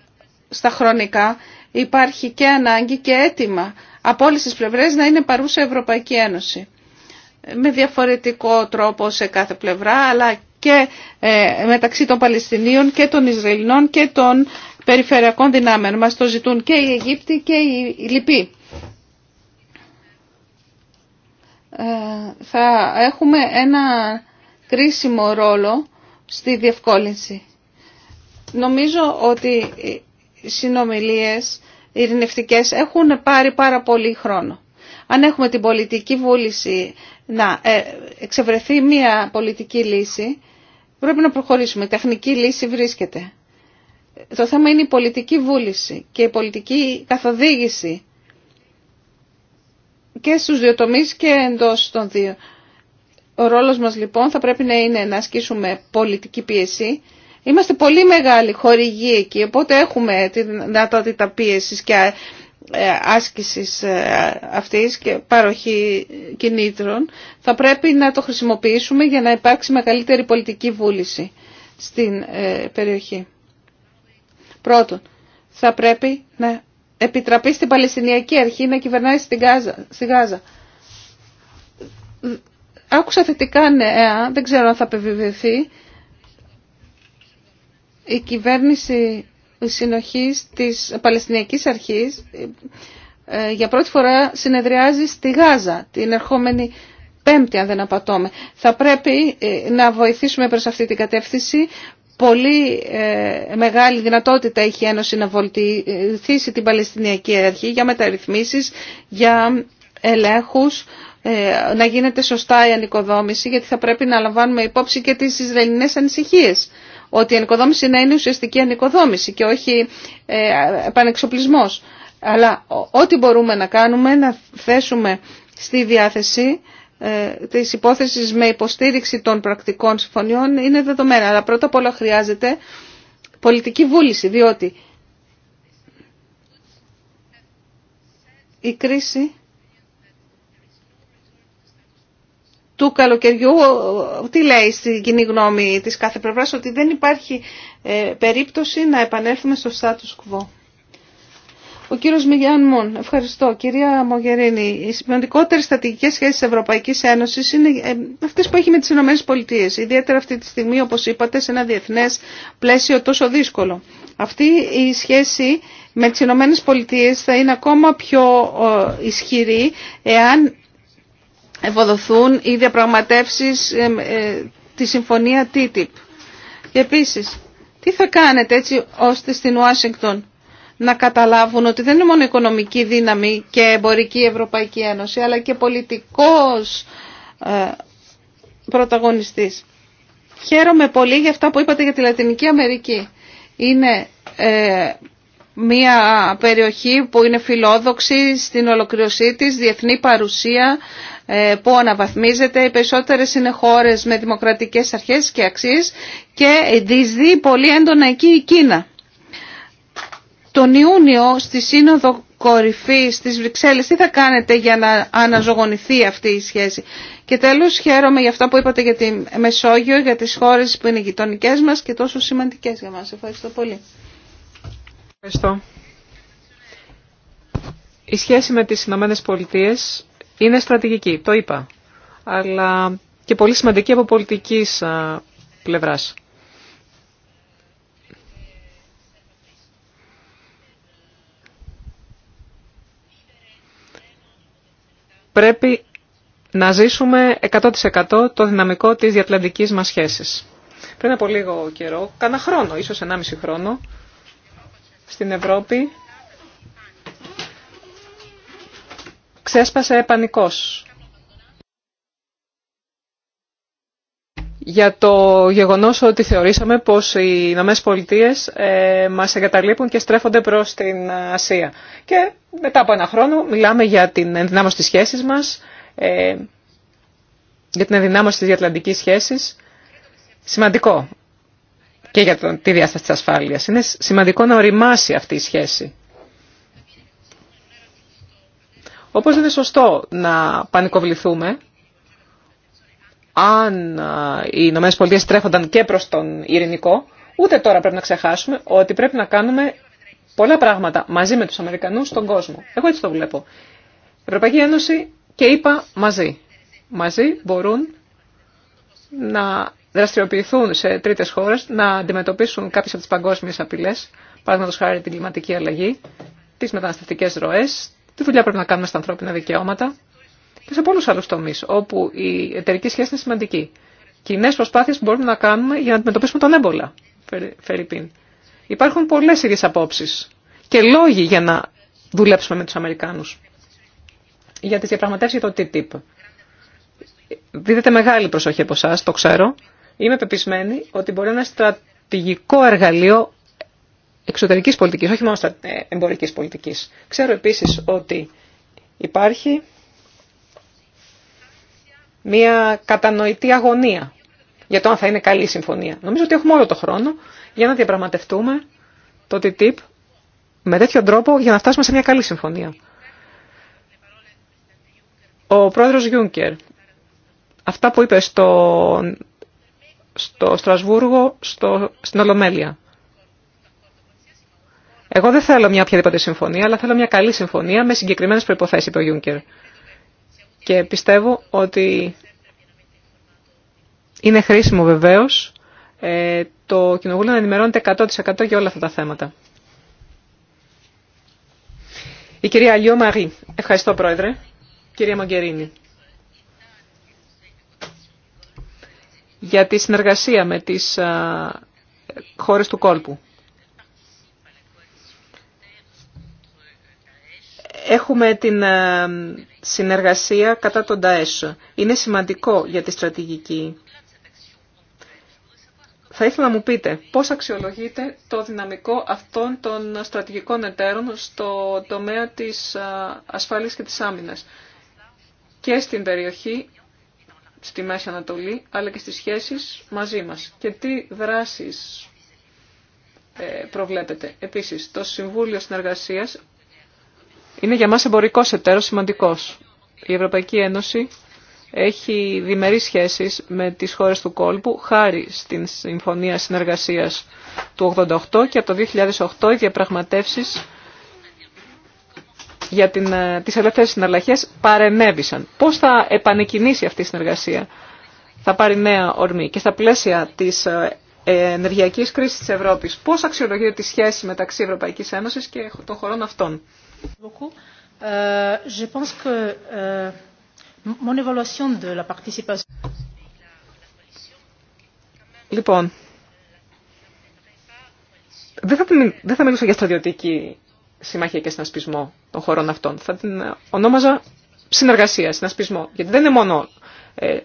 στα χρονικά υπάρχει και ανάγκη και αίτημα από όλε τις πλευρές να είναι παρούσα η Ευρωπαϊκή Ένωση. Με διαφορετικό τρόπο σε κάθε πλευρά, αλλά και ε, μεταξύ των Παλαιστινίων και των Ισραηλινών και των περιφερειακών δυνάμεων. Μας το ζητούν και οι Αιγύπτιοι και οι Λυποί. Ε, θα έχουμε ένα κρίσιμο ρόλο στη διευκόλυνση. Νομίζω ότι οι συνομιλίες οι ειρηνευτικές έχουν πάρει πάρα πολύ χρόνο. Αν έχουμε την πολιτική βούληση να ε, εξευρεθεί μια πολιτική λύση, πρέπει να προχωρήσουμε. Η τεχνική λύση βρίσκεται. Το θέμα είναι η πολιτική βούληση και η πολιτική καθοδήγηση και στους δύο τομείς και εντός των δύο. Ο ρόλος μας λοιπόν θα πρέπει να είναι να ασκήσουμε πολιτική πίεση Είμαστε πολύ μεγάλη χορηγή εκεί, οπότε έχουμε τη δυνατότητα πίεσης και ε, άσκησης ε, αυτής και παροχή κινήτρων. Θα πρέπει να το χρησιμοποιήσουμε για να υπάρξει μεγαλύτερη πολιτική βούληση στην ε, περιοχή. Πρώτον, θα πρέπει να επιτραπεί στην Παλαιστινιακή Αρχή να κυβερνάει στην Γάζα, στη Γάζα. Άκουσα θετικά νέα, δεν ξέρω αν θα επιβεβαιωθεί, η κυβέρνηση συνοχής της Παλαιστινιακής Αρχής ε, για πρώτη φορά συνεδριάζει στη Γάζα την ερχόμενη Πέμπτη, αν δεν απατώμε. Θα πρέπει ε, να βοηθήσουμε προς αυτή την κατεύθυνση. Πολύ ε, μεγάλη δυνατότητα έχει η Ένωση να βοηθήσει την Παλαιστινιακή Αρχή για μεταρρυθμίσεις, για ελέγχους, να γίνεται σωστά η ανοικοδόμηση, γιατί θα πρέπει να λαμβάνουμε υπόψη και τις Ισραηλινές ανησυχίες ότι η ανοικοδόμηση να είναι ουσιαστική ανοικοδόμηση και όχι ε, Αλλά ό,τι μπορούμε να κάνουμε, να θέσουμε στη διάθεση ε, της υπόθεσης με υποστήριξη των πρακτικών συμφωνιών είναι δεδομένα. Αλλά πρώτα απ' όλα χρειάζεται πολιτική βούληση, διότι η κρίση του καλοκαιριού, τι λέει στην κοινή γνώμη της κάθε πλευράς, ότι δεν υπάρχει ε, περίπτωση να επανέλθουμε στο status quo. Ο κύριο Μιγιάν Μουν, ευχαριστώ. Κυρία Μογερίνη, οι σημαντικότερε στρατηγικέ σχέσει τη Ευρωπαϊκή Ένωση είναι ε, αυτέ που έχει με τι ΗΠΑ. Ιδιαίτερα αυτή τη στιγμή, όπω είπατε, σε ένα διεθνέ πλαίσιο τόσο δύσκολο. Αυτή η σχέση με τι ΗΠΑ θα είναι ακόμα πιο ε, ισχυρή εάν ευοδοθούν οι διαπραγματεύσεις ε, ε, τη συμφωνία TTIP. Και επίσης, τι θα κάνετε έτσι ώστε στην Ουάσιγκτον να καταλάβουν ότι δεν είναι μόνο οικονομική δύναμη και εμπορική Ευρωπαϊκή Ένωση, αλλά και πολιτικός ε, πρωταγωνιστής. Χαίρομαι πολύ για αυτά που είπατε για τη Λατινική Αμερική. Είναι μια περιοχή που είναι φιλόδοξη στην ολοκληρωσή της, διεθνή παρουσία, ε, που αναβαθμίζεται. Οι περισσότερες είναι χώρες με δημοκρατικές αρχές και αξίες και διεισδύει πολύ έντονα εκεί η Κίνα. Τον Ιούνιο στη Σύνοδο Κορυφή στις Βρυξέλλες τι θα κάνετε για να αναζωογονηθεί αυτή η σχέση. Και τέλος χαίρομαι για αυτά που είπατε για τη Μεσόγειο, για τις χώρες που είναι γειτονικέ μας και τόσο σημαντικές για μας. Ευχαριστώ πολύ. Ευχαριστώ. Η σχέση με τις Ηνωμένες Πολιτείες είναι στρατηγική, το είπα, αλλά και πολύ σημαντική από πολιτικής πλευράς. Πρέπει να ζήσουμε 100% το δυναμικό της διατλαντικής μας σχέσης. Πριν από λίγο καιρό, κάνα χρόνο, ίσως 1,5 χρόνο, στην Ευρώπη ξέσπασε πανικός. για το γεγονός ότι θεωρήσαμε πως οι Ηνωμένες Πολιτείες ε, μας εγκαταλείπουν και στρέφονται προς την Ασία. Και μετά από ένα χρόνο μιλάμε για την ενδυνάμωση της σχέσης μας, ε, για την ενδυνάμωση της διατλαντικής σχέσης. Σημαντικό και για τη διάσταση της ασφάλειας. Είναι σημαντικό να οριμάσει αυτή η σχέση. Όπως είναι σωστό να πανικοβληθούμε, αν οι Ηνωμένες Πολιτείες τρέχονταν και προς τον ειρηνικό, ούτε τώρα πρέπει να ξεχάσουμε ότι πρέπει να κάνουμε πολλά πράγματα μαζί με τους Αμερικανούς στον κόσμο. Εγώ έτσι το βλέπω. Η Ευρωπαϊκή Ένωση και είπα μαζί. Μαζί μπορούν να δραστηριοποιηθούν σε τρίτες χώρες, να αντιμετωπίσουν κάποιες από τις παγκόσμιες απειλές, παραδείγματος χάρη την κλιματική αλλαγή, τις μεταναστευτικές ροές, τι δουλειά πρέπει να κάνουμε στα ανθρώπινα δικαιώματα και σε πολλού άλλου τομεί, όπου η εταιρική σχέση είναι σημαντική. Κοινέ προσπάθειε που μπορούμε να κάνουμε για να αντιμετωπίσουμε τον έμπολα, Φερρυπίν. Υπάρχουν πολλέ ίδιε απόψει και λόγοι για να δουλέψουμε με του Αμερικάνου. Για τι διαπραγματεύσει για το TTIP. Δίδεται μεγάλη προσοχή από εσά, το ξέρω. Είμαι πεπισμένη ότι μπορεί να είναι στρατηγικό εργαλείο Εξωτερική πολιτική, όχι μόνο στα ε, εμπορικής πολιτικής. Ξέρω επίσης ότι υπάρχει μια κατανοητή αγωνία για το αν θα είναι καλή η συμφωνία. Νομίζω ότι έχουμε όλο το χρόνο για να διαπραγματευτούμε το TTIP με τέτοιο τρόπο για να φτάσουμε σε μια καλή συμφωνία. Ο πρόεδρος Γιούνκερ, αυτά που είπε στο, Στρασβούργο, στην Ολομέλεια, εγώ δεν θέλω μια οποιαδήποτε συμφωνία, αλλά θέλω μια καλή συμφωνία με συγκεκριμένε προποθέσει, είπε ο Γιούνκερ. Και πιστεύω ότι είναι χρήσιμο βεβαίω ε, το Κοινοβούλιο να ενημερώνεται 100% για όλα αυτά τα θέματα. Η κυρία Αλιό Μαρή. Ευχαριστώ, Πρόεδρε. Κυρία Μογκερίνη. Για τη συνεργασία με τις χώρες του κόλπου. Έχουμε την ε, συνεργασία κατά τον ΤΑΕΣ. Είναι σημαντικό για τη στρατηγική. Θα ήθελα να μου πείτε πώς αξιολογείτε το δυναμικό αυτών των στρατηγικών εταίρων στο τομέα της ε, ασφάλειας και της άμυνας και στην περιοχή, στη Μέση Ανατολή, αλλά και στις σχέσεις μαζί μας. Και τι δράσεις ε, προβλέπετε. Επίσης, το Συμβούλιο Συνεργασίας είναι για μας εμπορικός εταίρο σημαντικός. Η Ευρωπαϊκή Ένωση έχει διμερείς σχέσεις με τις χώρες του κόλπου χάρη στην Συμφωνία Συνεργασίας του 1988 και από το 2008 οι διαπραγματεύσεις για την, ε, τις ελεύθερες συναλλαχές παρενέβησαν. Πώς θα επανεκκινήσει αυτή η συνεργασία. Θα πάρει νέα ορμή και στα πλαίσια της ε, ε, ενεργειακής κρίσης της Ευρώπης. Πώς αξιολογείται τη σχέση μεταξύ Ευρωπαϊκής Ένωσης και των χωρών αυτών. Λοιπόν, δεν θα, δεν θα μιλούσα για στρατιωτική συμμαχία και συνασπισμό των χωρών αυτών. Θα την ε, ονόμαζα συνεργασία, συνασπισμό. Γιατί δεν είναι μόνο ε,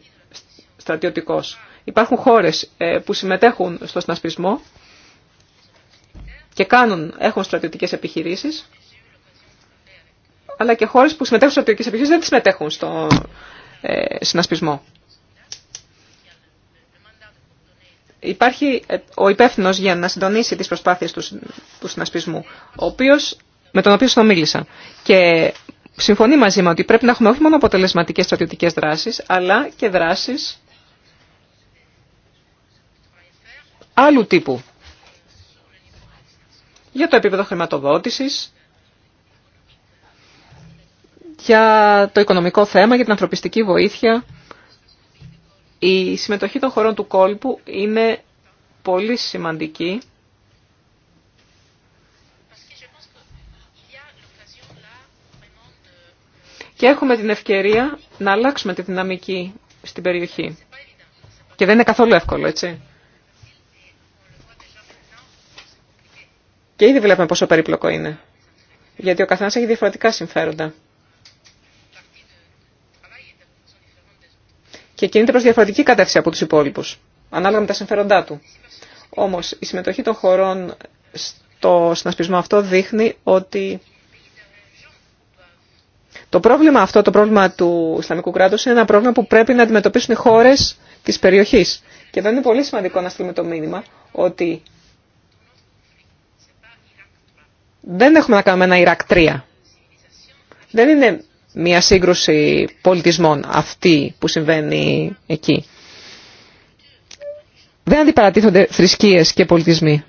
στρατιωτικός. Υπάρχουν χώρες ε, που συμμετέχουν στο συνασπισμό και κάνουν, έχουν στρατιωτικές επιχειρήσεις αλλά και χώρες που συμμετέχουν στις στρατιωτικές επιχείρησεις δεν συμμετέχουν στο ε, συνασπισμό. Υπάρχει ε, ο υπεύθυνο για να συντονίσει τις προσπάθειες του, συνασπισμού, ο οποίος, με τον οποίο μίλησα. Και συμφωνεί μαζί μου ότι πρέπει να έχουμε όχι μόνο αποτελεσματικές στρατιωτικές δράσεις, αλλά και δράσεις άλλου τύπου. Για το επίπεδο χρηματοδότησης, για το οικονομικό θέμα, για την ανθρωπιστική βοήθεια. Η συμμετοχή των χωρών του κόλπου είναι πολύ σημαντική. Και έχουμε την ευκαιρία να αλλάξουμε τη δυναμική στην περιοχή. Και δεν είναι καθόλου εύκολο, έτσι. Και ήδη βλέπουμε πόσο περίπλοκο είναι. Γιατί ο καθένας έχει διαφορετικά συμφέροντα. και κινείται προ διαφορετική κατεύθυνση από του υπόλοιπου. ανάλογα με τα συμφέροντά του. Όμως η συμμετοχή των χωρών στο συνασπισμό αυτό δείχνει ότι το πρόβλημα αυτό, το πρόβλημα του Ισλαμικού κράτου είναι ένα πρόβλημα που πρέπει να αντιμετωπίσουν οι χώρες της περιοχής. Και εδώ είναι πολύ σημαντικό να στείλουμε το μήνυμα ότι δεν έχουμε να κάνουμε ένα Ιρακτρία. Δεν είναι μια σύγκρουση πολιτισμών αυτή που συμβαίνει εκεί. Δεν αντιπαρατίθονται θρησκείες και πολιτισμοί.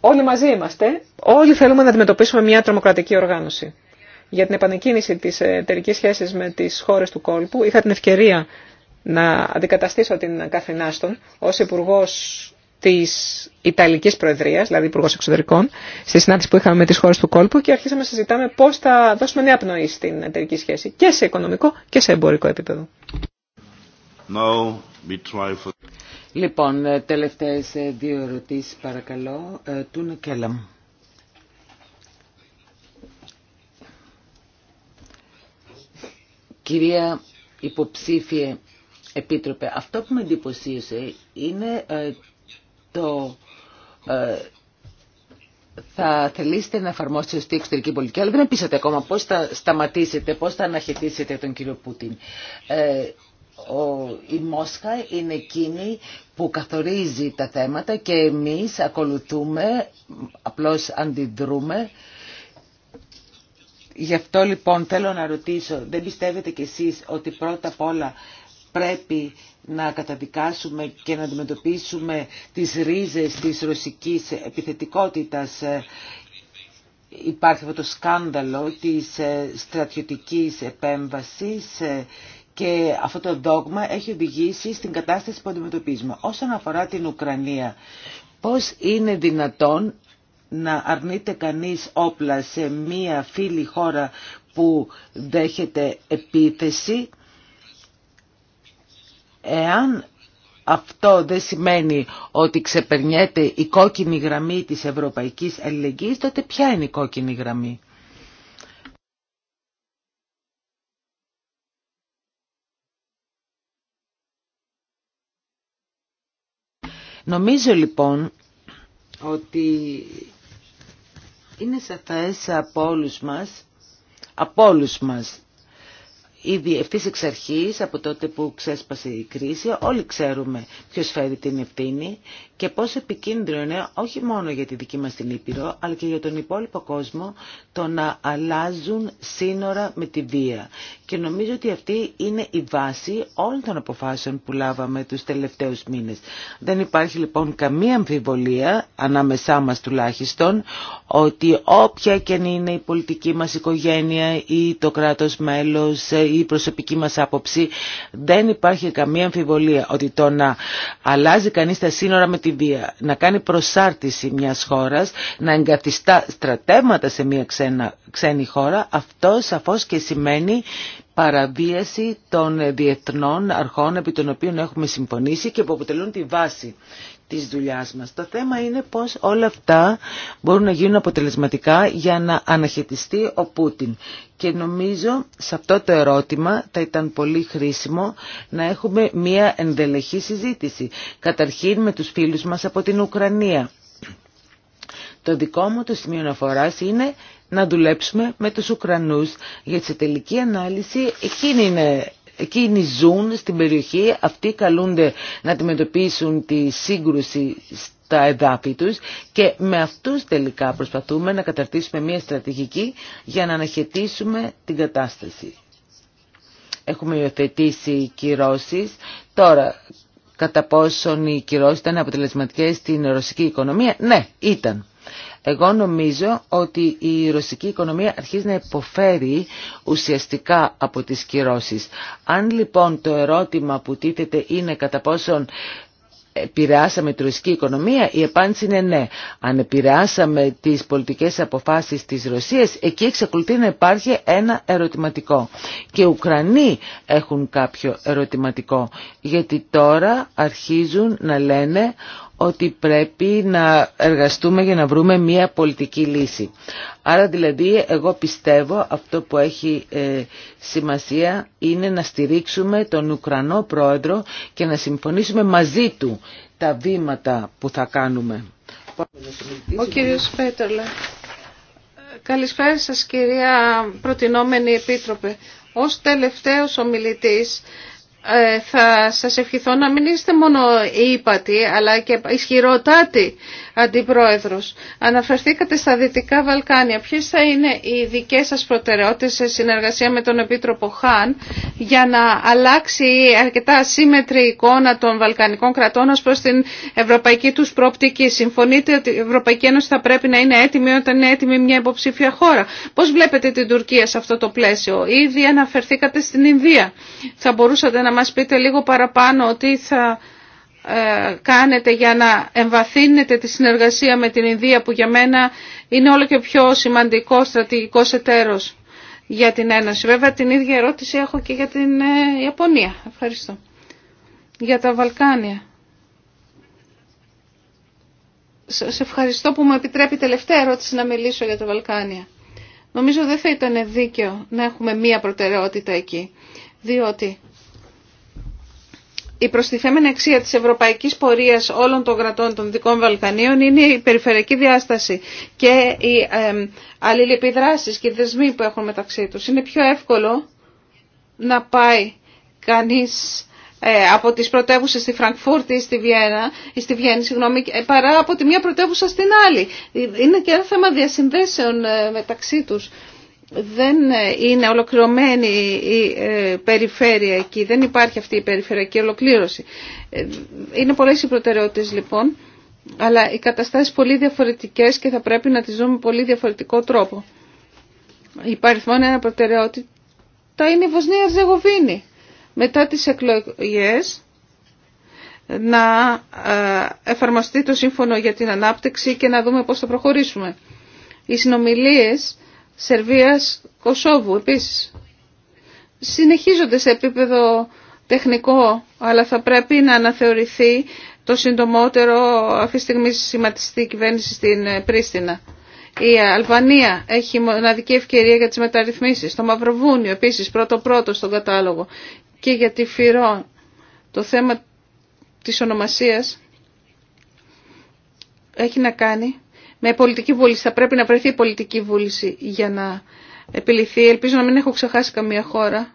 Όλοι μαζί είμαστε, όλοι θέλουμε να αντιμετωπίσουμε μια τρομοκρατική οργάνωση. Για την επανεκκίνηση της εταιρική σχέσης με τις χώρες του κόλπου είχα την ευκαιρία να αντικαταστήσω την Καθηνάστον ως υπουργό Τη Ιταλική Προεδρία, δηλαδή Υπουργό Εξωτερικών, στη συνάντηση που είχαμε με τις χώρες του κόλπου και αρχίσαμε να συζητάμε πώ θα δώσουμε νέα πνοή στην εταιρική σχέση και σε οικονομικό και σε εμπορικό επίπεδο. Λοιπόν, ε, τελευταίε ε, δύο ερωτήσει, παρακαλώ. Ε, Τούνα Κέλαμ. Κυρία υποψήφιε επίτροπε, αυτό που με εντυπωσίασε είναι το ε, θα θελήσετε να εφαρμόσετε στη εξωτερική πολιτική, αλλά δεν πείσατε ακόμα πώς θα σταματήσετε, πώς θα αναχαιτήσετε τον κύριο Πούτιν. Ε, ο, η Μόσχα είναι εκείνη που καθορίζει τα θέματα και εμείς ακολουθούμε, απλώς αντιδρούμε. Γι' αυτό λοιπόν θέλω να ρωτήσω, δεν πιστεύετε κι εσείς ότι πρώτα απ' όλα πρέπει να καταδικάσουμε και να αντιμετωπίσουμε τις ρίζες της ρωσικής επιθετικότητας. Υπάρχει αυτό το σκάνδαλο της ε, στρατιωτικής επέμβασης ε, και αυτό το δόγμα έχει οδηγήσει στην κατάσταση που αντιμετωπίζουμε. Όσον αφορά την Ουκρανία, πώς είναι δυνατόν να αρνείται κανείς όπλα σε μία φίλη χώρα που δέχεται επίθεση Εάν αυτό δεν σημαίνει ότι ξεπερνιέται η κόκκινη γραμμή της ευρωπαϊκής αλληλεγγύης, τότε ποια είναι η κόκκινη γραμμή. Νομίζω λοιπόν ότι είναι σαφές από όλους μας, από όλους μας Ήδη ευθύ εξ αρχή, από τότε που ξέσπασε η κρίση, όλοι ξέρουμε ποιο φέρει την ευθύνη και πόσο επικίνδυνο είναι όχι μόνο για τη δική μας την Ήπειρο αλλά και για τον υπόλοιπο κόσμο το να αλλάζουν σύνορα με τη βία. Και νομίζω ότι αυτή είναι η βάση όλων των αποφάσεων που λάβαμε τους τελευταίους μήνες. Δεν υπάρχει λοιπόν καμία αμφιβολία, ανάμεσά μας τουλάχιστον, ότι όποια και είναι η πολιτική μας οικογένεια ή το κράτος μέλος ή η προσωπική μας άποψη, δεν υπάρχει καμία αμφιβολία ότι το να αλλάζει κανείς τα σύνορα με τη να κάνει προσάρτηση μιας χώρας, να εγκαθιστά στρατεύματα σε μια ξένη χώρα, αυτό σαφώς και σημαίνει παραβίαση των διεθνών αρχών επί των οποίων έχουμε συμφωνήσει και που αποτελούν τη βάση της Το θέμα είναι πώς όλα αυτά μπορούν να γίνουν αποτελεσματικά για να αναχαιτιστεί ο Πούτιν. Και νομίζω σε αυτό το ερώτημα θα ήταν πολύ χρήσιμο να έχουμε μία ενδελεχή συζήτηση. Καταρχήν με τους φίλους μας από την Ουκρανία. Το δικό μου το σημείο αναφορά είναι να δουλέψουμε με τους Ουκρανούς γιατί σε τελική ανάλυση εκείνοι είναι Εκείνοι ζουν στην περιοχή, αυτοί καλούνται να αντιμετωπίσουν τη σύγκρουση στα εδάφη τους και με αυτούς τελικά προσπαθούμε να καταρτήσουμε μια στρατηγική για να αναχαιτήσουμε την κατάσταση. Έχουμε υιοθετήσει κυρώσεις. Τώρα, κατά πόσον οι κυρώσεις ήταν αποτελεσματικές στην ρωσική οικονομία, ναι, ήταν. Εγώ νομίζω ότι η ρωσική οικονομία αρχίζει να υποφέρει ουσιαστικά από τις κυρώσεις. Αν λοιπόν το ερώτημα που τίθεται είναι κατά πόσον επηρεάσαμε τη ρωσική οικονομία, η επάντηση είναι ναι. Αν επηρεάσαμε τις πολιτικές αποφάσεις της Ρωσίας, εκεί εξακολουθεί να υπάρχει ένα ερωτηματικό. Και οι Ουκρανοί έχουν κάποιο ερωτηματικό, γιατί τώρα αρχίζουν να λένε ότι πρέπει να εργαστούμε για να βρούμε μια πολιτική λύση. Άρα δηλαδή εγώ πιστεύω αυτό που έχει ε, σημασία είναι να στηρίξουμε τον Ουκρανό πρόεδρο και να συμφωνήσουμε μαζί του τα βήματα που θα κάνουμε. Ο κύριος Πέτρολα. Καλησπέρα σας κυρία Προτινόμενη Επίτροπε. Ως τελευταίος ομιλητής ε, θα σας ευχηθώ να μην είστε μόνο ύπατοι αλλά και ισχυροτάτη Αντιπρόεδρος. Αναφερθήκατε στα Δυτικά Βαλκάνια. Ποιες θα είναι οι δικές σας προτεραιότητες σε συνεργασία με τον Επίτροπο Χάν για να αλλάξει η αρκετά ασύμετρη εικόνα των Βαλκανικών κρατών ως προς την ευρωπαϊκή τους προοπτική. Συμφωνείτε ότι η Ευρωπαϊκή Ένωση θα πρέπει να είναι έτοιμη όταν είναι έτοιμη μια υποψήφια χώρα. Πώς βλέπετε την Τουρκία σε αυτό το πλαίσιο. Ήδη αναφερθήκατε στην Ινδία. Θα μπορούσατε να μας πείτε λίγο παραπάνω ότι θα ε, κάνετε για να εμβαθύνετε τη συνεργασία με την Ινδία που για μένα είναι όλο και πιο σημαντικό στρατηγικός εταίρος για την Ένωση. Βέβαια την ίδια ερώτηση έχω και για την ε, Ιαπωνία. Ευχαριστώ. Για τα Βαλκάνια. Σας ευχαριστώ που μου επιτρέπει τελευταία ερώτηση να μιλήσω για τα Βαλκάνια. Νομίζω δεν θα ήταν δίκαιο να έχουμε μία προτεραιότητα εκεί, διότι η προστιθέμενη αξία της ευρωπαϊκής πορείας όλων των κρατών των Δυτικών Βαλκανίων είναι η περιφερειακή διάσταση και οι αλληλεπιδράσεις και οι δεσμοί που έχουν μεταξύ τους. Είναι πιο εύκολο να πάει κανείς ε, από τις πρωτεύουσες στη Φραγκφούρτη ή στη Βιέννα, ή στη Βιέννη, συγγνώμη, ε, παρά από τη μία πρωτεύουσα στην άλλη. Ε, είναι και ένα θέμα διασυνδέσεων μεταξύ τους δεν ε, είναι ολοκληρωμένη η ε, περιφέρεια εκεί, δεν υπάρχει αυτή η περιφερειακή ολοκλήρωση. Ε, είναι πολλές οι προτεραιότητες λοιπόν, αλλά οι καταστάσεις πολύ διαφορετικές και θα πρέπει να τις δούμε πολύ διαφορετικό τρόπο. Η παριθμόν ένα προτεραιότητα είναι η Βοσνία Ζεγοβίνη. Μετά τις εκλογές να εφαρμοστεί το σύμφωνο για την ανάπτυξη και να δούμε πώς θα προχωρήσουμε. Οι συνομιλίες Σερβίας, Κωσόβου επίσης. Συνεχίζονται σε επίπεδο τεχνικό, αλλά θα πρέπει να αναθεωρηθεί το συντομότερο αυτή τη στιγμή η κυβέρνηση στην ε, Πρίστινα. Η Αλβανία έχει μοναδική ευκαιρία για τις μεταρρυθμίσεις. Το Μαυροβούνιο επίσης πρώτο-πρώτο στον κατάλογο. Και για τη Φυρό το θέμα της ονομασίας έχει να κάνει με πολιτική βούληση. Θα πρέπει να βρεθεί πολιτική βούληση για να επιληθεί. Ελπίζω να μην έχω ξεχάσει καμία χώρα.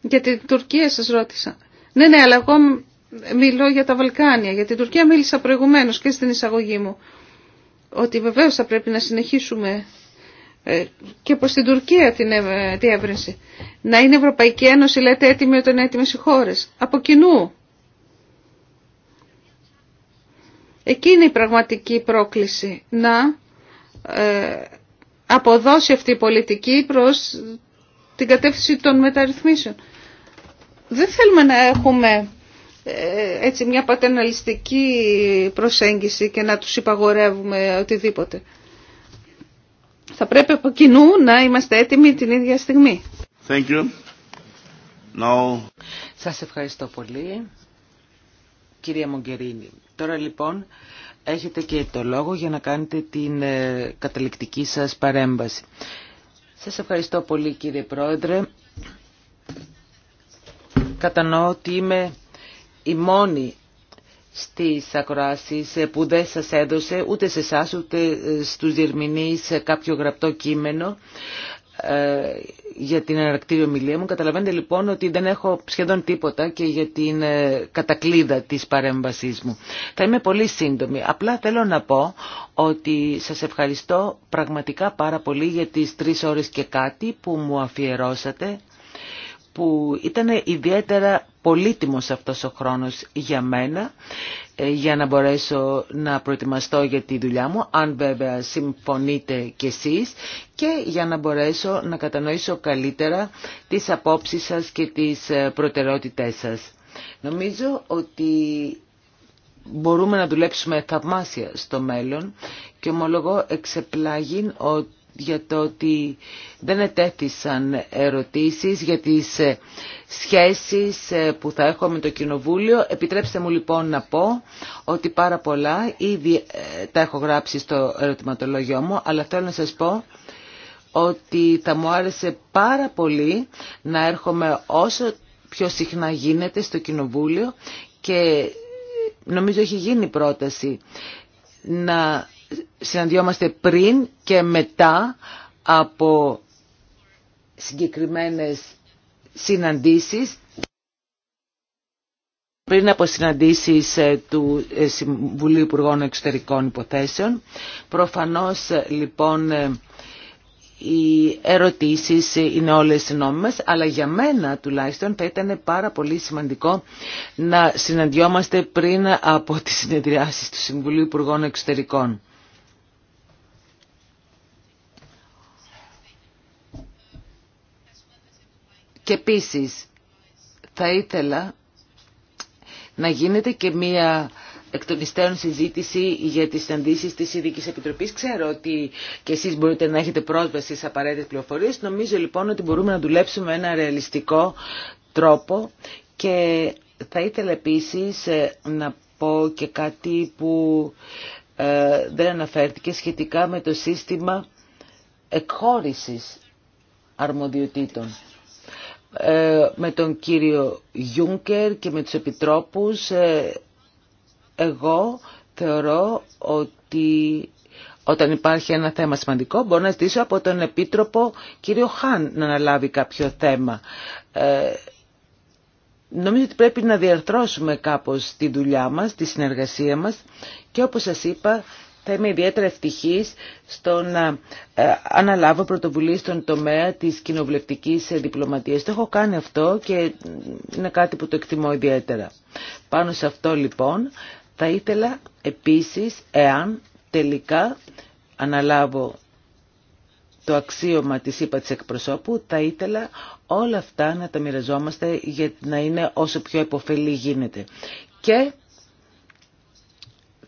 Για την Τουρκία σας ρώτησα. Ναι, ναι, αλλά εγώ μιλώ για τα Βαλκάνια. Για την Τουρκία μίλησα προηγουμένως και στην εισαγωγή μου. Ότι βεβαίως θα πρέπει να συνεχίσουμε ε, και προς την Τουρκία την διεύρυνση. Ε, να είναι η Ευρωπαϊκή Ένωση, λέτε, έτοιμη όταν είναι έτοιμες οι χώρες. Από κοινού Εκείνη η πραγματική πρόκληση να ε, αποδώσει αυτή η πολιτική προς την κατεύθυνση των μεταρρυθμίσεων. Δεν θέλουμε να έχουμε ε, έτσι μια πατερναλιστική προσέγγιση και να τους υπαγορεύουμε οτιδήποτε. Θα πρέπει από κοινού να είμαστε έτοιμοι την ίδια στιγμή. Thank you. Σας ευχαριστώ πολύ. Κυρία Μογκερίνη, Τώρα λοιπόν έχετε και το λόγο για να κάνετε την ε, καταληκτική σας παρέμβαση. Σας ευχαριστώ πολύ κύριε Πρόεδρε. Κατανοώ ότι είμαι η μόνη στις ακροάσεις ε, που δεν σας έδωσε ούτε σε εσά ούτε ε, στους διερμηνείς κάποιο γραπτό κείμενο. Ε, για την αναρκτήρια ομιλία μου. Καταλαβαίνετε λοιπόν ότι δεν έχω σχεδόν τίποτα και για την ε, κατακλίδα της παρέμβασής μου. Θα είμαι πολύ σύντομη. Απλά θέλω να πω ότι σας ευχαριστώ πραγματικά πάρα πολύ για τις τρεις ώρες και κάτι που μου αφιερώσατε που ήταν ιδιαίτερα πολύτιμος αυτός ο χρόνος για μένα ε, για να μπορέσω να προετοιμαστώ για τη δουλειά μου, αν βέβαια συμφωνείτε κι εσείς και για να μπορέσω να κατανοήσω καλύτερα τις απόψεις σας και τις ε, προτεραιότητές σας. Νομίζω ότι μπορούμε να δουλέψουμε θαυμάσια στο μέλλον και ομολογώ εξεπλάγην ότι για το ότι δεν ετέθησαν ερωτήσεις για τις ε, σχέσεις ε, που θα έχω με το Κοινοβούλιο. Επιτρέψτε μου λοιπόν να πω ότι πάρα πολλά ήδη ε, τα έχω γράψει στο ερωτηματολόγιο μου, αλλά θέλω να σας πω ότι θα μου άρεσε πάρα πολύ να έρχομαι όσο πιο συχνά γίνεται στο Κοινοβούλιο και νομίζω έχει γίνει πρόταση να συναντιόμαστε πριν και μετά από συγκεκριμένες συναντήσεις πριν από συναντήσεις ε, του ε, Συμβουλίου Υπουργών Εξωτερικών Υποθέσεων. Προφανώς ε, λοιπόν οι ερωτήσεις είναι όλες νόμιμες, αλλά για μένα τουλάχιστον θα ήταν πάρα πολύ σημαντικό να συναντιόμαστε πριν από τις συνεδριάσεις του Συμβουλίου Υπουργών Εξωτερικών. Και επίση θα ήθελα να γίνεται και μία εκ των υστέρων συζήτηση για τις συναντήσεις της Ειδικής Επιτροπής. Ξέρω ότι και εσείς μπορείτε να έχετε πρόσβαση σε απαραίτητες πληροφορίες. Νομίζω λοιπόν ότι μπορούμε να δουλέψουμε ένα ρεαλιστικό τρόπο και θα ήθελα επίσης ε, να πω και κάτι που ε, δεν αναφέρθηκε σχετικά με το σύστημα εκχώρησης αρμοδιοτήτων. Ε, με τον κύριο Γιούνκερ και με τους επιτρόπους ε, εγώ θεωρώ ότι όταν υπάρχει ένα θέμα σημαντικό μπορώ να ζητήσω από τον Επίτροπο κύριο Χάν να αναλάβει κάποιο θέμα. Ε, νομίζω ότι πρέπει να διαρθρώσουμε κάπως τη δουλειά μας, τη συνεργασία μας και όπως σας είπα θα είμαι ιδιαίτερα ευτυχή στο να ε, αναλάβω πρωτοβουλία στον τομέα της κοινοβουλευτική ε, διπλωματία. Το έχω κάνει αυτό και είναι κάτι που το εκτιμώ ιδιαίτερα. Πάνω σε αυτό λοιπόν θα ήθελα επίσης εάν τελικά αναλάβω το αξίωμα της είπα της εκπροσώπου, θα ήθελα όλα αυτά να τα μοιραζόμαστε για να είναι όσο πιο επωφελή γίνεται. Και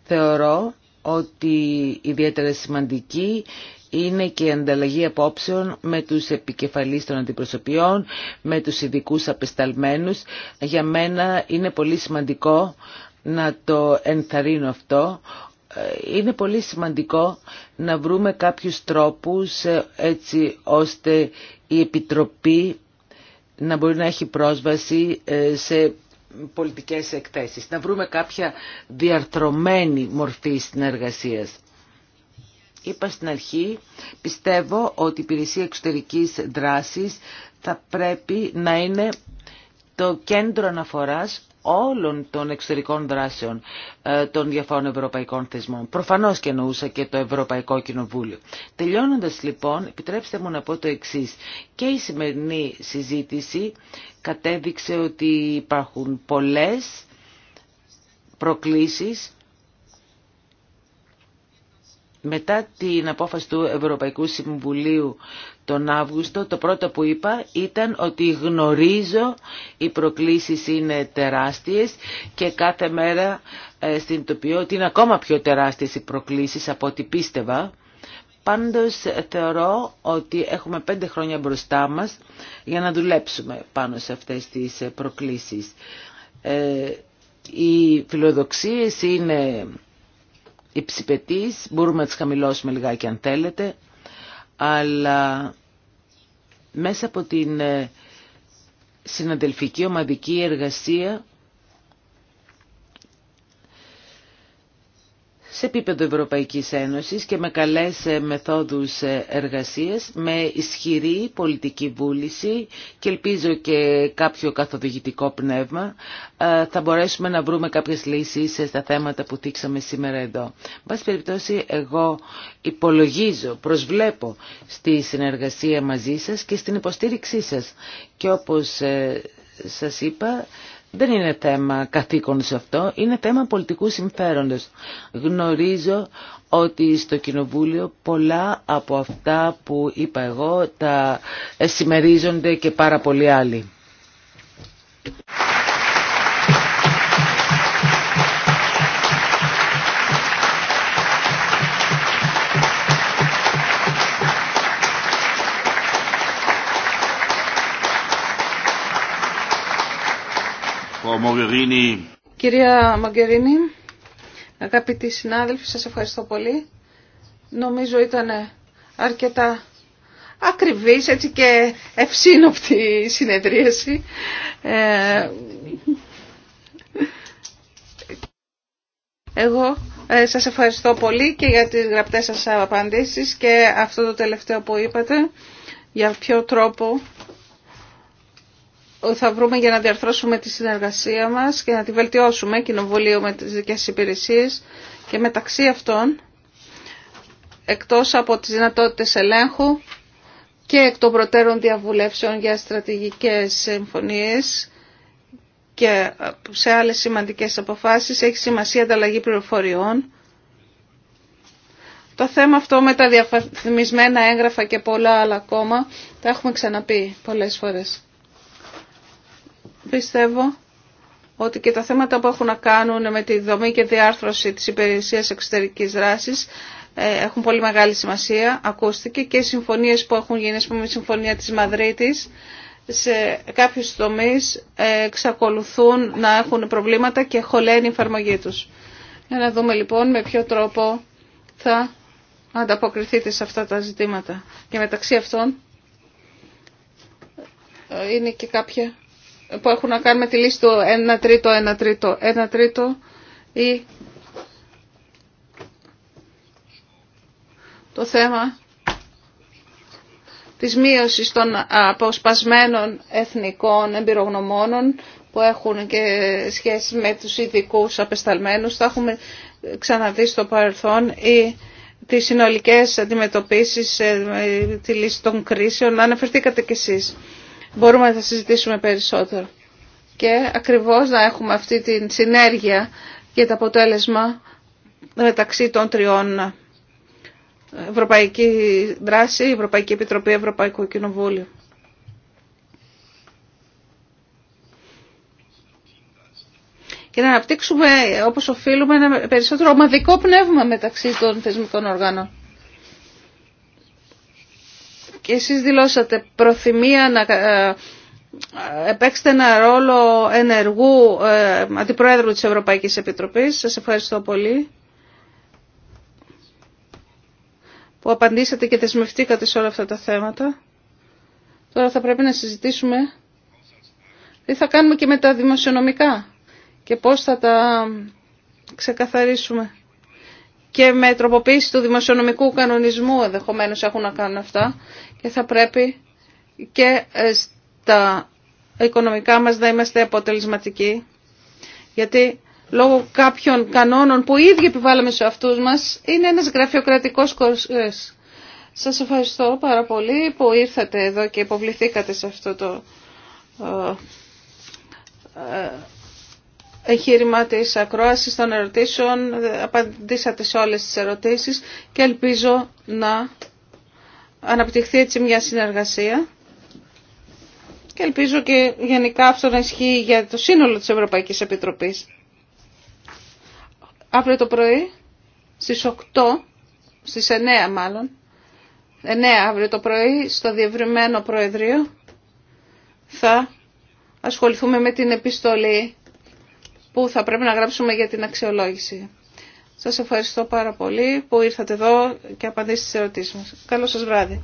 θεωρώ ότι ιδιαίτερα σημαντική είναι και η ανταλλαγή απόψεων με τους επικεφαλείς των αντιπροσωπιών, με τους ειδικού απεσταλμένους. Για μένα είναι πολύ σημαντικό να το ενθαρρύνω αυτό. Ε, είναι πολύ σημαντικό να βρούμε κάποιους τρόπους ε, έτσι ώστε η Επιτροπή να μπορεί να έχει πρόσβαση ε, σε πολιτικές εκθέσεις, να βρούμε κάποια διαρθρωμένη μορφή συνεργασίας. Είπα στην αρχή, πιστεύω ότι η υπηρεσία εξωτερικής δράσης θα πρέπει να είναι το κέντρο αναφοράς όλων των εξωτερικών δράσεων ε, των διαφόρων ευρωπαϊκών θεσμών. Προφανώς και εννοούσα και το Ευρωπαϊκό Κοινοβούλιο. Τελειώνοντας λοιπόν, επιτρέψτε μου να πω το εξής. Και η σημερινή συζήτηση κατέδειξε ότι υπάρχουν πολλές προκλήσεις μετά την απόφαση του Ευρωπαϊκού Συμβουλίου τον Αύγουστο, το πρώτο που είπα ήταν ότι γνωρίζω οι προκλήσεις είναι τεράστιες και κάθε μέρα ε, συνειδητοποιώ ότι είναι ακόμα πιο τεράστιες οι προκλήσεις από ό,τι πίστευα. Πάντως θεωρώ ότι έχουμε πέντε χρόνια μπροστά μας για να δουλέψουμε πάνω σε αυτές τις προκλήσεις. Ε, οι φιλοδοξίες είναι οι μπορούμε να τις χαμηλώσουμε λιγάκι αν θέλετε, αλλά μέσα από την ε, συναντελφική ομαδική εργασία σε επίπεδο Ευρωπαϊκής Ένωσης και με καλές ε, μεθόδους ε, εργασίας, με ισχυρή πολιτική βούληση και ελπίζω και κάποιο καθοδηγητικό πνεύμα, ε, θα μπορέσουμε να βρούμε κάποιες λύσεις στα θέματα που θίξαμε σήμερα εδώ. Μπας περιπτώσει, εγώ υπολογίζω, προσβλέπω στη συνεργασία μαζί σας και στην υποστήριξή σας. Και όπως σας είπα, δεν είναι θέμα καθήκον σε αυτό, είναι θέμα πολιτικού συμφέροντος. Γνωρίζω ότι στο Κοινοβούλιο πολλά από αυτά που είπα εγώ τα εσημερίζονται και πάρα πολλοί άλλοι. Κυρία Μαγκερίνη, αγαπητοί συνάδελφοι, σας ευχαριστώ πολύ. Νομίζω ήταν αρκετά ακριβής έτσι και ευσύνοπτη η συνεδρίαση. Ε, εγώ ε, σας ευχαριστώ πολύ και για τις γραπτές σας απαντήσεις και αυτό το τελευταίο που είπατε για ποιο τρόπο θα βρούμε για να διαρθρώσουμε τη συνεργασία μας και να τη βελτιώσουμε κοινοβουλίο με τις δικές υπηρεσίες και μεταξύ αυτών εκτός από τις δυνατότητες ελέγχου και εκ των προτέρων διαβουλεύσεων για στρατηγικές συμφωνίες και σε άλλες σημαντικές αποφάσεις έχει σημασία ανταλλαγή πληροφοριών. Το θέμα αυτό με τα διαφημισμένα έγγραφα και πολλά άλλα ακόμα τα έχουμε ξαναπεί πολλές φορές πιστεύω ότι και τα θέματα που έχουν να κάνουν με τη δομή και διάρθρωση της υπηρεσίας εξωτερικής δράσης ε, έχουν πολύ μεγάλη σημασία, ακούστηκε, και οι συμφωνίες που έχουν γίνει, ας πούμε, η συμφωνία της Μαδρίτης, σε κάποιους τομείς ε, εξακολουθούν να έχουν προβλήματα και χωλαίνει η εφαρμογή τους. Για να δούμε λοιπόν με ποιο τρόπο θα ανταποκριθείτε σε αυτά τα ζητήματα. Και μεταξύ αυτών ε, είναι και κάποια που έχουν να κάνουν με τη λύση του 1 τρίτο, 1 τρίτο, 1 τρίτο ή το θέμα της μείωσης των αποσπασμένων εθνικών εμπειρογνωμόνων που έχουν και σχέση με τους ειδικού απεσταλμένους. Θα έχουμε ξαναδεί στο παρελθόν ή τις συνολικές αντιμετωπίσεις ε, τη λύση των κρίσεων. Αναφερθήκατε κι εσείς μπορούμε να τα συζητήσουμε περισσότερο. Και ακριβώς να έχουμε αυτή τη συνέργεια για το αποτέλεσμα μεταξύ των τριών Ευρωπαϊκή Δράση, Ευρωπαϊκή Επιτροπή, Ευρωπαϊκό Κοινοβούλιο. Και να αναπτύξουμε όπως οφείλουμε ένα περισσότερο ομαδικό πνεύμα μεταξύ των θεσμικών οργάνων και εσείς δηλώσατε προθυμία να ε, επέξετε ένα ρόλο ενεργού ε, αντιπρόεδρου της Ευρωπαϊκής Επιτροπής. Σας ευχαριστώ πολύ που απαντήσατε και δεσμευτήκατε σε όλα αυτά τα θέματα. Τώρα θα πρέπει να συζητήσουμε τι θα κάνουμε και με τα δημοσιονομικά και πώς θα τα ξεκαθαρίσουμε. Και με τροποποίηση του δημοσιονομικού κανονισμού ενδεχομένω έχουν να κάνουν αυτά και θα πρέπει και ε, στα οικονομικά μας να είμαστε αποτελεσματικοί. Γιατί λόγω κάποιων κανόνων που ήδη επιβάλλαμε σε αυτούς μας είναι ένας γραφειοκρατικός κορσές. Σας ευχαριστώ πάρα πολύ που ήρθατε εδώ και υποβληθήκατε σε αυτό το ε, ε, εγχείρημα της ακρόασης των ερωτήσεων. Απαντήσατε σε όλες τις ερωτήσεις και ελπίζω να αναπτυχθεί έτσι μια συνεργασία και ελπίζω και γενικά αυτό να ισχύει για το σύνολο της Ευρωπαϊκής Επιτροπής. Αύριο το πρωί, στις 8, στις 9 μάλλον, 9 αύριο το πρωί, στο διευρυμένο Προεδρείο, θα ασχοληθούμε με την επιστολή που θα πρέπει να γράψουμε για την αξιολόγηση. Σας ευχαριστώ πάρα πολύ που ήρθατε εδώ και απαντήσετε στις ερωτήσεις μας. Καλό σας βράδυ.